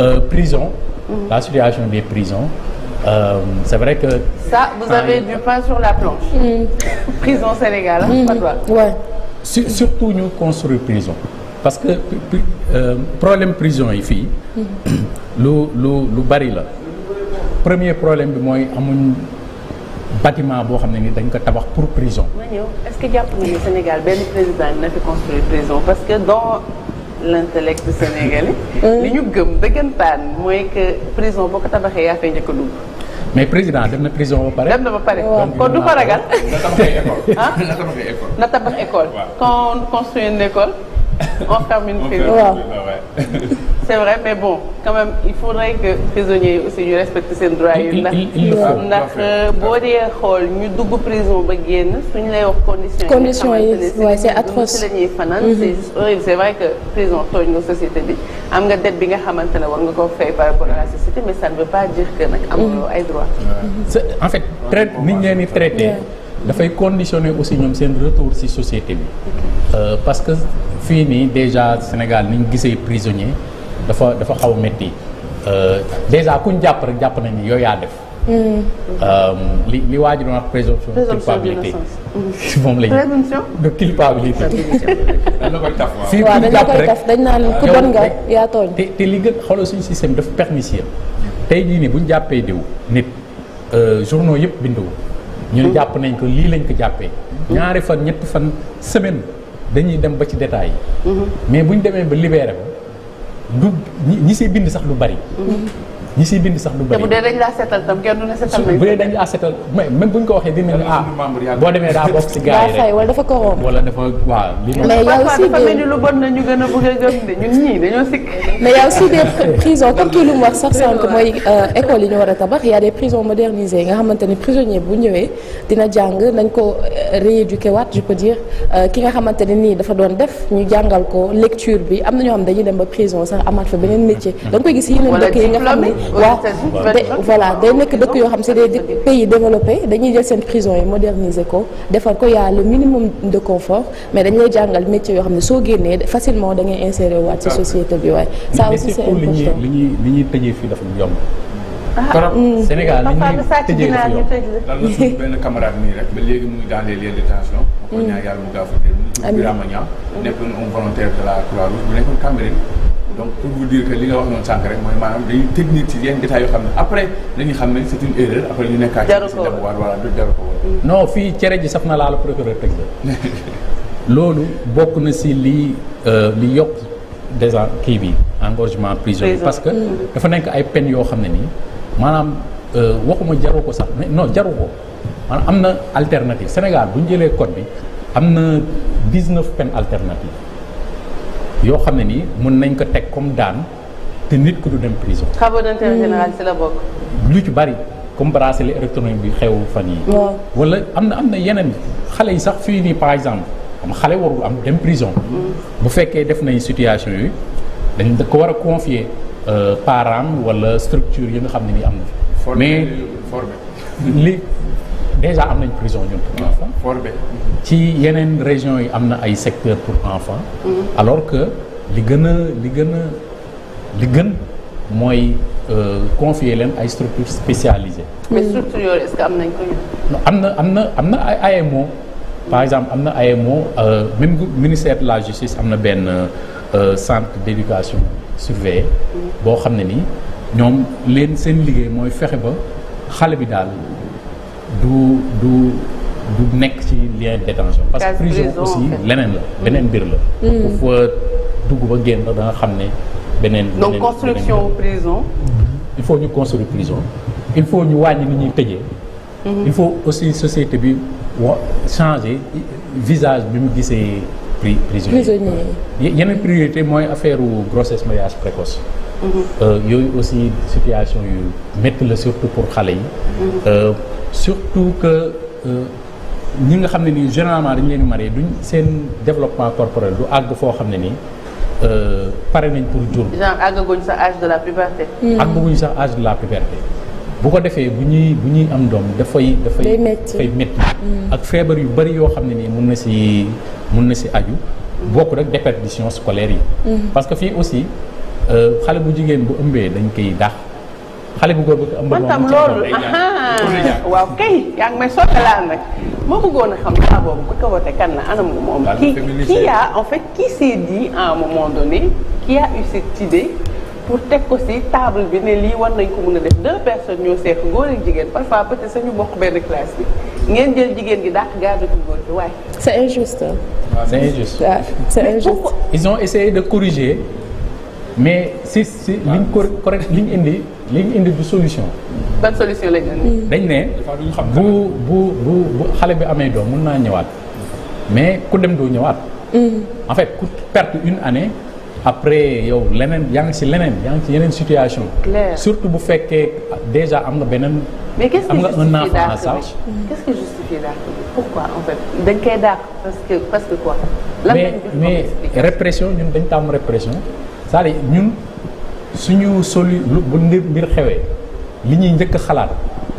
euh, prison. Mm-hmm. la situation des prisons. Euh, c'est vrai que. ça vous avez du pain sur la planche. Mmh. prison Sénégal mm-hmm. surtout ñu construire prison parce que euh, problème prison yi fii. Mm-hmm. lu lu lu bari la. premier problème bi mooy amuñ bâtiment boo xam ne ni dañ ko tabax pour prison. ma ñëw ce que jàpp nga ni Sénégal benn président dina fi construire prison parce que dans l'intellect sénégalais. Euh. li ñu gëm dëggantaan mooy que prison boo ko tabaxee yaa fay njëkk a mais président dem na prison ba pare. dem na ba pare kon du ko ragal. Ah? na tabax école na tabax école. quand on une école on ferme une prison. c'est vrai mais bon quand même il faudrait que prisonniers yi aussi ñu respecte seen droit yi. ndax boo dee xool ñu dugg prison ba génn suñu lay wax condition yi. condition yi waaye c'est atroce si la ñuy mhm. c'est juste que prison tooñ bi am nga dette bi nga xamante ne war nga ko fay par rapport à la société mais ça ne veut pas dire que nag. amuloo mhm. ay droits. en fait traite ni ñu leen di traité. dafay conditionner aussi ñoom seen retour ci société bi. Euh, parce que fii nii déjà Sénégal ni ñu gisee prisonnier dafa dafa xaw a métti euh, dèjà ku ñu jàpp rek jàpp nañu yow yaa def. Hmm. Euh, li li waa ji na wax présomption de culpabilité moom la ñu de culpabilité. dañ la koy nga yaa tooñ. te li nga xoolal suñu système dafa permissif tey jii nii buñ ñu jàppee diw nit euh, journaux yëpp bindu ñu ne hmm. jàpp nañ ko lii lañ ko jàppee. Hmm. ñaari fan ñett fan semaine dañuy dem ba ci détail yi. mais bu ñu demee ba libéré ko. du ñi see bind sax lu bari mm-hmm. ñi si bind sax du bëri. bu dee dañ laa seetal tam kenn du ne seetal bu dee dañ laa seetal waxee dinañ ne ah boo demee daa bokk si gars yi rek wala dafa ko romb wala dafa a bëgg a gëm de ñun ñii dañoo sikk. mais yow aussi des prisons kii lu mu wax sax sànq mooy euh, école yi ñu war a tabax y a des prisons modernisées nga xamante ni prisonnier bu ñëwee dina jàng nañ ko euh, rééduquer waat je peux dire euh, ki nga xamante ne nii dafa doon def ñu jàngal ko lecture bi am na ñoo xam dañuy dem ba prison sax amaat fa beneen métier mm-hmm. da nga koy gis yeneen dëkk yi nga xam ne waaw voilà day nekk dëkk yoo xam c'est des pays développé dañuy jël seen prison yi modernisé ko defar ko yaa le minimum de confort mais dañ lay jàngal métier yoo xam ne soo génnee facilement da ngay insérer waat ci société bi waaye ça aussi c'est important li ñuy li ñuy tëjee fii dafa yomb ah, hmm. yomb ba léegi mu ngi dans de détention ma hmm. ko ñaan yàlla mu gaaw fa dé Birama Niang nekkoon un volontaire de la Croix-Rouge bu nekkoon Cameroun donc pour li wax noonu sànq rek mooy technique ci yenn détails ne après dañuy xam ne c'est une erreur après ñu nekkaat. jaru mm. fii cere ji saf na laal procureur loolu bokk na si li euh, li yokk déjà kii bi engorgement prison parce que mm. dafa nekk ay peine yoo xam ne nii maanaam euh, waxuma jaru ko sax mais jaru ko maanaam am na alternative Sénégal bu ñu jëlee code bi am na 19 peines alternatives. yoo xam ne nii mun nañ ko teg comme daan te nit ku du dem prison. travaux d'intérêt hmm. général ci la bokk. lu ci bari comme bracelet électronique bi xew fan yi wala am na am na yeneen xale yi sax fii nii par exemple am xale warul am dem prison. Hmm. bu fekkee def nañ situation yi dañ ko war a confier euh, parents wala structure yu nga xam ne nii am na fi. mais li. déjà am nañ prison ñun pour ah, enfants ci yeneen région yi am na ay secteurs pour enfants mm-hmm. alors que li gën a li gën a li gën mooy euh, confier leen ay structures spécialisées mais structures yooyu est-ce que am nañ ko am na am na am na ay AMO par exemple am na AMO euh, même ministère de la justice am na benn euh, centre d'éducation surveillée mm-hmm. boo xam ne ni ñoom leen seen liggéey mooy fexe ba xale bi daal du du du nekk ci lien de détention parce que prison aussi leneen la beneen mbir la hmm. ku fa dugg ba génn da nga xam ne beneen donc construction il faut ñu construire prison il faut ñu wàññi ni ñuy tëjee hmm. il faut aussi société bi wa changer visage bi mu gisee prisonnier yeneen priorité mooy affaire grossesse mariage précoce hmm. euh, yooyu aussi situation yu métti la surtout pour xale yi euh, surtout que euh, ñi nga xam ne nii généralement dañ leen marié duñ seen développement corporel du àgg foo xam ne nii euh, pare nañ pour jur. genre àggaguñ sa âge de la puberté. Hmm. de la puberté. bu ko defee bu ñuy bu ñuy am doom dafay dafay. day métti dafay métti hmm. ak feebar yu bari yoo xam ne nii mun na si mun na si aju. Hmm. bokk rek déperdition scolaire yi. parce que fii aussi euh, xale bu jigéen bu ëmbee dañ koy dàq. xale bu góor am man tam loolu waaw kay yaa ngi may sottelaan nag ma bëggoon a xam saa boobu ku ko wote kan la anam nga moom qui qui a en fait qui s'est dit à un moment donné qui a eu cette idée pour teg ko si table bi ne lii war nañ ko mun a def deux personnes ñoo seeq góor ak jigéen parfois peut-être sañu bokk benn classe bi ngeen jël jigéen gi dàq garde ko góor gi waaye c'est injuste waaw c'est injuste c'est injuste ils ont essayé de corriger mais si si liñ ko correct liñ indi liñ indi du solution. ban solution lañ indi. dañ ne bu bu bu bu xale bi amee doom mun naa ñëwaat mais ku dem doo ñëwaat. Mm. en fait ku perte une année. après yow leneen yaa ngi si leneen yaa ngi si yeneen situation. surtout bu fekkee déjà am nga beneen. am nga un enfant à charge. quest bi pourquoi en fait dañ koy dàq parce que parce que quoi. lan mais mais répression ñun dañ tàmm répression. cest à ñun suñu solu bu ndir mbir xewee li ñuy njëkk xalaat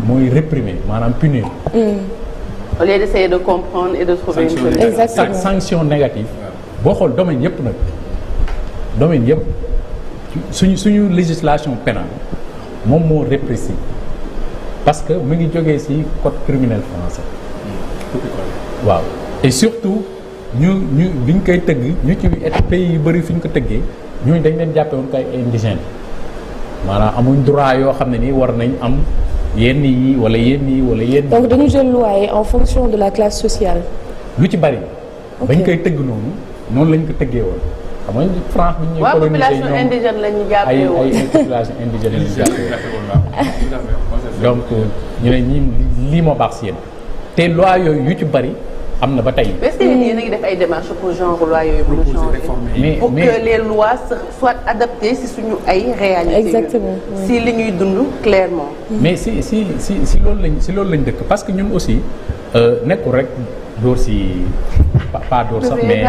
mooy réprimer maanaam punir. Mm. au lieu d'essayer de comprendre et de trouver une sanction négative boo xool domaine yëpp nag domaine yëpp suñu suñu législation pénale moom moo répressif parce que mu ngi jógee ci code criminel français. Mm. waaw et surtout ñu ñu biñ koy tëgg ñu ci pays yu bëri fi ñu ko tëggee. ñooñu dañ leen jàppee woon kay indigènes maanaam amuñ droit yoo xam ne nii war nañu am yenn yi wala yenn yi wala yenn. donc dañu jël loi yi en fonction de la classe sociale. lu ci bari. bañ koy tëgg noonu noonu lañ ko tëggee woon. xam nga France bi ñuy colonisé ñoom population indigène lañu jàppee woon ay ay population indigène lañu jàppee donc ñu ne ñii lii moo baax si yéen te loi yooyu yu ci bari. am na ba tey. est-ce que yéen a ngi def ay démarches pour genre loi yooyu pour changer pour que les lois soient adaptées si suñu ay réalités. exactement si li ñuy dund clairement. mais si si si si loolu lañ si loolu lañ dëkk parce que ñun aussi euh, nekkul rek dóor si pas door sax mais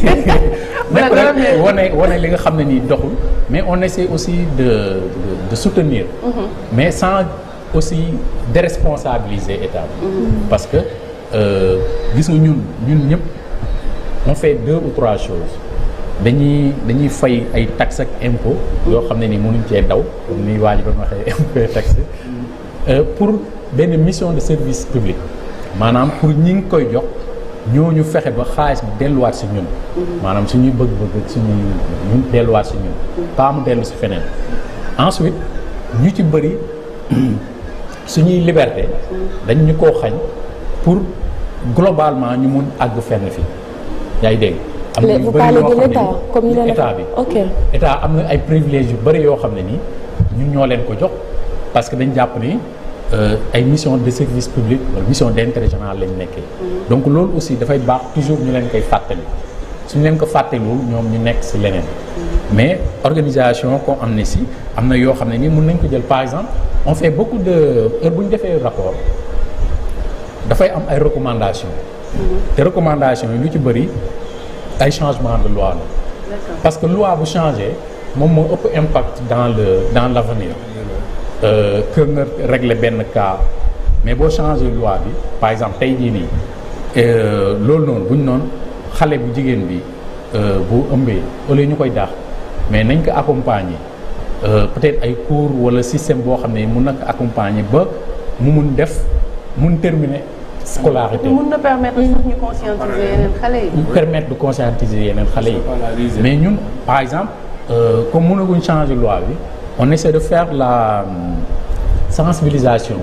nekkul rek wane wane li nga xam ne nii doxul mais on essaie aussi de de soutenir. Mm-hmm. mais sans aussi déresponsabiliser état mm-hmm. parce que. Euh, gis nga ñun ñun ñëpp on fait deux ou trois dañuy dañuy fay ay taxes ak impôt yoo xam ne ni mënuñ cee daw comme ni waa ji doon waxee impôt taxe euh, pour benn mission de service public maanaam pour ñi ngi koy jox ñu fexe ba xaalis bi delluwaat si ñun maanaam suñuy bëgg-bëgg suñu ñun delluwaat si ñun pas dellu si feneen ensuite ñu ci bëri suñuy liberté dañ ñu koo xañ pour globalement ñu mun àgg fenn fii yaa ngi dégg. am na xam ne comme ñu état bi ok état am na ay privilèges yu bëri yoo xam ne nii ñu ñoo leen ko jox parce que dañ jàpp ni euh, ay mission de service public mission de intérêt général lañ nekkee. Mm-hmm. donc loolu aussi dafay baax toujours ñu leen koy fàttali suñu leen ko fàttalewul ñoom ñu nekk si leneen. Mm-hmm. mais organisation ne si am na yoo xam ne nii mun nañ ko jël par exemple on fait beaucoup de heure bu ñu defee rapport. dafay am ay recommandation mhm. te recommandations yi lu ci bëri ay changement de loi la. parce que loi bu changé moom moo ëpp impact dans le dans l' avenir. Mhm. Euh, que nga régler benn cas mais boo changé loi bi par exemple tey jii nii euh, loolu noonu bu ñu noonu xale bu jigéen bi euh, bu ëmbee au ñu koy daax mais nañ ko accompagner euh, peut-être ay cours walla système boo xam ne mun na ko accompagner ba mu mun def mun terminer. scolarité mën na permettre ñu conscientiser yeneen xale yi. permettre de conscientiser yeneen xale yi mais ñun par exemple euh, comme mënaguñ changer loi bi on essaie de faire la euh, sensibilisation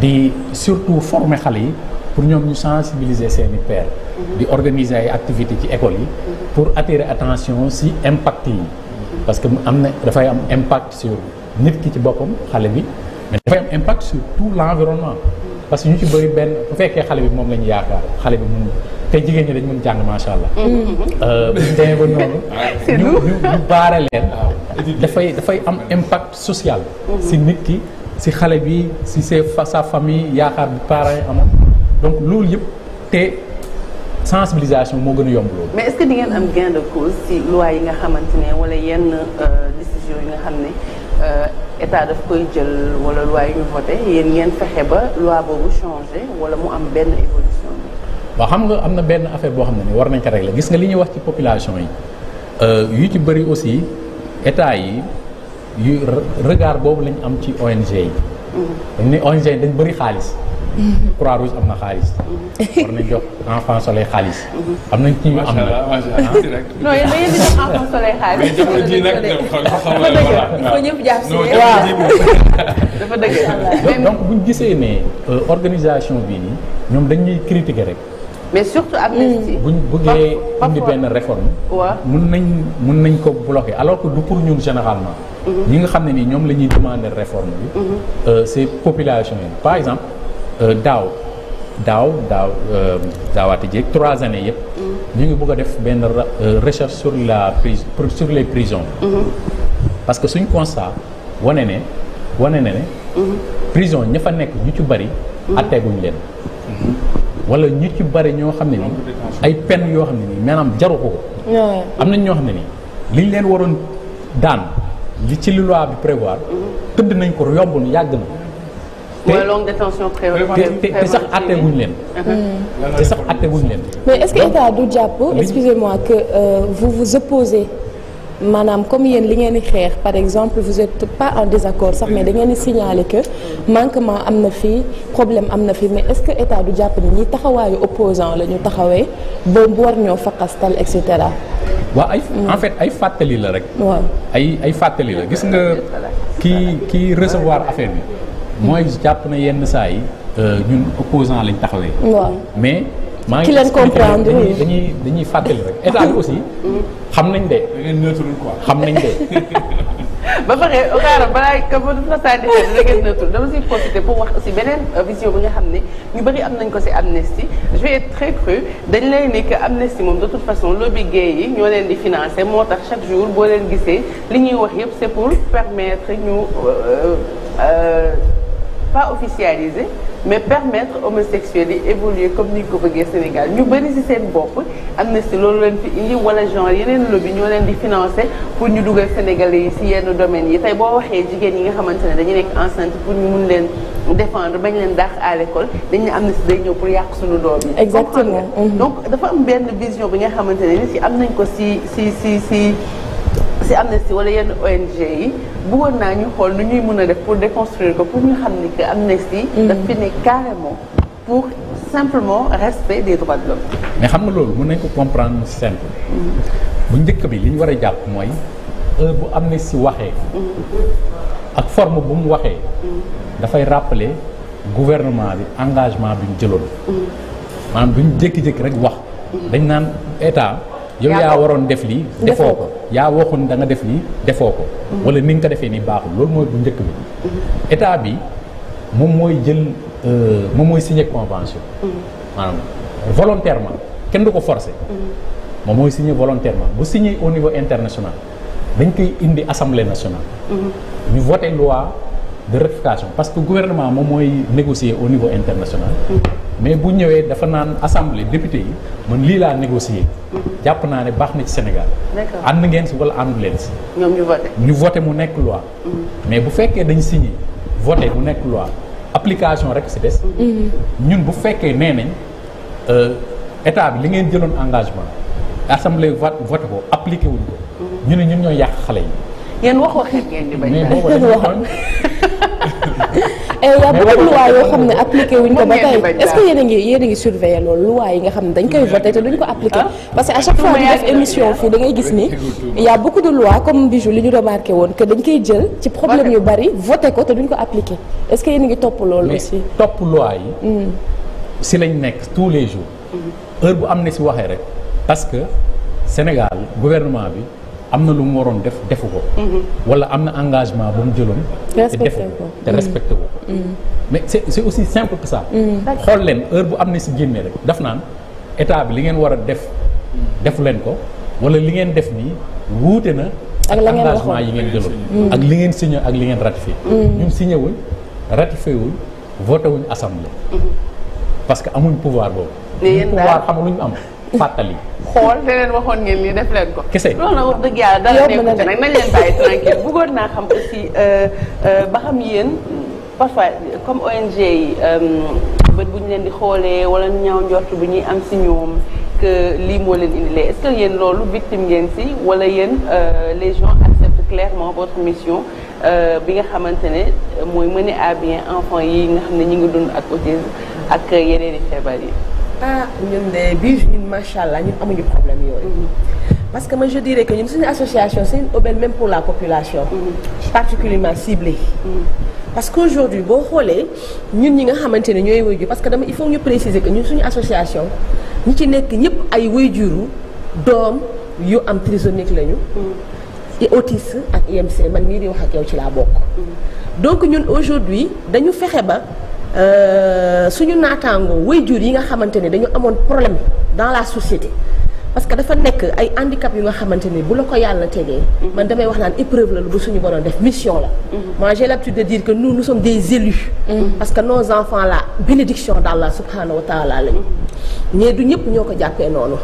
di surtout former xale yi pour ñoom ñu sensibiliser seeni père di organiser ay activités ci école yi pour attirer attention si impact yi parce que am na dafay am impact sur nit ki ci boppam xale bi mais dafay am impact sur tout l'environnement parce que ñu ci bëri benn bu fekkee xale bi moom la ñu yaakaar xale bi mun te jigéen ñi dañ mun jàng macha allah. Mm-hmm. Euh, bu ñu noonu. ñu ñu baare leen. Ah, dafay dafay am impact social. Mm-hmm. si nit ki si xale bi si sa sa famille yaakaar bi parents yi amoon donc loolu yëpp te sensibilisation moo gën a yomb loolu. mais est-ce que di am gain cause si loi yi nga xamante ne wala yenn euh, décision yi nga xam ne. Euh, état daf koy jël wala loi yu ñu voté yéen ngeen fexe ba loi boobu changé wala mu am benn évolution waaw xam nga am na benn affaire boo xam ne ni war nañ ko la gis nga li ñuy wax ci population yi euh, yu ci bëri aussi état yi yu regard boobu lañu am ci ONG yi mm-hmm. ni dañ bëri xaalis croix am na xaalis. war nañ jox enfant soleil xaalis. am nañ ci ñu am na macha ah. di jox enfant soleil xaalis. dafa dëgg donc buñ gisee ne euh, organisation bi nii ñoom dañuy critiquer rek. mais surtout amnistie. buñ bëggee ni benn réforme. waaw mun nañ mun nañ ko bloquer alors que du pour ñun généralement. Mm-hmm. ñi nga xam ne nii ñoom la ñuy demander réforme bi. Mm-hmm. Euh, c'est population yi par exemple. Euh, daaw daaw daaw euh, daawaati jéeg trois années yëpp. Mm. ñu ngi bëgg a def benn euh, recherche sur la prise sur les prisons. Mm-hmm. parce que suñ constat wane ne wane na ne. Mm-hmm. prison ña fa nekk ñu ci bari. Mm-hmm. atteeguñ leen. wala ñu ci bari ñoo xam ne nii ay peine yoo xam ne nii maanaam jaru ko. am nañ ñoo xam ne nii liñ leen waroon daan li ci loi bi prévoir. tëdd nañ ko yombu na yàgg na. wala longue détention préventive te sax àtte wuñ leen. Mhm. Hmm. te sax àtte wuñ leen. mais est-ce du jàpp excusez-moi que euh, vous vous opposez maanaam comme yéen li ngeen di xeex par exemple vous êtes pas en désaccord sax mais da ngeen di que manquement am na fii problème am na fii mais est-ce que état du jàpp ni ñi taxawaayu opposant la ñu taxawee ba bu war ñoo faqastal et cetera. waaw ay hmm. ay fàttali la rek. ay ay fàttali la gis nga kii kii recevoir affaire bi. mooy jàpp na yenn saa yi euh, ñun opposant lañ taxawee. waaw mais. maa ngi comprendre dañuy dañuy dañuy fàttali rek état bi aussi. xam nañ de. da ngeen nëtul quoi xam nañ de. ba pare xaaral balaa ka ba fa saa di da ngeen nëtul dama siy profité pour wax aussi beneen euh, vision bi nga xam ne ñu bëri am nañ ko si amnesty je vais être très cru dañ lay ni que amnesty moom de toute façon lobby gay yi ñoo leen di financé moo tax chaque jour boo leen gisee li ñuy wax yëpp c'est pour permettre ñu. Euh, pas officialiser mais permettre homosexuels yi évoluer comme ni ñu ko bëggee Sénégal ñu bëri si seen bopp am na si loolu leen fi indi wala genre yeneen lobby ñoo leen di financer pour ñu dugal Sénégalais yi si yenn domaines yi tey boo waxee jigéen yi nga xamante ne dañu nekk enceinte pour ñu mun leen défendre bañ leen dàq à l'école dañ ne am n si day ñëw pour yàq suñu doom yi. exactement mm-hmm. donc dafa am benn vision bi nga xamante ne nit yi am nañ ko si si si si si am na si wala yenn ONG yi. bëggoon naa ñu xool nu ñuy mën a def pour déconstruire ko pour ñu xam ni que amnistie. Mm. daf fi ne carrément pour simplement respect des droits de l'homme mais xam nga loolu mun nañ ko comprendre mu simple. Mm. bu njëkk bi li ñu war a jàpp mooy heure bu amnistie waxee. Mm. ak forme bu mu waxee. dafay rappeler gouvernement bi engagement bi ñu jëloon. maanaam duñ jékki-jékki rek wax. dañ naan état. yow yaa waroon def lii defoo ko yaa waxoon da def lii defoo ko mm-hmm. wala ni nga ko defee nii baaxul loolu mooy bu njëkk bi mm-hmm. état bi moom mooy jël euh, moom mooy signé convention mm-hmm. maanaam volontairement kenn du ko forcé moom mooy signé volontairement bu signé au niveau international dañ koy indi assemblée national ñu voté loi de ratification parce que gouvernement moom mooy négocier au niveau international mais bu ñëwee dafa naan assemblée député yi man lii laa négocier jàpp naa ne baax na ci Sénégal ànd ngeen si wala àndu leen si ñoom ñu voté voté mu nekk loi mm-hmm. mais bu fekkee dañu signé voté mu nekk loi application rek si des mm-hmm. ñun bu fekkee nee nañ euh, état bi li ngeen jëloon engagement assemblée voté ko appliqué wuñ ko mm-hmm. ñu ne ñun ñooy yàq xale yi yéen wax waxeet ngeen yaa bëgg luwaa yoo xam ne appliqué wuñ ko ba tey est-ce que yéen a ngi yéen a ngi surveiller loolu luwaa yi nga xam ne dañ koy voté te duñ ko appliqué ah. parce que à chaque fois ñu def émission fii da gis ni y a beaucoup de lois comme li ñu remarqué woon que dañ koy jël ci problème yu bari voté ko te duñ ko appliqué est que yéen ngi topp loolu aussi topp loi yi hmm. si lañ nekk tous les jours hmm. heure bu am na si waxee rek parce que Sénégal gouvernement bi am na lu mu waroon def defu ko. Mhm. wala am na engagement bu mu jëloon. te defu ko te respecté ko. Mhm. Mhm. mais c' aussi simple que ça. xool leen heure bu am na si génnee rek daf naan état bi li ngeen war a def defu leen ko wala li ngeen def nii wuute na. ak la ngeen engagement yi ngeen jëloon. ak li ngeen signé ak li ngeen ratifié. ñun signé wuñ ratifié wuñ voté wuñ assemblée. parce que amuñ pouvoir boobu. mais yéen pouvoir xam am. fàttali. xool ne leen waxoon ngeen lii def leen ko. kese loolu nag wax dëgg yàlla dara nekkul ci nañ leen bàyyi tranquille bëggoon naa xam aussi euh, euh, ba xam yéen parfois comme ONG yi euh, bët bu ñu leen di xoolee wala ñaaw njort bu ñuy am si ñoom que lii moo leen indilee est-ce que yéen loolu victime ngeen si wala yéen les gens acceptent clairement votre mission bi nga xamante ne mooy mener à bien enfants yi nga xam ne ñu ngi dund ak autisme ak yeneen i feebar yi. ah ñun de bii ñun macha allah ñun amuñu problème yooyu. Mm-hmm. parce que ma je dirais que ñun suñu association c'est une aubaine même pour la population. Mm-hmm. particulièrement ciblée. Mm-hmm. parce que aujourd'hui boo xoolee ñun ñi nga xamante ne ñooy waajur parce que dama il faut ñu préciser que ñun suñu association ñi ci nekk ñëpp ay waajuru doom yu am trisomique lañu. et autisme ak IMC man mii di wax ak yow ci laa bokk. donc ñun aujourd'hui dañu fexe ba. Euh, suñu naataangoo waajur yi nga xamante ne dañu amoon problème dans la société parce que dafa nekk ay handicap yu nga xamante ne bu la ko yàlla tegee. Mhm. man damay wax naan épreuve la lu bu suñu borom def mission la. Mhm. moi j'ai l'habitude de diir que nous nous sommes des élus. Mhm. parce que nos enfants la bénédiction d'Allah subhanahu wa taala lañu. mais du ñëpp ñoo ko jàppee noonu.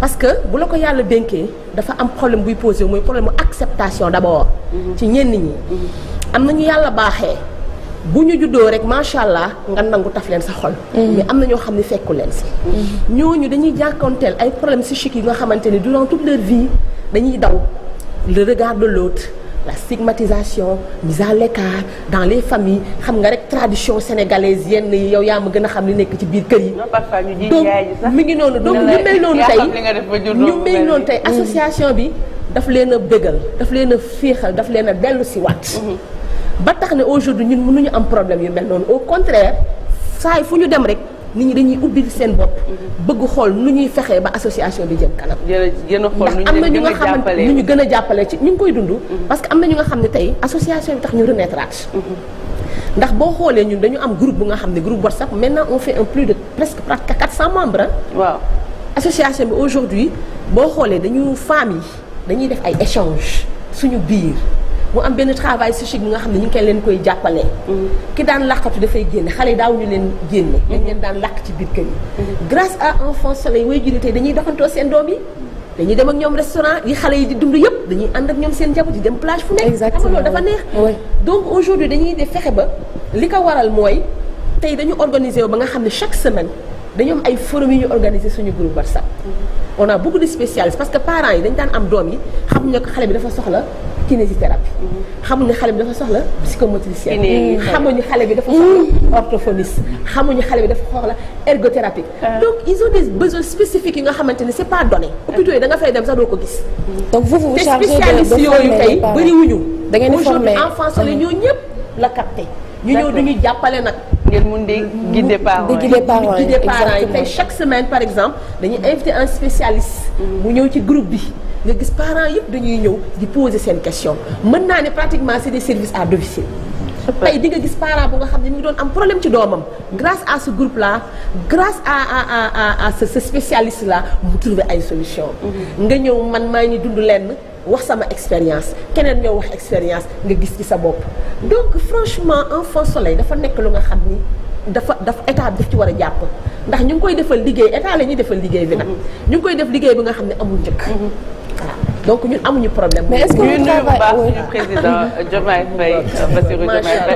parce que bu la ko yàlla dénkee dafa am problème buy posé mooy problème mu acceptation d'abord. ci ñenn ñi. am nañu yàlla baaxee. bu ñu juddoo rek macha allah nga nangu taf leen sa xol. Mm-hmm. mais am na ñoo xam ne fekku leen si. Mm-hmm. ñooñu dañuy jànkoonteel ay problèmes psychiques yi nga xamante ni durant toute leur vie dañuy daw le regard de l'autre la stigmatisation mise à dans les familles xam nga rek tradition sénégalaise yenn yi yow yaa ma gën a xam ni nekk ci biir kër yi. donc mi ngi noonu donc ñu mel noonu tey ñu mel noonu tey mm-hmm. association bi daf leen a bëggal daf leen féexal daf leen a dellu si waat ba tax ne aujourd'hui ñun mënuñu am problème yu mel noonu au contraire saay fu ñu dem rek nit ñi dañuy ubbi seen bopp bëgg xool nu ñuy fexee ba association bi jëm kanam ndax am na ñu nga xam ne ñu ñu gën a jàppale ci ñu ngi koy dund mm-hmm. que am na ñu nga xam ne tey association bi tax ñu renaître mm-hmm. ndax boo xoolee ñun dañu am groupe bu nga xam ne groupe WhatsApp maintenant on fait un plus de presque presque 400 membres waaw association bi aujourd'hui boo xoolee dañu femmes yi dañuy def ay échanges suñu biir mu am benn travail psychique bi nga xam ne ñu ngi koy leen koy jàppale mm. ki daan làqatu dafay génne xale yi daawuñu leen génne. Mm-hmm. dañ leen daan làq ci biir kër yi. Mm-hmm. grâce à enfant soleil way juri tey dañuy doxantoo seen doom yi. dañuy dem ak ñoom restaurant yi xale yi di dund yëpp dañuy ànd ak ñoom seen njaboot yi dem plage fu nekk. exactement loolu dafa neex. donc aujourd'hui dañuy def fexe ba li ko waral mooy tey dañu organiser wu ba nga xam ne chaque semaine dañoom ay forum ñu organiser suñu groupe WhatsApp. Mm-hmm. on a beaucoup de spécialistes parce que parents yi dañ daan am doom yi xamuñu ne xale bi dafa soxla kinésithérapie xamuñu ne xale bi dafa soxla psychomotricien xamuñu xale bi dafa soxla orthophoniste xamuñu xale bi dafa soxla ergothérapique euh. donc ils ont des besoins spécifiques yi nga xamante ne c'est pas donné hôpitaux yi da nga fay dem sax doo ko gis donc vous vous spécialistes yooyu tey bëriwuñu da ngeen former ñoo ñëpp la capté ñu ñëw duñu jàppale nag ngeen mun di guider parents yi di guider parents yi tey chaque semaine par exemple dañuy invité un spécialiste. mu ñëw ci groupe bi. nga gis parent yëpp dañuy ñëw di poser seen question mën naa ne pratiquement c'est des service à domicile tey di nga gis parent bu nga xam ne mi ngi doon am problème ci doomam grâce à ce groupe là grâce à à à à ce spécialiste là mu trouver ay solution mm-hmm. nga ñëw man maa ngi dund lenn wax sama expérience keneen ñoo wax expérience nga gis ci sa bopp donc franchement enfant soleil dafa nekk lu nga xam ni dafa daf état daf ci war a jàpp ndax ñu ngi koy defal liggéey état la ñuy defal liggéey bi nag mm-hmm. ñu ngi koy def liggéey bi nga xam ne amul njëkk waaw mm-hmm. donc ñun amuñu problème. mais est-ce que ñu nuyu bu baax suñu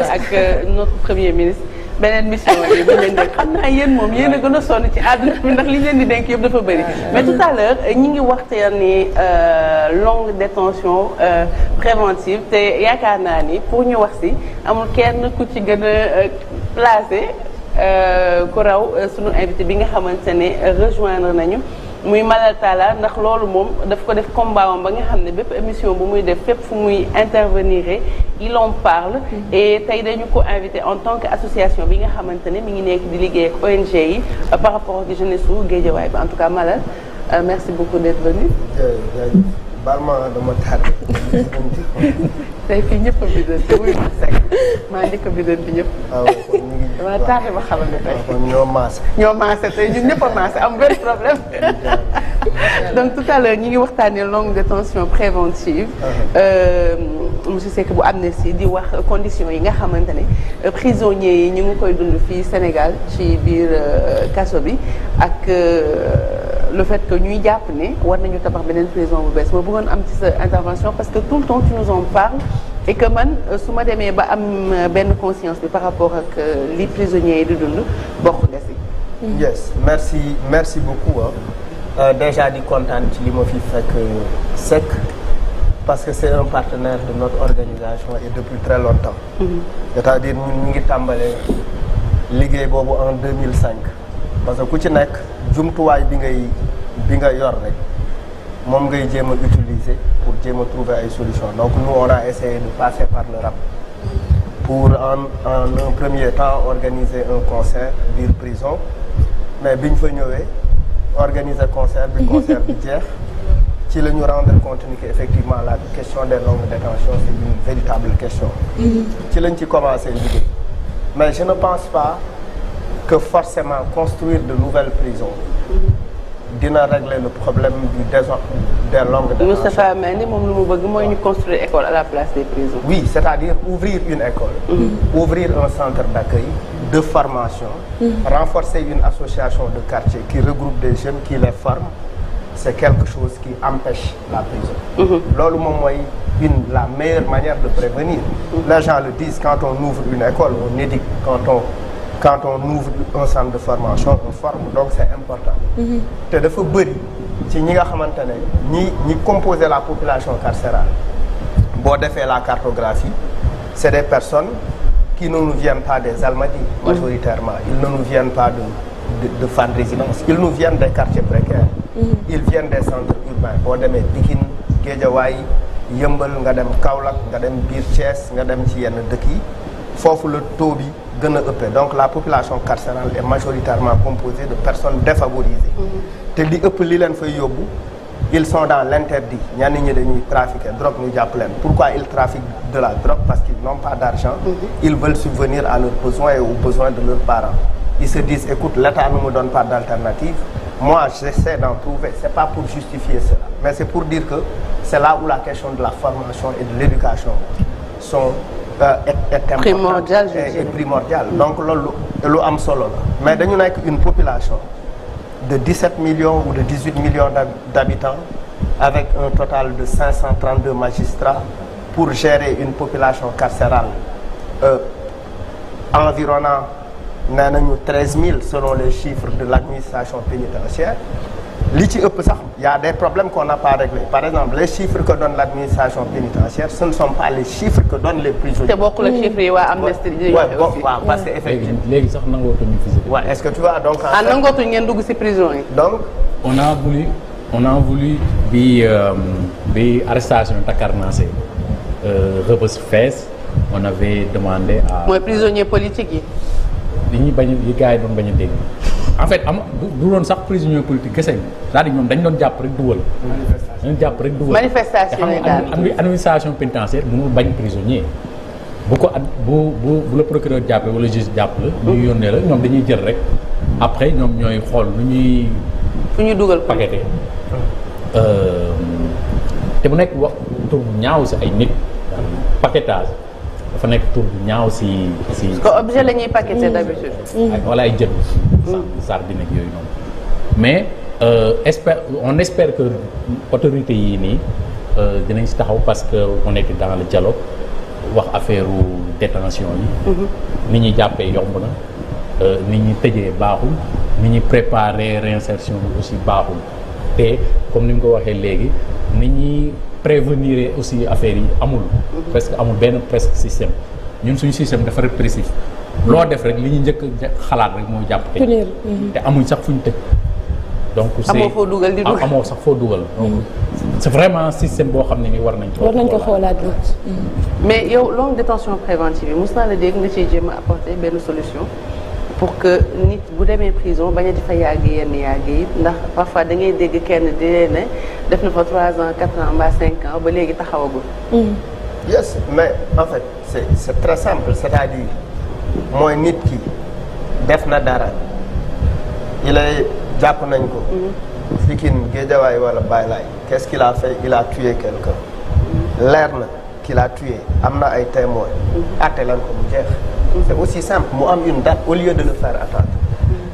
ak euh, notre premier ministre. beneen mission bi bu leen def xam naa yéen moom yéen a gën a sonn ci àdduna bi ndax li leen di dénk yëpp dafa bëri mais tout à l'heure ñi ngi waxtaan ni euh, longue détention euh, préventive te yaakaar naa ni pour ñu wax si amul kenn ku ci gën a euh, placé ku raw suñu invité bi nga xamante ne rejoindre nañu muy Malal tala ndax loolu moom daf ko def combat am ba nga xam ne bépp émission bu muy def fépp fu muy intervenir il en parle. Mm-hmm. et tey dañu ko invité en tant que association bi nga xamante ne mi ngi nekk di liggéey ak ONG yi euh, par rapport ak jeunesse su Guédiawaye bi en tout cas Malal euh, merci beaucoup d'être venu. baal ma dama fii ñëpp a biddanti wuyu ma sekk maa njëkk a biddanti ah, ah, ñoo maase. ñoo maase a maase am benn problème. donc tout à ngi waxtaanee longue détention préventive. Ah, euh, monsieur Seck bu Amnesty di wax conditions yi nga xamante ne euh, prisonniers yi ñu ngi koy dund fii Sénégal ci biir euh, kaso bi ak. le fait que ñuy jàpp ni war nañu tabax beneen prison bu bees moo bëggoon am ci sa intervention parce que tout le temps tu nous en parles et que man euh, su ma demee ba am euh, benn conscience bi par rapport ak euh, li prisonniers yi di dund bokk nga si. Mm-hmm. yes merci merci beaucoup ah déjà di kontaan ci li ma fi fekk sec parce que c'est un partenaire de notre organisation et depuis très longtemps. Mm-hmm. cest ta dire ñun ñu ngi tàmbale liggéey boobu en 2005 parce que ku ci nekk. jumtuwaay bi ngay bi nga yor rek moom ngay jéem a utiliser pour jéem a trouver ay solution donc nous on a essayé de passer par le rap pour en en un premier temps organiser un concert biir prison mais bi ñu fa ñëwee organiser concert bi concert bi jeex ci la ñu rendre compte ni que effectivement la question des longues détentions c'est une question mm-hmm. ci lañ ci commencé liggéey mais je ne pense pas que forcément construire de nouvelles prisons dina régler le problème du désordre des longues détentions. Moustapha Mendy moom lu mu bëgg mooy ñu construire école à la place des prisons. oui c'est-à-dire ouvrir une école. Mm-hmm. ouvrir un centre d'accueil de formation. Mm. renforcer une association de quartier qui regroupe des jeunes qui les forment c'est quelque chose qui empêche la prison. Mm-hmm. loolu moom mooy une la meilleure manière de prévenir. les gens le disent quand on ouvre une école on éduque quand on. quand on ouvre un centre de formation on forme donc c'est important mhm. te dafa bëri ci ñi nga xamante ne ñi ñi composer la population carcérale boo defee la cartographie c'est des personnes qui noonu nous viennent pas des Almadies mhm. majoritairement ils ne nous pas de de de Fann Résidence ils nous viennent des quartiers précaires mhm. ils viennent des centres urbains boo demee Pikine Guédiawaye yëmbal nga dem Kaolack nga dem biir Thiès nga dem ci yenn dëkk yi foofu la taux bi gën a ëppee donc la population carcérale est majoritairement composée de personnes défavorisées mm-hmm. te li ëpp li leen fay yóbbu ils sont dans l'interdit ñenn ñi dañuy trafiquer drogue ñu jàpp leen pourquoi ils trafiquent de la drogue parce qu'ils n'ont pas d'argent mm-hmm. ils veulent subvenir à leurs besoins et aux besoins de leurs parents ils se disent écoute l'État ne me donne pas d'alternative moi j'essaie d'en trouver c'est pas pour justifier cela mais c'est pour dire la question de la formation et est euh, est primordial je est primordial donc loolu lu am solo mais dañu nekk une population de 17 millions ou de 18 millions d'habitants avec un total de 532 magistrats pour gérer une population carcérale euh, environnant nee nañu 13 000 selon les chiffres de l'administration pénitentiaire li ci ëpp sax y a des problèmes qu'on n'a pas réglés par exemple les chiffres que donne l'administration pénitentiaire ce ne sont pas les chiffres que donnent les prisonniers. te bokkul ak chiffres yi waa Amnesty. waaw parce ah, dugg ci prison donc on a voulu bi euh, bi arrestation Takarnassé euh, Rebeuss Fès on avait demandé à. mooy prisonnier politique yi. li ñuy bañ a li dégg. en fait am du doon sax prisonnier politique kese c'est-à-dire ñoom dañ doon jàpp rek dugal. manifestation dañu jàpp rek dugal. manifestation yi daal xam nga administration pénitentiaire mënul bañ prisonnier. bu ko ad bu bu bu la procureur jàppee wala juge jàpp la. ñu yónnee la ñoom dañuy jël rek. après ñoom ñooy xool nu ñuy. fu ñuy dugal paqueté. Euh, te nekk wax ñaaw si ay nit. paquetage dafa nekk tur bu ñaaw si si. parce que objet la ñuy ay jën. bi nag yooyu noonu mais euh, espère on espère que autorités yii nii euh, dinañ si taxaw parce que on était dans le dialogue wax affaire détention yi mhm. ni ñuy jàppee yomb na euh, ni ñuy tëjee baaxul ni ñuy préparer réinsertion bi aussi baaxul te comme ni nga ko waxee léegi ni ñuy prévenir aussi affaires yi amul mhm. presque amul benn presque système ñun suñu système dafa répressif loo def rek li ñu njëkk xalaat rek mooy jàpp te mhm. te amuñ sax fu ñu tëj donc c'est amoo foo dugal di dugal amoo sax foo dugal donc mhm. c'est vraiment système boo xam ne ni war nañ ko war nañ ko xoolaat mhm. mais yow longue détention préventive yi mos naa la dégg nga ciy jéem a benn solution pour que nit bu demee prison bañ a di fa yàgg yenn yàgg yi ndax parfois da ngay dégg kenn di leen ne def na fa 3 ans 4 ans mbaa cinq an ba léegi taxawagul. yes mais en fait c'est c'est très simple mooy nit ki def na dara ilay jàpp nañ ko mm-hmm. Pikine Géejawaay wala Baay Laay qu'est-ce qu'il a fait il a tué quelqu'un mm-hmm. leer na qu'il a tué am na ay témoins mm-hmm. atte lan ko mu jeex aussi simple mu am une date au lieu de le faire attendre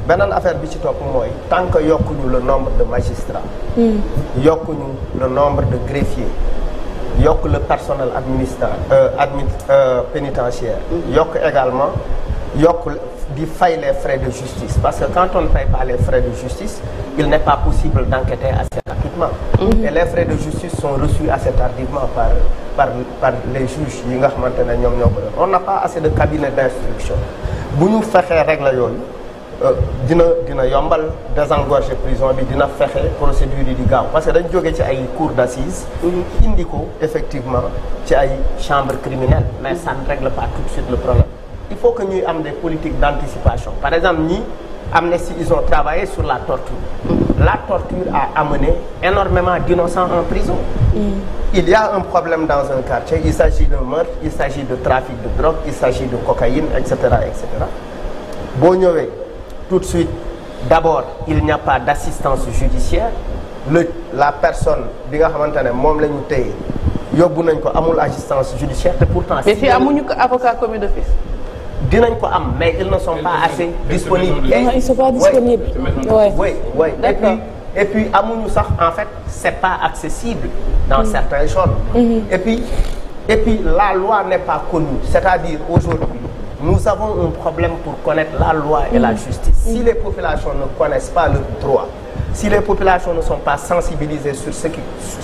beneen affaire bi ci topp mooy tant que yokkuñu la nombre de magistrats yokkuñu le nombre de greffiers yokk le personnel administra euh, admi euh, pénitentiaire. Mm-hmm. yokk également yokk di fay les frais de justice parce que quand on ne pas les frais de justice il n'est pas possible d'enquêter assez rapidement. Mm-hmm. et les frais de justice sont reçus assez tardivement par par par les juges yi nga xamante ne ñoom ñoo ko on n'a pas assez de cabinet d'instruction bu ñu fexee règle yoon Euh, dina dina yombal désengorger prison bi dina fexe procédure yi di gaaw parce que dañ joge ci ay cour d'assises mm-hmm. indi ko effectivement ci ay chambre criminelle mais ça ne règle pas tout de suite le problème il faut que ñuy am des politiques d'anticipation par exemple ñi Amnesty ils ont travaillé sur la torture mm-hmm. la torture a amené énormément d'innocents en prison mm-hmm. il y a un problème dans un quartier il s'agit de meurtre il s'agit de trafic de drogue il s'agit de tout de suite d'abord il n'y a pas d'assistance judiciaire le la personne bi nga xamante ne moom la te téye yóbbu nañ ko amul assistance judiciaire te pourtant. mais si amuñu ko avocat commis d'office. dinañ ko am mais ils ne sont pas assez disponibles. non ah, ils sont pas disponibles. et puis et sax en fait c'est pas accessible. dans mm. certains genres. Mm-hmm. et puis et la loi n'est pas connue c'est-à-dire aujourd'hui nous avons un problème pour connaître la loi et la mm. justice. Si mm. les populations ne connaissent pas leurs droits, si les populations ne sont pas sensibilisées sur ce qui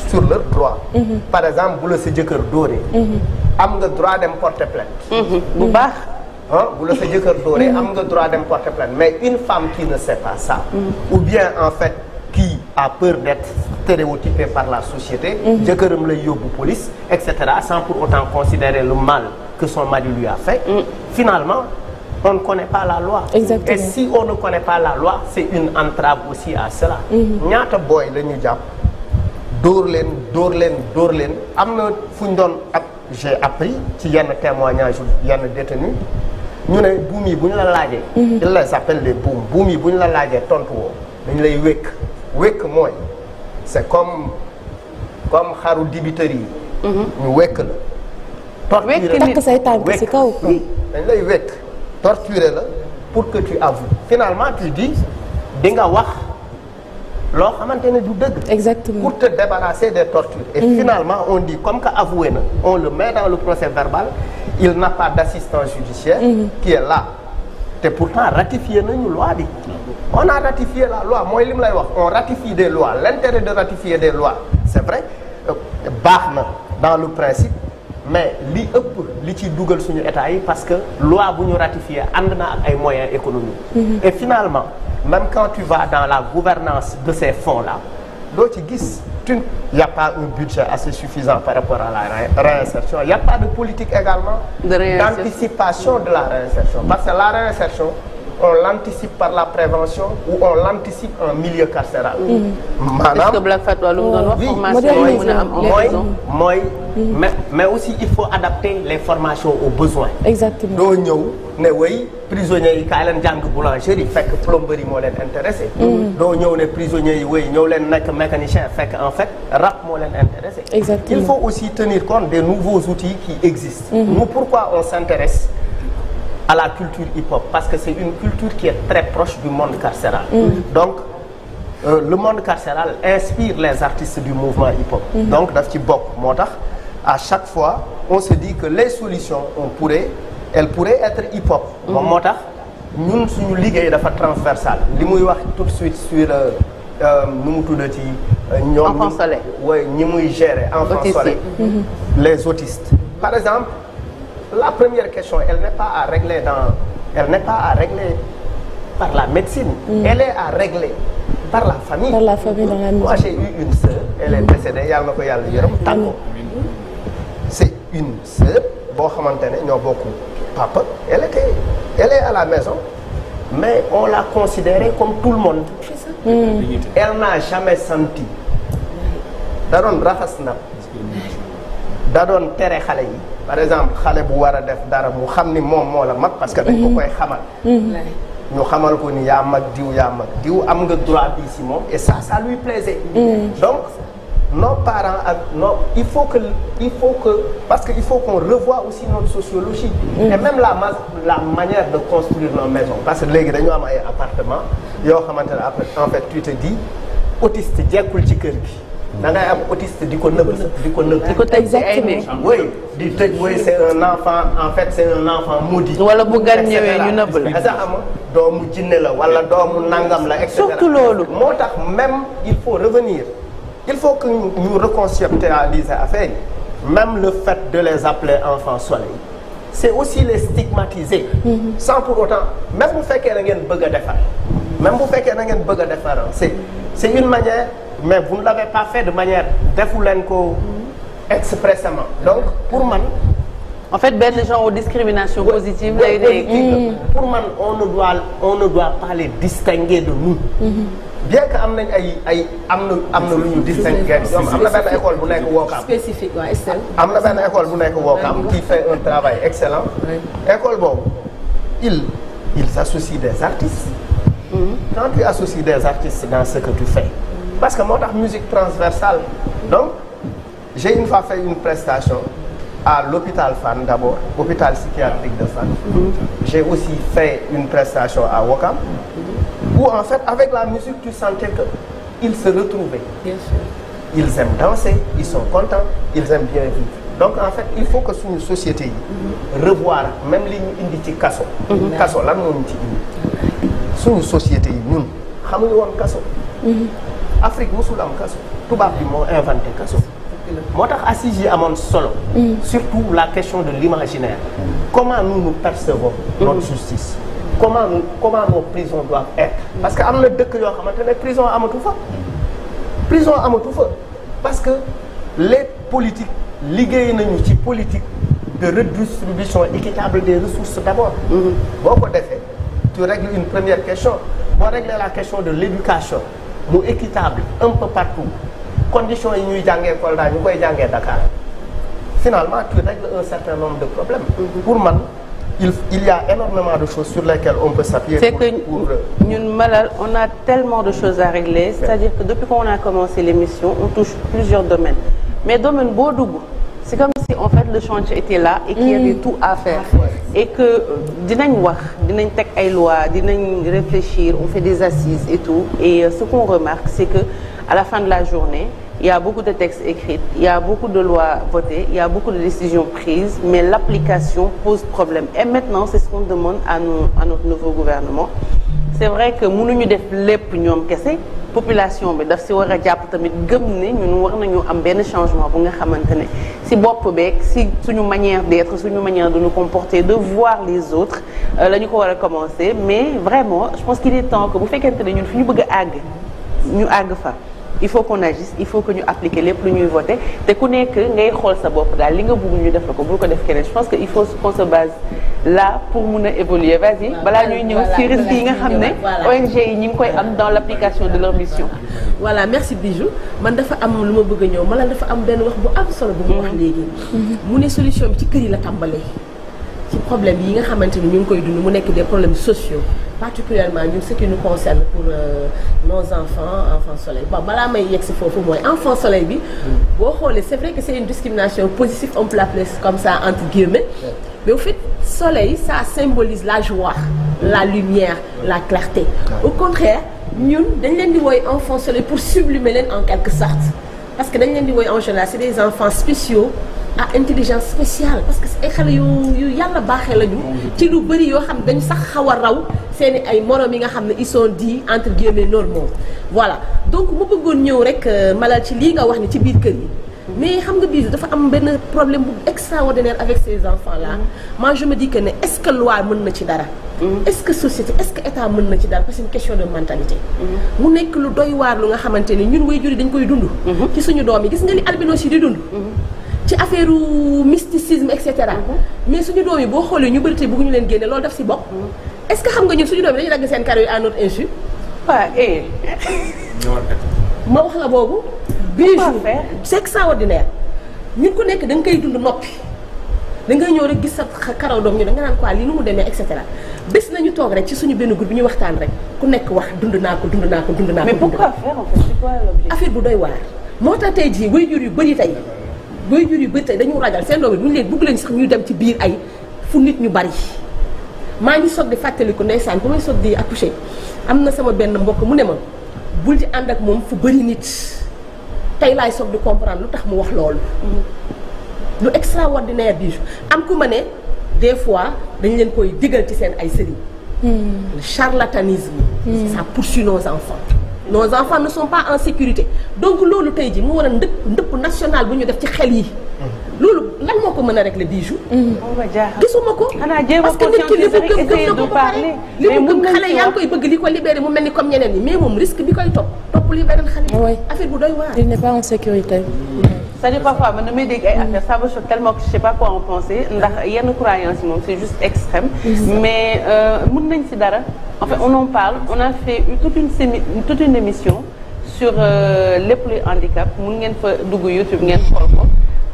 sur leurs droits. Mm-hmm. par exemple bu la sa jëkkër dóoree. Mm-hmm. am nga droit dem porter plainte. Mm-hmm. bu baax. ah bu la sa jëkkër dóoree am nga droit dem porter plainte mais une femme qui ne sait pas ça. ou bien en fait qui a peur d'être stéréotypée par la société. jëkkëram lay yóbbu police et cetera sans pour autant considérer le mal. que son mari lui a fait, mm. finalement, on ne connaît pas la loi. Exactement. Et si on ne connaît pas la loi, c'est une entrave aussi à cela. Mm-hmm. ñaata booy la ñu jàpp dóor leen dóor leen dóor leen am na fu ñu doon ak j'ai appris ci yenn témoignage yenn détenu ñu ne buum yi bu ñu la laajee. Mm-hmm. il les appelle les buum buum yi bu ñu la laajee tontu woo dañ lay wékk wékk mooy c'est comme comme xaru dibiteri yi. Mm-hmm. ñu wékk la. torturer takk say tànk si kaw oui dañ lay wekk torturer la pour que tu avoues finalement tu dis di nga wax loo xamante ne du dëgg exactement pour te débarrasser des tortures et mmh. finalement on dit comme que avoué na on le met dans le procès verbal il n'a pas d'assistant judiciaire mmh. qui est là te pourtant ratifié nañu loi bi on a ratifié la loi mooy li mu lay wax on ratifie des lois l'intérêt de ratifier des lois c'est vrai euh, baax na dans le principe mais li ëpp li ciy dugal suñu état yi parce que loi bu ñu ratifié ànd na ak ay moyens économiques. Mhm. et finalement même quand tu vas dans la gouvernance de ces fonds la doo ci gis tu y a pas un budget assez suffisant par rapport à la réinsertion y a pas de politique également d'anticipation de la réinsertion parce que la réinsertion on l'anticipe par la prévention ou on l'anticipe en milieu carcéral. Hmm. maanaam est-ce que Black Fatwa lu mu oh. doon wax. formation yi mën a am mooy mooy. Hmm. mais mais aussi il faut adapter les formations aux besoins. exactement doo ñëw ne way prisonniers yi kaay leen jàng boulangerie fekk plomberie moo leen intéressé. Hmm. doo ñëw ne prisonniers yi way ñëw leen nekk mécanicien fekk en fait rap moo leen intéressé. exactement il faut aussi tenir compte des nouveaux outils qui existent. nous pourquoi on s'intéresse à la culture hip-hop parce que c'est une culture qui est très proche du monde carcéral. Mm. Mm. Donc euh, le monde carcéral inspire les artistes du mouvement hip-hop. Mmh. Donc daf ci bokk moo tax à chaque fois on se dit que les solutions on pourrait elles pourraient être hip-hop. moom moo tax ñun suñu liggéey dafa transversal li muy wax tout de suite sur euh, euh, nu mu tudd ci. ñoom enfant soleil ñi muy gérer enfant soleil mm-hmm. les autistes par exemple. la première question elle n'est pas à régler dans elle n'est pas à régler par la médecine. Mm. elle est à régler par la famille. par la famille dans la maison. elle est décédée yàlla na ko yàlla yërëm mm. tàggoo. une sœur boo xamante ne ñoo bokk papa elle était elle est à la maison mais on l'a considérée comme tout le monde. Mm. mm. elle n'a jamais senti. da doon rafas tere xale yi. par exemple xale bu war a def dara mu xam ni moom moo la mag parce que dañ ko koy xamal ñu xamal ko ni yaa mag diw yaa mag diw am nga droit bi si moom et ça ça lui plaisait mm. donc nos parent ak non il faut que il faut que parce que il faut qu'on revoie aussi notre sociologie mmh. même la la manière de construire nos maisons parce que léegi dañu am ay appartement yoo xamante ne après en fait tu te dis autiste jekkul ci kër gi dangay ngay am autiste di ko nëbb di ko nëbb. di ko teg tëj exactement oui di tëj mooy c' est un enfant en fait c' est un enfant maudit. wala bu gan ñëwee ñu nëbb la et cetera ama doomu jinne la wala doomu nangam la et cetera loolu. moo tax même il faut revenir il faut que ñu reconceptualiser affaire yi le fait de les appeler enfants soleil c' est aussi les stigmatiser. Mm-hmm. sans pour autant même mu fekkee na ngeen bëgg a defar. même bu fekkee na ngeen bëgg a defar c' est une manière. mais vous ne l'avez pas fait de manière defu leen ko expressément donc pour man en fait benn genre discrimination positive lay nekk pour man on ne doit on ne doit pas les distinguer de nous mhm. bien que am nañ ay ay am na am na lu ñu distinguer ñoom am na benn école bu nekk Wokam am waaw excellent am na benn école bu nekk Wokam qui fait un travail excellent école boobu il il s'associe des artistes mhm. quand tu associes des artistes dans ce que tu parce que moo tax musique transversale donc j'ai une fois fait une prestation à l'hôpital Fann d'abord hôpital psychiatrique de Fann j'ai aussi fait une prestation à Ouakam où en fait avec la musique tu sentais que ils se retrouvaient bien sûr ils aiment danser ils sont contents ils aiment bien vivre donc en fait il faut que suñu société yi mhm. revoir même li ñu indi ci kaso mhm. kaso lan moo ñu ci indi yi kaso mhm. Afrique mosul am kaso tubaab bi moo inventé kaso moo tax assises yi amoon solo mm. surtout la question de l'imaginaire mm. comment nous nous percevons mm. notre justice comment nous comment nos être parce que am na dëkk yoo xamante ne prison amatu fa prison amatu fa parce que les politiques liggéey nañu ci politique de redistribution équitable des ressources d'abord mm-hmm. boo ko defee tu règles une première question boo régler la question de l'éducation mu équitable un peu partout condition yi ñuy jàngee Kolda ñu koy jàngee Dakar finalement tu règles un certain nombre de problèmes pour man il il y a énormément de choses sur lesquelles on peut s'appuyer. c'est que ñun Malal on a tellement de choses à régler c'est-à-dire que depuis qu'on a commencé l'émission on touche plusieurs domaines mais domaine boo dugg c'est comme si en fait le chantier était là et qu'il y avait mm. tout à faire et que euh, dinañ wax dinañ teg ay lois dinañ réfléchir on fait des assises et tout et euh, ce qu'on remarque c'est que à la fin de la journée il y a beaucoup de textes écrits il y a beaucoup de lois votées il y a beaucoup de décisions prises mais l'application pose problème et maintenant c'est ce qu'on demande à nous notre nouveau gouvernement c'est vrai que mënuñu def lépp ñoom kese population bi daf si war a jàpp tamit gëm ne ñun war nañu am benn changement bu nga xamante ni si bopp beeg si suñu manière d'être suñu manière de nous comporter de voir les autres euh, la ñu ko war a commencer mais vraiment je pense qu'il est temps que bu fekkente ne ñun fi ñu bëgg a àgg ñu àgg fa il faut qu'on agisse il faut que ñu appliquer lépp lu ñuy voté te ku nekk ngay xool sa bopp daal li nga bugg ñu def la ko bul ko def keneen je pense que il faut qu'on se base là pour mun a évoluer vas-y balaa ñuy ñëw si bi yi nga xam ne ONG yi ñu ngi koy am dans l'application de leur mission voilà merci bi jour man dafa am lu ma bëgg a ñëw ma dafa am benn wax bu am solo bu ma wax mm-hmm. léegi mm-hmm. mu ne solution bi ci kër yi la tàmbalee ci problème yi xamante ni ñu ngi koy dund mu nekk des problèmes sociaux particulièrement ñun ce qui nous concerne pour euh, nos enfants enfants soleil bon balaa may yegg si foofu mooy enfant soleil bi boo xoolee c'est vrai que c'est une discrimination positive on peut l'appeler comme ça entre guillemets mais au fait soleil ça symbolise la joie la lumière la clarté au contraire ñun dañ leen di wooy enfant soleil pour sublimer leen en quelque sorte parce que dañ leen di woy en général c'est des enfants spéciaux à intelligence spéciale parce que ay xale yu yu yàlla baaxee lañu. ci lu bëri yoo xam dañu sax xaw a raw seen ay morom yi nga xam ne ils sont dits entre guillemets normaux voilà donc mu bëggoon ñëw rek euh, malal ci lii nga wax ni ci biir kër yi. mais xam nga Bijou dafa am benn problème bu extraordinaire avec ces enfants là. Mm. moi je me dis que ne est mën na ci dara. Mm. est ce que société est ce que état mën na ci dara parce que question de mentalité. Mm. mu nekk lu doy waar lu nga xamante ni ñun way juri dañ koy dund. Mm-hmm. ci suñu doom yi gis nga li albinos yi di dund. Mm-hmm. ci affaire mysticisme et cetera. Mm-hmm. mais suñu doom yi boo xoolee ñu bëri te ñu leen génne loolu daf si bokk. est ce que xam nga ñun suñu doom yi dañuy dagg seen eh. la boobu. huit jours c'est extraordinaire ñun ku nekk da nga koy dund noppi da ngay ñëw rek gis sa karaw doom ñu da nga naan quoi lii nu mu demee et cetera bés nañu toog rek ci suñu benn groupe bi ñu waxtaan rek ku nekk wax dund naa ko dund naa ko dund naa ko. mais pourquoi faire en fait c'est quoi l'objectif affaire bu doy waar moo tax tey jii waajur yu bëri tey waajur yu bëri tey dañu ragal seen doom yi bu ñu leen bëgg leen sax ñuy dem ci biir ay fu nit ñu bari maa ngi soog di fàttaliku ndeysaan bu may soog di accoucher am na sama benn mbokk mu ne ma bul di ànd ak moom fu bëri nit tey laay soog di comprendre lu tax mu wax loolu. lu extraordinaire bi am ku ma ne des fois dañ leen koy digal ci seen ay sëriñ. Hmm. le charlatanisme. Hmm. ça poursuit nos enfants. nos enfants ne sont pas en sécurité donc loolu tey ji mu war a ndëpp ndëpp national bu ñu def ci xel yi. loolu lan moo ko mën a régler bijou. Mm-hmm. Oh, gisuma ko. parce que nit ki li mu gëm na ko ba pare li mu gëm xale yaa koy bëgg li ko libéré mu mel ni comme ñeneen ñi mais moom risque bi koy topp topp li beneen xale. affaire bu doy waar. il n'est pas en sécurité. c'est-à-dire parfois man damay dégg ay affaire ça me choque tellement que je sais pas ndax yenn croyance yi moom c'est mais euh, mën nañ ci dara en fait on en parle on a fait toute une sémi toute une émission sur euh, lépp luy handicap mun ngeen fa dugg YouTube ngeen xool ko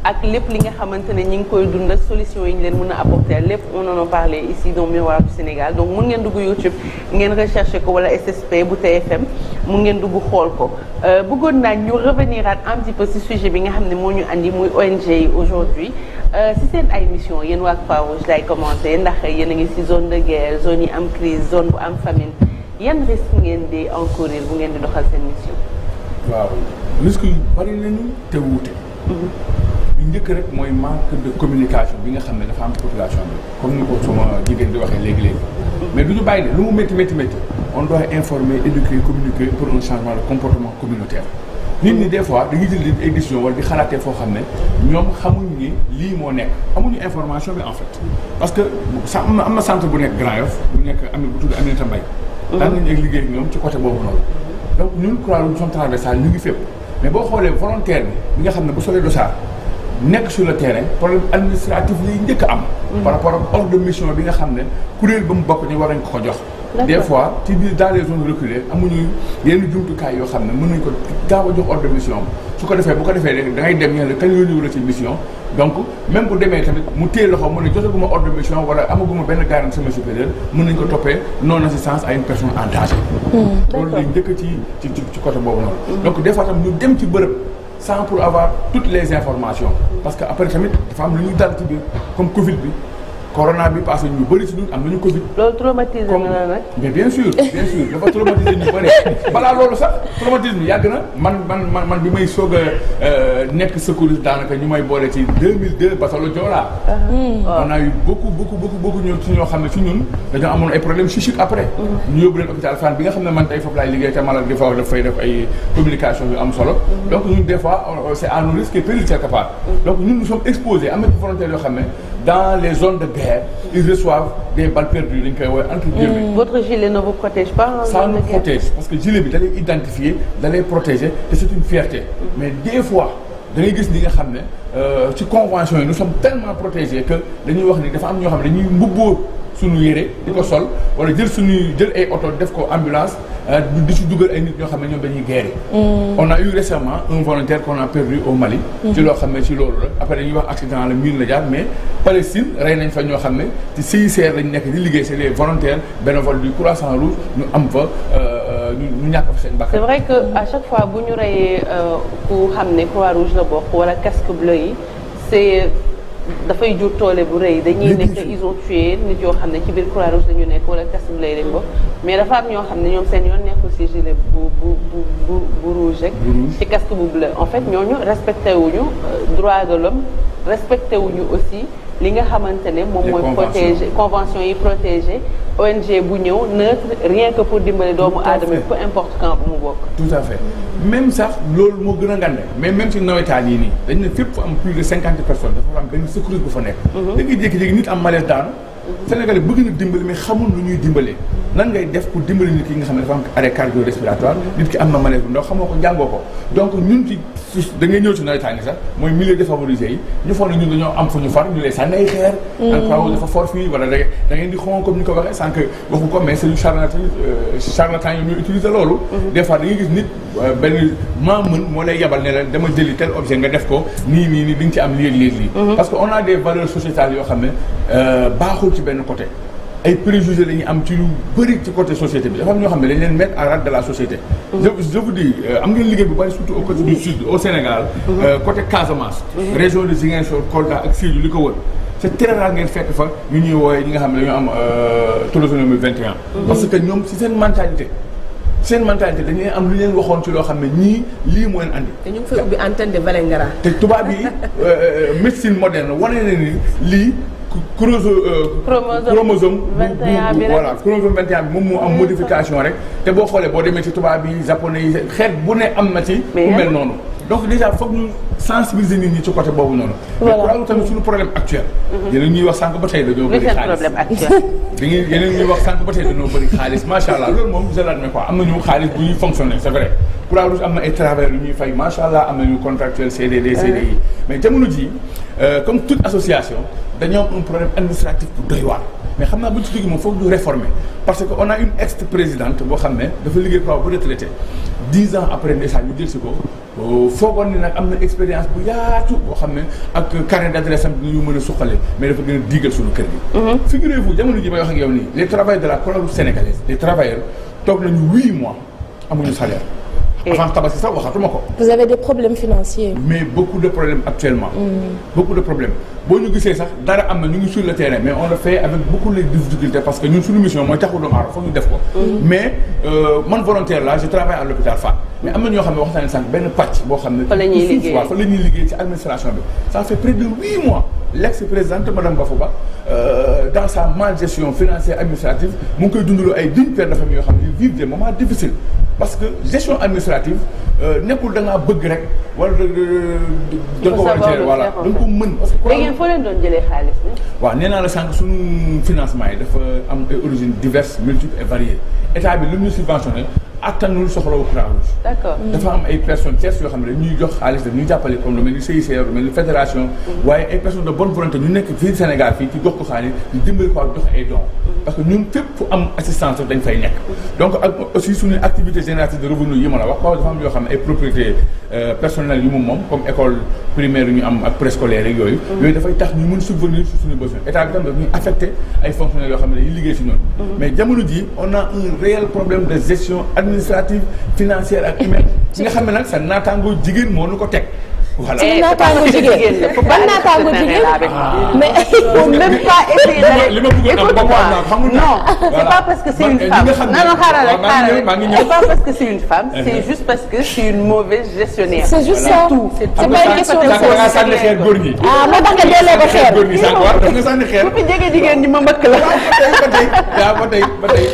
ak lépp li nga xamante ne ñi ngi koy dund ak solution yi ñu leen mun a apporter lépp on en a parlé ici dans Miroir du Sénégal donc mun ngeen dugg YouTube ngeen recherché ko wala SSP bu TFM mu ngeen dugg xool ko euh, bëggoon naa ñu revenir at un petit peu ci sujet bi nga xam ne moo ñu andi muy ONG yi aujourd'hui euh, ci seen ay mission yéen waa Croix-Rouge lay commencé ndax yéen a ngi si zone de guerre zone yi am crise zone bu am famine yan risque ngeen di encourir bu ngeen di doxal seen mission. njëkk rek mooy manque de communication bi nga xam ne dafa am population bi comme ni ko sama jigéen di waxee léegi-léegi mais du ñu bàyyi ne lu mu métti métti métti on doit informer pour un changement de comportement communautaire nit ñi des fois dañuy jël ay décision di xalaatee foo xam ne ñoom xamuñ ni lii moo nekk amuñu information bi en fait parce que sa am na am na centre bu nekk Grand Yoff bu nekk am bu tudd Aminata Mbaye mhm. daan liggéey ak ñoom ci côté boobu noonu donc ñun Croix-Rouge son transversal ñu ngi fépp mais boo xoolee volontaire bi nga xam ne bu solee dosaar nekk sur le terrain problème administratif lay njëkk am. Mm. par rapport ak mission bi nga xam ne kuréel ba mu bokk ñu war nañ ko ko jox. des fois ci biir dans les zones reculées amuñu yenn jumtukaay yoo xam ne mën nañ ko gaaw a jox ordre mission su ko defee bu ko defee da ngay dem ñu ne kañ ci mission. donc même bu demee tamit mu téye loxo mu ne jotaguma ordre de mission wala amaguma benn garantie sama supérieur mun nañ ko toppee non assistance à une personne en danger. Mm. loolu lay njëkk ci ci ci côté boobu noonu. Mm. donc des fois tam ci bërëb. sans pour avoir toutes les informations parce que après tamit dafa am lu ñu dal ci biir comme Covid bi corona bi passé ñu bëri si ñun am nañu Covid. loolu traumatisé na bi nag. mais bien sûr bien sûr dafa traumatisé ñu bëri balaa loolu sax traumatisme yàgg na man man man bi may soog a euh, nekk secouriste daanaka ñu may boole ci 2002 Basalo Diola. on a eu beaucoup beaucoup beaucoup beaucoup ñoo xam ne si ñun dañoo amoon ay problèmes psychiques après. Mm-hmm. ñu yóbbu leen hôpital Fann bi nga xam ne man tey foofu laay liggéey te malade bi faaw dafay def communication yu am solo. Mm-hmm. donc ñu des fois c'est à nos risques et am na frontière xam ne. dans les zones de guerre ils reçoivent des balles perdues dañ koy woowee entre guillemets. Hmm. votre gilet ne vous protège pas. ça nous parce que gilet bi da lay identifier da lay protéger te c'est une fierté. mais des fois da gis li nga xam ne euh, ci convention yi nous sommes tellement protégé que dañuy wax ni dafa am ñoo xam ne dañuy mbubboo. suñu yére di ko sol wala jël suñuy jël ay oto def ko ambulance euh, di ci dugal ay nit ñoo xam ne ñoom dañuy guerre mm. on a eu récemment un volontaire qu'on a perdu au Mali mm-hmm. ci loo xam ne ci loolu après dañuy wax fa ñoo xam ne ci CICR lañ nekk di liggéey c'est les volontaires bénévoles du Croissant Rouge ñu am fa euh, euh, ñu ñàkk fa seen bakkan c'est vrai que chaque fois bu ñu reyee ku xam ne Croix Rouge la bokk wala casque bleu yi c'est dafay jur toole bu rëy dañuy nekk ils ont tué nit yoo xam ne ci biir croix rouge lañu nekk wala Kassim lay rainbow mais dafa am ñoo xam ne ñoom seen yoon nekkul si gilet bu bu bu bu rouge rek ci casque bu bleu en fait ñooñu wu wuñu euh, droit de l'homme wu ñu aussi li nga xamante ne moom mooy protéger convention yi protéger ONG bu ñëw neutre rien que pour dimbale doomu aadama peu importe quand bu mu bokk tout à fait même sax loolu moo gën a ngande mais même si nawetaan yi nii dañ ne fépp fu am plus de cinquante personnes dafa am benn secours bu fa nekk mhm. da ngay jékki-jékki nit am malaise daanu mhm. Sénégalais bëgg na dimbali mais xamul nu ñuy dimbale nan ngay def pour dimbali nit ki nga xam ne dafa am arrêt cardio respiratoire nit ki am na maladie bu ndaw xamoo ko jàngoo ko donc ñun ci su da ñëw ci nawetaan sax mooy milieu défavorisé yi ñu foog ne ñun dañoo am fu ñu far ñu lay sànni ay xeer mm. en cas dafa ko waxee sànq waxu ko mais c'est du charlatan euh, loolu mm-hmm. des fois gis nit euh, benn maa mën moo lay yabal ne la dama jëli tel objet nga def ko nii nii nii di nga ci am lii lii lii mm-hmm. parce que on a des valeurs sociétales yoo xam ne euh, baaxul ci benn côté ay préjugés la ñuy am ci lu bëri ci côté société bi dafa ñoo xam ne dañ leen mettre à rate de la société. Mm-hmm. je je vous dis euh, am ngeen liggéey bu bëri surtout au côté du mm-hmm. sud au Sénégal. Mm-hmm. Euh, côté Casamance. région de Ziguinchor Kolda ak Sédhiou li ko wër. c'est très ngeen fekk fa ñu ñuy woowee ñi nga xam ne dañoo am tolosonomie 21 ans. parce que ñoom si seen mentalité. seen mentalité dañuy am lu leen waxoon ci loo xam ne ñii lii moo leen andi. te ñu ngi fay ubbi antenne de te tubaab yi euh, médecine moderne wane na ni lii Euh, chromosome voilà chromosome 21 bi moom moo am modification rek te boo xoolee boo demee ci tubaab yi japonais yi xeet bu ne am na ci bu mel noonu donc déjà foog ñu sensibiliser nit ñi ci côté boobu noonu mais pour tamit suñu problème actuel mhm. yeneen ñuy wax sànq ba tey dañoo bëri xaalis dañuy yeneen ñuy wax sànq ba tey dañoo bëri xaalis macha allah loolu moom gelaat mais quoi am nañu xaalis bu ñuy fonctionner c'est vrai Croix Rouge am na ay travailleurs yu ñuy fay macha allah am nañu contractuel CDD CDI mais jamono ji euh, comme toute association dañoo un problème administratif bu doy waar mais xam naa ba ñu ci jógee moom foog ñu réformer parce que on a une ex boo xam ne dafa liggéey quoi bu retraité dix ans après ndeysaan ñu jël si ko foogoon ne nag am na expérience bu yaatu boo xam ne ak carnet d' adresse am dinañu mën a suqale mais dafa gën a diigal suñu kër gi. Mhm. figurez-vous jamono ji may wax ak yow nii les travailleurs de la Croix-Rouge sénégalaise les toog nañu huit mois amu salaire. avant tabaski sax waxatuma ko. vous avez des problèmes financiers. mais beaucoup de problèmes actuellement. Mm. beaucoup de problèmes boo ñu gisee sax dara am na ñu ngi sur le terrain mais on le fait avec beaucoup de difficultés parce que ñun suñu mission mooy taxawu doomu aadama foog ñu def ko. Mm. mais euh, man volontaire là je travaille à l'hôpital Fann mais am na ñoo xam ne waxtaan nañu sànq benn pàcc boo xam ne. fa la ñuy liggéey fa la ñuy liggéey ci administration l'ex-présidente madame Bafou Ba euh, dans sa malgestion financière administrative mu ngi koy dundaloo ay dignes pères yoo xam ne vivent des moments difficiles parce que gestion administrative Euh, nekkul da ngaa bëgg rek wala da ko war a ko mën parce que da foo leen doon jëlee xaalis waaw nee naa la sànq suñu financement yi dafa am ay origines diverses bi lu ñu subventionné attanul soxlawu Croix Rouge d'accord dafa yoo xam ne ñuy jox xaalis daf ñuy jàppale comme lu mel ni e, lu fédération mm-hmm. waaye ay personnes de bonne volonté ñu nekk fii Sénégal fii ci gox ko xaalis ñu dimbali ko jox ay dons mm-hmm. parce que ñun fu am assistance dañ fay nekk mm-hmm. donc ak aussi suñu activité génératrice de revenus yi ma la wax waaw dafa am yoo xam ay propriété euh, personnelle yu mu moom comme école primaire yu ñu am ak préscolaire rek yooyu mm-hmm. yooyu dafay tax ñu mën subvenir su suñu besoin état bi tam daf ñuy affecté ay fonctionnaires yoo xam ne dañuy liggéey si noonu mm-hmm. mais jamono ji on a un réel problème de gestion administrative financière ak humaine ñi nga xam ne nag sa naataangoo jigéen moo nu ko teg voilà suñu naataango jigéen ban naataango jigéen mais faut même pas essayer d'aller écoute-moi non c'est pas parce que c'est une femme non non xaaral rek xaaral rek c'est pas parce que c'est une femme c'est juste parce que c'est une mauvaise gestionnaire c'est juste ça c'est pas une question de ça nga sànni xeer góor gi ah moo tax nga delloo ko xeer góor gi sànqwaar nga sànni xeer bu fi jege jigéen ñi ma mbëkk la ba tey ba tey ba tey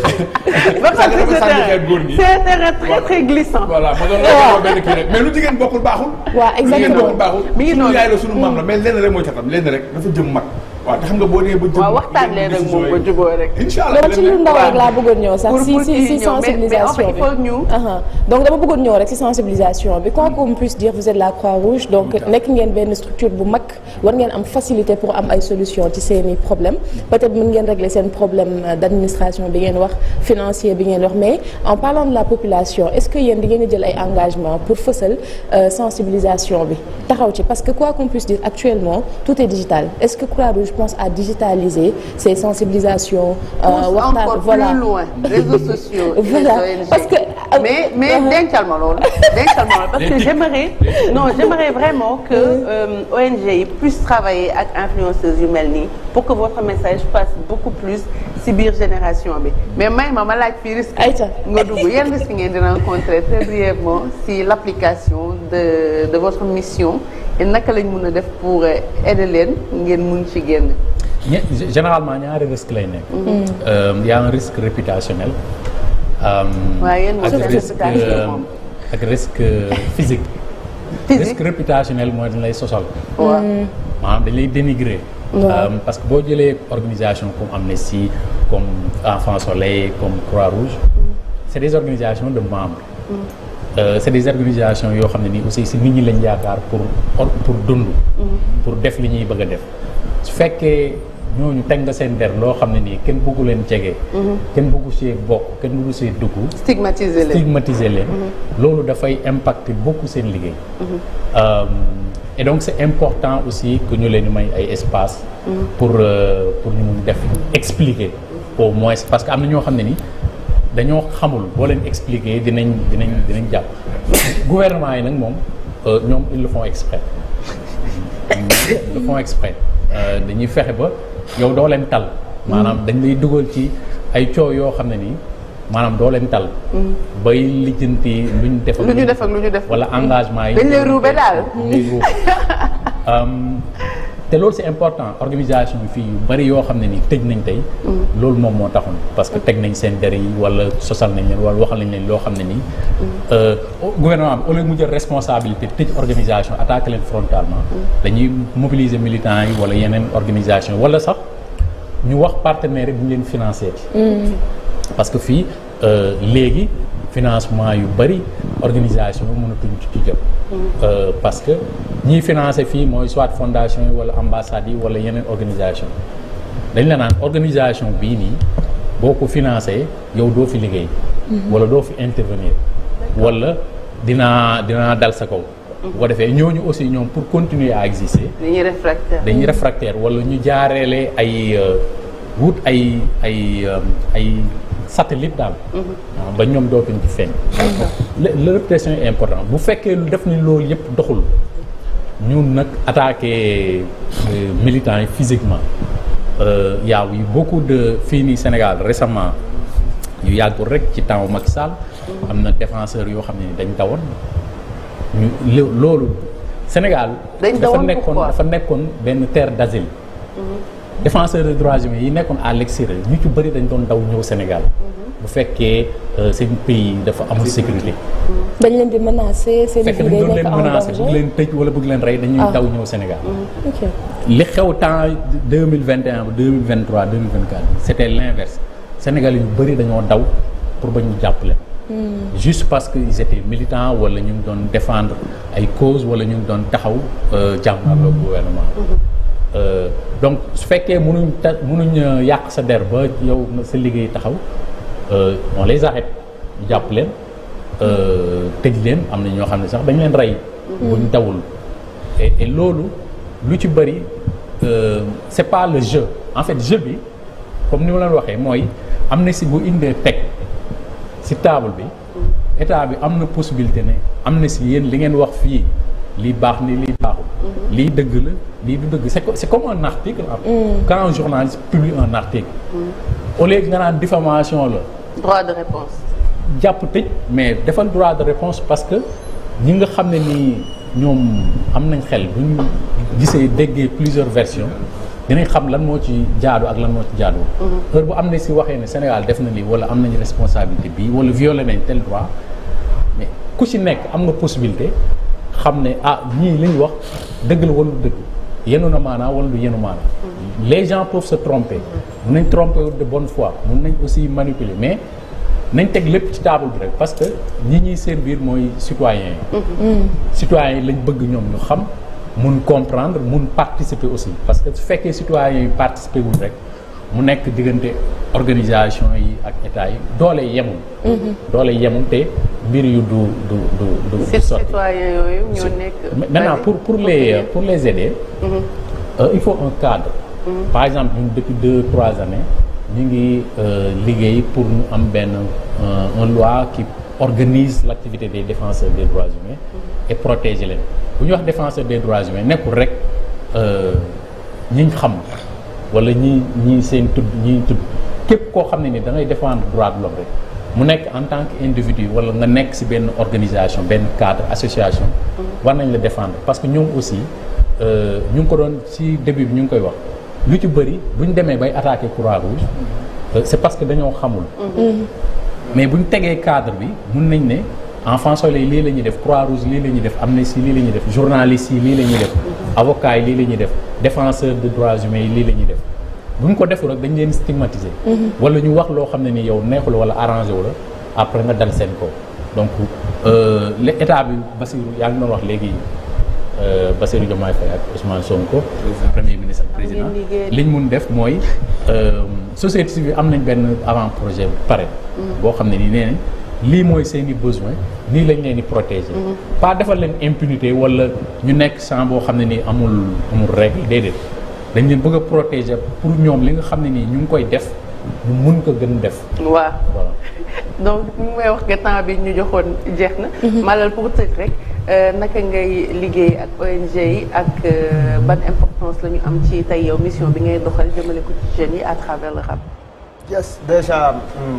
ba parce que sànni xeer góor gi c'est très très glissant voilà ma doon benn kii rek mais lu jigéen bokkul baaxul waaw exactement baaxul mi ngi noonu suñu yaay la suñu maam la mais lenn rek mooy catam lenn rek dafa jëm mag waaw te xam nga boo nee ba jubóo. waaw waxtaan leen rek moom ñëw sax. si si sensibilisation bi uh-huh. donc dama bëggoon ñëw rek si sensibilisation bi quoi qu'on puisse dire vous êtes la Croix-Rouge donc nekk ngeen benn structure bu mag war ngeen am facilité pour am ay solution ci seen i problème peut-être ngeen régler seen problème d'administration bi ngeen wax financier bi ngeen wax mais en parlant de la population est-ce que yéen di ngeen di jël ay engagement pour fësal euh, sensibilisation bi taxaw ci parce que quoi qu'on puisse dire réponse à digitaliser c'est sensibilisation. waxtaan euh, voilà encore plus loin réseaux sociaux. voilà euh, parce que. mais mais dencal ma loolu dencal ma loolu parce que j'aimerais non j'aimerais vraiment que euh, ONG yi puisse travailler ak influenceuses yu mel nii pour que votre message passe beaucoup plus. si biir génération bi mais may ma ma laaj fii risque nga dugg yan risque ngeen di rencontrer très brièvement si l' application de de votre mission et naka lañ mun a def pour aider leen ngeen mun ci génn généralement ñaari risque lay nekk mm. euh, y a un risque réputationnel waaw euh, yéen moom réputation euh, moom ak risque physique risque réputationnel lay sosal mm. maanaam ah, dañ lay dénigrer. Euh, parce que boo jëlee organisation comme Amnesty comme Enfant Soleil comme Croix-Rouge. Mm. c' est des organisations de membres. Mm. Euh, c' est yoo xam ne nii aussi si nit ñi lañ yaakaar pour pour dund. Mm. pour def li ñuy bëgg a def su fekkee. ñooñu teg nga seen der loo xam ne nii kenn buggu leen jege. Mm-hmm. kenn bëggu see bokk kenn bëggu see dugg. stigmatiser leen stigmatiser leen. Mm-hmm. loolu dafay impacter beaucoup seen liggéey. Mm-hmm. Euh, et donc c'est important aussi que ñu leen di may ay espace pour euh, pour ñu mun def expliquer au moins parce que am na ñoo xam ne nii dañoo xamul boo leen expliquer dinañ dinañ dinañ jàpp gouvernement yi nag moom euh, ñoom ils le font exprès ils le font exprès euh, dañuy fexe ba yow doo leen tal maanaam dañ lay dugal ci ay coow yoo xam ne nii maanaam doo leen tal. bay lijjanti lu ñu def. lu ñu def ak lu ñu def wala engagement yi. dañ leen ruube te loolu c'est important organisation fii yu bari yoo xam ne nii tëj nañ tey. Mm. loolu moom moo taxoon parce que teg nañ seen der yi wala sosal nañ leen wala waxal nañ leen loo xam ne nii. Mm. Euh, gouvernement bi au lieu mu jël responsabilité tëj organisation attaqué leen frontalement. Mm. dañuy mobiliser militants yi wala yeneen organisation wala sax ñu wax partenaire yi ñu leen financé. parce que fii euh, léegi financement yu bëri organisation yi mënatuñ ci ci jëm. Mm-hmm. Euh, parce que ñiy financé fii mooy soit fondation yi wala ambassades yi wala yeneen organisation dañ la naan organisation bii nii boo ko financé yow doo fi liggéey. Mm-hmm. wala doo fi intervenir. wala dinaa dinaa dal sa kaw. Mm-hmm. bu ko defee ñooñu aussi ñoom pour continuer à exister. dañuy réfractaire dañuy réfractaire wala ñu jaareele ay euh, wut ay ay ay. satellite daal. Mhm. ba ñoom dootuñ ci feeñ. Mhm. la répression important bu fekkee def ni loolu yëpp doxul ñu nag attaqué euh, militants yi physiquement euh, y a eu beaucoup de fii nii Sénégal récemment ñu yàggul rek ci temps Macky Sall. Mhm. am na défenseur yoo xam ne dañ dawoon ñu loolu Sénégal. dañ dawoon dafa nekkoon dafa nekkoon benn terre d'asile défenseur des droits humains yi nekkoon à l'extérieur ñu ci bëri dañ doon daw ñëw Sénégal bu fekkee euh, seen pays dafa amul sécurité. dañ leen di menacer seen vie day nekk en danger bëgg leen tëj wala bëgg leen rey dañuy ah. daw ñëw Sénégal. Mm. ok li xew temps deux mille vingt et ba deux mille vingt trois deux mille vingt quatre c'était l'inverse Sénégal yu bëri dañoo daw pour ba ñu jàppale. Mm. juste parce que i étaient militants wala ñu ngi doon défendre ay causes wala ñu ngi doon taxaw euh, jàmmaarloo mm. gouvernement. Mm-hmm. Euh, donc su fekkee mënuñ ta mënuñ euh, yàq sa der ba yow sa liggéey taxaw euh, on les arrête jàpp leen tëj leen am na ñoo xam ne sax dañ leen rey. Mhm. buñ dawul et loolu lu ci bëri c'est pas le jeu en fait jeu bi comme ni ma leen waxee mooy am na si bu indee teg si table bi mhm. état bi am na possibilité ne am na si yéen li ngeen wax fii li baax ni li lii dëgg la lii du dëgg c'est c'est comme un article mm. quand un journaliste publie article au lieu nga naan diffamation la droit jàpp tëj mais defal droit de réponse parce que ñi nga xam ne nii ñoom am nañ xel bu ñu gisee déggee plusieurs versions dinañ xam lan moo ci jaadoo ak lan moo ci jaadoo mm-hmm. heure bu am na si waxee ne Sénégal def na lii wala am nañu responsabilité bii wala violé nañ tel droit mais ku ci nekk am nga possibilité xam ne ah ñii li wax dëgg la wala dëgg yenu na maanaa wala lu yenu maanaa les gens peuvent se tromper mun nañ tromper de bonne foi mun nañ aussi manipuler mais nañ teg lépp ci table bi rek parce que ñi ñuy servir mooy citoyens yi mm-hmm. citoyens yi lañ bëgg ñoom ñu xam mun comprendre mun participer aussi parce que su fekkee citoyens yi participer wul rek mu nekk diggante organisation yi ak état yi doole yemul. Mhm. doole yemul te mbir yu du du du du. du sotti yooyu ñoo pour pour les pour les aider. Mhm. Euh, il faut un cadre. Mhm. par exemple ñun depuis deux trois années ñu ngi euh, liggéey pour ñu am benn euh, un loi qui organise lactivité activité des des droits humains. et protéger leen bu ñu wax défenseur des droits humains nekkul rek ñi ñu xam. wala ñi ñi seen tudd ñi tudd képp koo xam ne ni dangay ngay défendre droit de rek mu nekk en tant que individu wala nga nekk si benn organisation benn cadre association war nañ la défendre parce que ñoom aussi euh, ñu ngi ko doon si début bi ñu ngi koy wax lu ci bëri bu ñu demee bay attaquer Croix-Rouge euh, c'est parce que dañoo xamul mm-hmm. mais bu ñu tegee cadre bi mun nañ ne enfants soleil lii la ñuy def croix rouge lii la ñuy def amnesty lii la ñuy def journalistes yi lii la ñuy def avocats yi lii la ñuy def défenseur de droits humains la ñuy def bu ñu ko defu rek dañ leen stigmatiser mm-hmm. wala ñu wax loo xam ne ni yow neexul wala arrangé wu la après nga dal seen kaw donc euh, état bi Bassirou yaa ngi doon wax léegi euh, Bassirou Diomaye Faye ak Ousmane Sonko premier ministre président li ñu mun def mooy euh, société civile am nañ benn avant projet pare mm-hmm. boo xam ne ni nee lii mooy seen i besoin nii lañ leen di protéger. Mhm. pas defal leen impunité wala ñu nekk sans boo xam ne nii amul amul règle déedéet dañ leen bëgg a protéger pour ñoom li nga xam ne nii ñu ngi koy def ñu mun ko gën def. waa donc mu may wax nga temps bi ñu joxoon jeex na. Mhm. malal pour tëj rek euh, naka ngay liggéey ak ONG yi ak euh, ban importance lañu am ci tey yow mission bi ngay doxal jëmale ko ci jeunes yi à travers le rap. yes déjà. Hmm,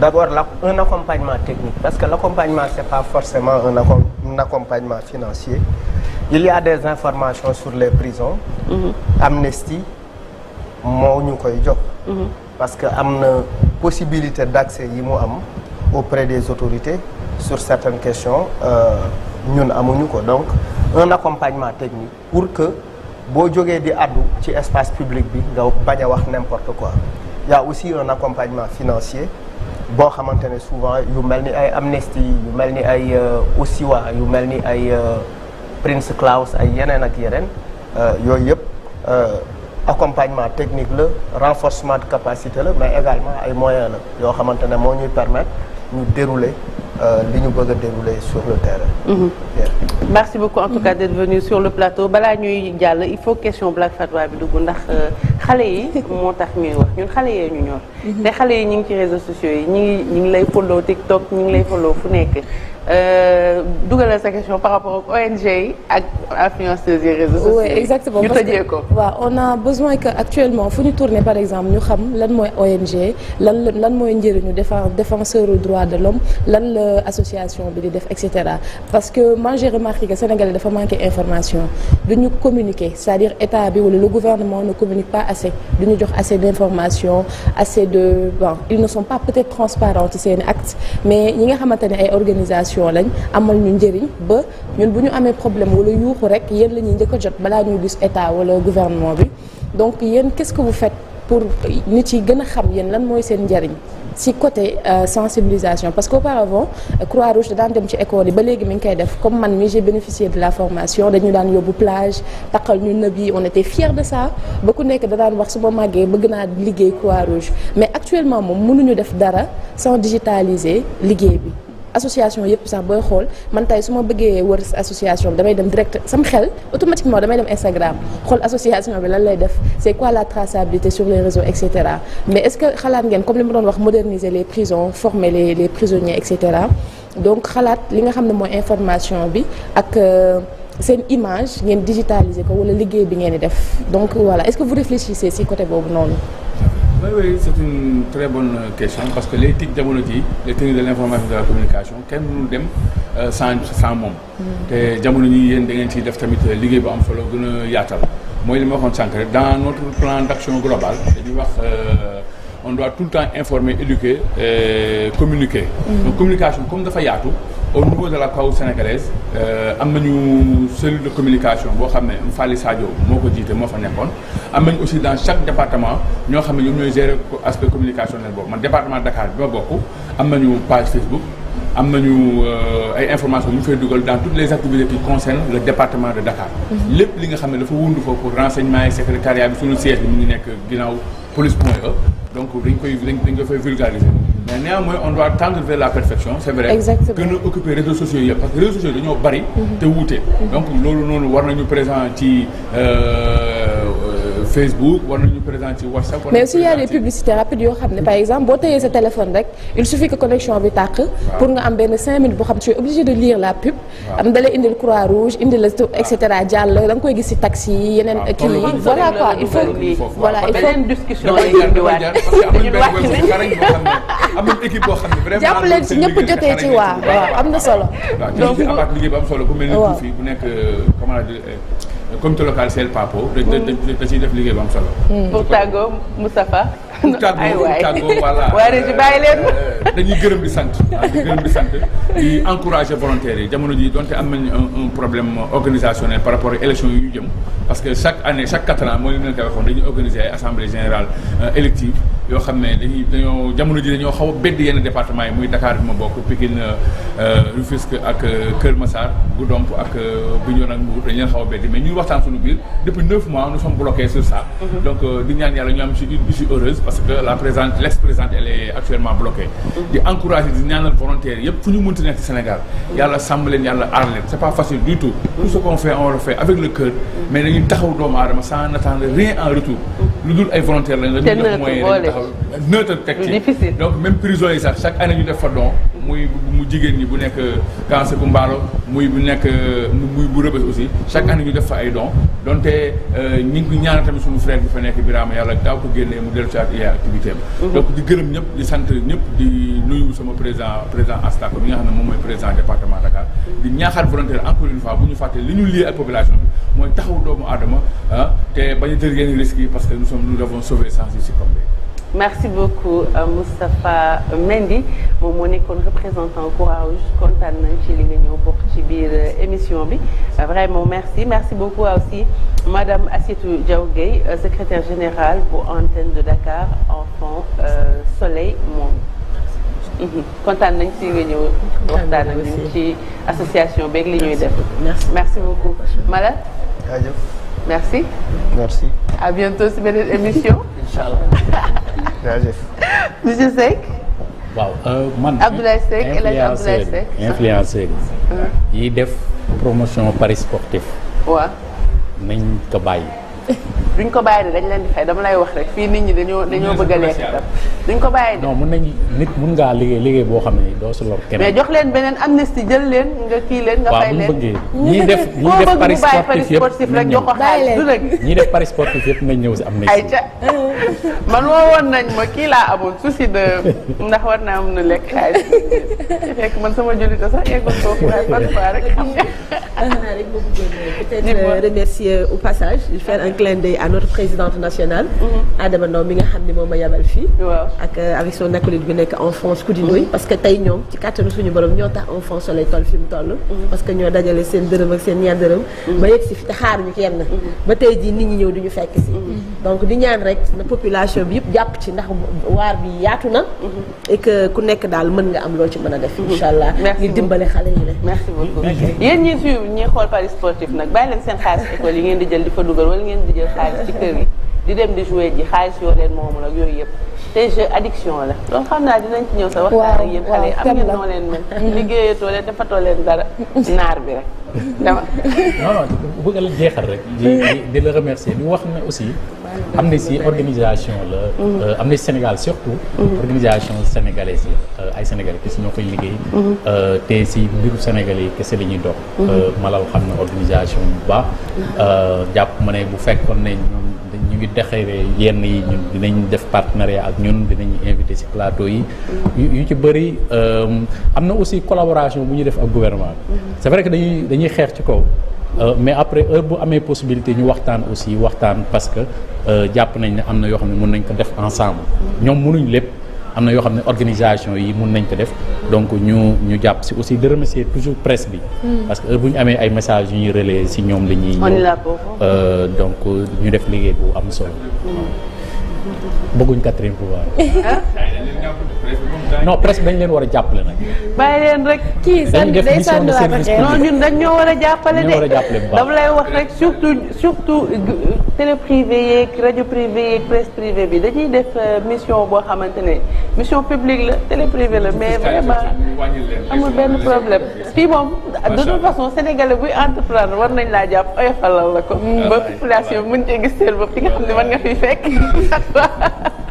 la un accompagnement technique, parce que l'accompagnement, ce n'est pas forcément un, accompagnement financier. Il y des informations sur les prisons. Mm -hmm. Amnesty, moi, mm -hmm. parce que am na possibilité d'accès yi mu am auprès des autorités sur certaines questions euh, ñun amuñu ko donc un accompagnement technique pour que boo jógee di addu ci espace public bi nga bañ a wax n'importe quoi. Il y aussi un accompagnement financier. boo xamante ne souvent yu mel ni ay Amnesty yu mel ni ay euh, Osiwa yu mel ni ay euh, Prince Claus ay yeneen ak yeneen euh, yooyu yëpp accompagnement technique la renforcement de capacité la mais également ay moyens la yoo xamante ne moo ñuy permettre ñu dérouler Euh, li ñu bëgg a dérouler sur le terrain. Mmh. Yeah. merci beaucoup en tout cas sur le plateau balaa ñuy jàll il faut question Black Fatwa bi dugg ndax euh, xale yi moo tax ñuy wax ñun xale yee ñu ñor. de mhm. xale yi ñu ngi ci réseaux sociaux yi ñu ngi ñu ngi lay follow TikTok ñu ngi lay follow fu nekk. Euh, dugalal sa question par rapport ak ONG yi ak influenceuses yi réseaux sociaux oui exactement ko on a besoin que actuellement fu ñu tourner par exemple ñu xam lan mooy ONG lan lan mooy njëriñu défense défenseur au droit de l'homme lan la association bi di def et cetera parce que moi j'ai remarqué que Sénégalais dafa manqué information duñu communiquer c'est-à-dire état bi wala le gouvernement ne communique pas assez duñu jox assez d'informations assez de bon ils ne sont pas peut seen actes mais ñi nga xamante ne ay organisations solution lañ amal ñu njëriñ ba ñun bu ñu amee problème wala yuuxu rek yéen la ñuy njëkk a jot balaa ñuy gis état wala gouvernement bi donc yéen qu'est-ce que vous pour nit yi gën a xam yéen lan mooy seen njariñ ci côté euh, sensibilisation parce que qu'auparavant euh, Croix-Rouge daan dem ci école yi ba léegi mi ngi koy def comme man mi j'ai bénéficié de la formation dañu daan yóbbu plage taqal ñu nëb yi on était fiers de ça ba ku nekk da daan wax su ma màggee bëgg naa liggéey Croix-Rouge actuellement moom mënuñu def dara sans digitaliser liggéey bi association yëpp sax booy xool man tey su ma bëggee wër association bi damay dem direct sama xel automatiquement damay dem Instagram xool association bi lan lay def c'est quoi la traçabilité sur les réseaux et cetera mais est-ce que xalaat ngeen comme li ma doon wax moderniser les prisons former les les prisonniers et cetera donc xalaat li nga xam ne mooy information bi ak. Euh, seen image ngeen digitaliser ko wala liggéey bi ngeen di def donc voilà est-ce que vous réfléchissez côté boobu noonu oui oui c'est question parce que les TIC jamono ji les techniques de l'information de la communication kenn mënul dem euh, sans sans moom. Mm. te jamono ji yéen da ngeen ciy def tamit liggéey bu am solo gën a yaatal mooy li ma waxoon sànq rek dans notre plan d'action global dañuy wax. Euh, on doit tout le temps informer éduquer et euh, communiquer. Mm-hmm. communication comme dafa yaatu. au niveau de la CAO sénégalaise euh, am nañu cellule de communication boo xam ne Mfali Sadio moo ko jiite moo fa nekkoon am nañu aussi dans chaque département ñoo xam ne ñoom ñooy gérer aspect communicationnel boobu man département Dakar bi ma bokk am nañu page Facebook am nañu euh, ay informations yu ñu fay dugal dans toutes les activités qui concernent le département de Dakar. Mm-hmm. lépp nekk ginnaaw donc dañ koy dañ koy vulgariser mais néanmoins on doit tendre vers la perfection c'est vrai gën a occuper réseaux sociaux yi parce que réseaux sociaux dañoo bari te wuute mhm. donc loolu noonu war nañu présent ci euh, Facebook war nañu présent mais aussi y a des yoo xam ne par exemple boo tëyee sa téléphone rek il suffit que connexion bi tàkk. pour nga am benn 5 minutes xam ne tu de lire la pub. am da lay indil croix rouge indil la et cetera jàll da koy gis ci taxi yi yeneen kii yi. voilà quoi il faut voilà il faut jàpp leen si ñëpp jotee ci waa am na solo. comité local Sel Papo. da da def liggéey bu am solo. pour hmm. tàggoo Moustapha. aywaay tàggoo voilà. bàyyi euh, euh, dañuy gërëm di sant di gërëm di sant di encourager volontaires yi jamono ji donte am nañu un problème organisationnel par rapport ak élection yu ñu jëm. parce que chaque année chaque quatre ans mooy leen koy waxoon dañuy organiser ay assemblée générale euh, élective yoo xam ne dañuy dañoo jamono ji dañoo xaw a bedd yenn département yi muy Dakar bi ma bokk Pikine Rufisque ak Kër Massar. bu donc ak euh, bu ñu a waxtaan suñu biir depuis neuf mois nous sommes bloqués sur ça. Mhm. donc euh, di ñaan yàlla ñu am ci heureuse parce que la présente l'ex-présidente elle est actuellement bloquée. Mhm. di encourager di ñaanal volontaires yëpp fu ñu mënti nekk Sénégal. Mhm. yàlla sàmm yàlla aar c'est pas facile du tout. tout ce qu'on fait on le avec le cœur. mais dañuy taxaw doomu aadama sans attendre rien en retour. lu dul ay volontaires lañ. te nëtt ñu def fa don nekk euh, muy bu rëbës aussi chaque année ñu def fa ay don donte euh, ñu ngi ko ñaanal tamit suñu frère bi fa nekk Birama yàlla daaw ko génnee mu dellu si ak ay activité mhm. di gërëm ñëpp di sant ñëpp di nuyu sama président président Astako bi nga xam ne moom mooy président département Dakar di ñaaxaat volontaire encore une fois bu ñu fàtte li ñu lié ak population mooy taxaw doomu aadama ah te bañ a jël yenn risques parce que nous sommes nous avons sauvé sans surcomber merci beaucoup euh, Moustapha Mendy moom moo nekkoon représentant Courage kontaan nañ ci li nga ñëw bokk ci biir euh, émission bi euh, vraiment merci merci beaucoup aussi madame Assietou Diaw Gueye secrétaire générale pour antenne de Dakar enfant euh, soleil monde. Mhm. kontaan nañ si nga ñëw waxtaan ak ñun ci association beeg li ñuy def. merci merci beaucoup Mala. jaajëf. merci. merci. à si beneen émission. incha allah. jaajëf monsieur waaw euh, man Abdoulaye Seck El Hadj yi def promotion paris sportif. waaw nañ ko bàyyi. duñ ko bàyyi ne dañ leen di fay dama lay wax rek fii nit ñi dañoo dañoo bëgg a lekk tam duñ ko bàyyi non mën nañ ngaa liggéey liggéey boo xam ne doo si lor keneen mais jox leen beneen amnistie jël leen nga kii leen nga fay leen ñi def ñi def paris sportif rek jox ko xaalis du rek ñi def paris sportif yëpp nañ ñëw si amnistie ay man woo woon nañ ma kii laa amoon souci de ndax war naa mën a lekk xaalis fekk man sama julita sax eggul foofu waaye par fois rek xam nga rek remercier au passage clin d'œil à notre présidente nationale. Mhm. Adama Ndao mi nga xam ne moom a yabal fii. ak euh, avec son acolyte bi nekk enfance Koudinoy. Mhm. parce que tey ñoom ci kàttanu suñu borom ñoo tax enfant soleil toll fi toll. Mhm. parce que ñoo dajale seen dërëm ak seen ñaar dërëm. ba yegg si fi te xaaruñu kenn. ba tey jii nit ñi ñëw duñu fekk si. donc di ñaan rek na population bi yëpp jàpp ci ndax waar bi yaatu na. ku nekk daal mën nga am loo ci mën a def. incha allah ñu di jël xaalis ci kër yi di dem di jouer ji xaalis yoo leen moomul ak yooyu yëpp te jeu addiction la loolu xam naa dinañ ci ñëw sa waxtaan ak yéen xale yi am ngeen noo leen mel liggéeyatoo leen defatoo leen dara naar bi rek dama non non bëgg la jeexal rek di di la remercier di wax ne aussi am si organisation la euh, Amnesty Sénégal surtout organisation sénégalaise la euh, ay sénégalais kese ñoo koy liggéey euh, te si mbiru sénégalais kese la ñuy dox malal xam na organisation bu jàpp ma ne bu fekkoon ne ñoom ñu ngi taxawee yenn yi ñun dinañ def partenariat ak ñun dinañ invité ci plateau yi. yu ci bëri euh, am na aussi collaboration bu ñu def ak gouvernement bi. Mm-hmm. c'est vrai que dañuy dañuy xeex ci kaw. Euh, mais après heure bu amee possibilité ñu waxtaan aussi waxtaan parce que euh, jàpp nañ ne am na yoo xam ne mun nañ ko def ensemble. Mm-hmm. ñoom mënuñ lépp. am na yoo xam ne organisation yi mun nañ ko def donc ñu ñu jàpp si aussi de remercier toujours presse bi hmm. parce que heure ñu amee ay messages yu ñuy relayer si ñoom la ñuy euh, donc ñu def liggéey bu am solo hmm. bëgguñ quatrième pouvoir non presse dañ leen war a jàppale nag. bàyyi leen rek. kii sànni day sànniwaat rek non ñun dañ ñoo war a jàppale de. daf lay wax rek surtout surtout télé privé yeeg rajo privé yeeg presse privée bi dañuy def euh, mission boo xamante ne mission publique la télé privé la mais vraiment amul benn problème. fii moom de toute façon sénégalais buy entreprendre war nañ laa jàpp oyofalal la ko. Ah, ba population bi mën cee gis seen bopp ci nga xam ne mën nga fiy fekk.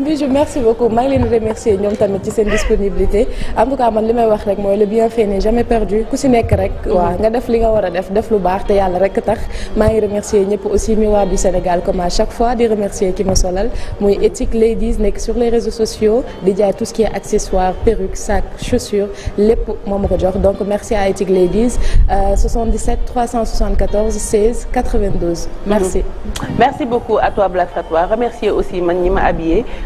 Bijou merci beaucoup maa ngi leen di remercier ñoom tamit ci seen disponibilité en tout cas man li may wax rek mooy le bienfait n'est jamais perdu ku si nekk rek. Mhm. waaw nga def li nga war a def def lu baax te yàlla rek tax maa ngi remercier ñëpp aussi mi waa du Sénégal comme à chaque fois di remercier ki ma solal muy Ethic Ladies nekk sur les réseaux sociaux di jaay tout ce qui est accessoires perruques sacs chaussures lépp moo ma ko jox donc merci à Ethic Ladies euh, 77 374 16 92. merci. Mhm. merci beaucoup à toi Black Fatwa remercier aussi man ñi ma habillé.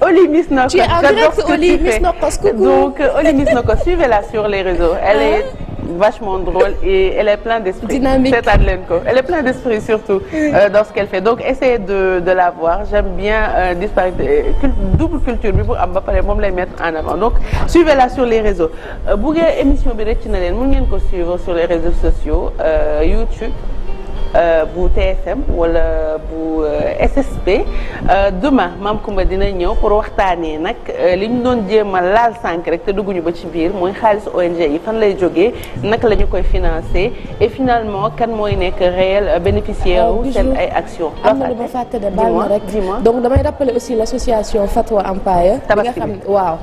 Oli Miss Nokos. tu es en direct Oli Miss Nokos coucou. donc euh, Oli la sur les réseaux. elle est vachement drôle et elle est pleine d'esprit. dynamique seetaan leen ko elle est pleine d'esprit surtout. Euh, de la voir j'aime bien euh, disparité euh, double culture bi pour am ba pare moom lay mettre en avant donc suivez-la sur les réseaux. bu ngeen émission bi rëcc na leen mën ngeen ko sur les réseaux sociaux YouTube. Euh, bu TFM wala bu euh, SSP euh, demain maam Kumba dina ñëw pour waxtaanee nag li ñu doon jéem a laal sànq rek te dugguñu ba ci biir mooy xaalis ONG yi fan lay jógee naka la ñu koy financer et finalement kan mooy nekk réel bénéficiaire wu seen ay action am na lu ma fàtte de baal ma rek donc damay rappeler aussi l' association Fatwa Empire bi nga xam waaw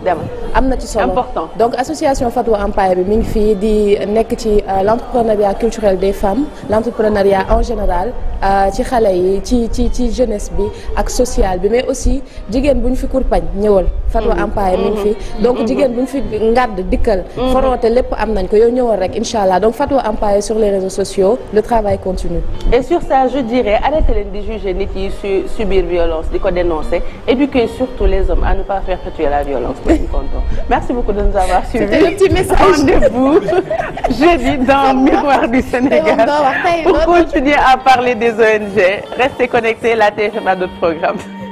am na ci solo important donc association Fatwa Empire bi mi ngi fi di nekk ci l' entrepreneuriat culturel des femmes l' entrepreneuriat général euh, ci xale yi ci ci ci jeunesse bi ak social bi mais aussi jigéen bu ñu fi kurpañ ñëwal Fatwa mm-hmm. Empire mi ngi fi mm-hmm. donc mm-hmm. jigéen bu ñu fi ngàdd dikkal foroote lépp am nañ ko yo ñëwal rek incha allah donc Fatwa Empire sur les réseaux sociaux le travail continue et sur ça je dirais arrêtez leen di juger nit yi subir violence di ko dénoncer éduquer surtout les hommes à ne pas perpétuer la violence merci beaucoup de nous avoir suivis c'était le petit message rendez-vous continuer à parler des ONG. Restez connectés, la TFM a d'autres programmes.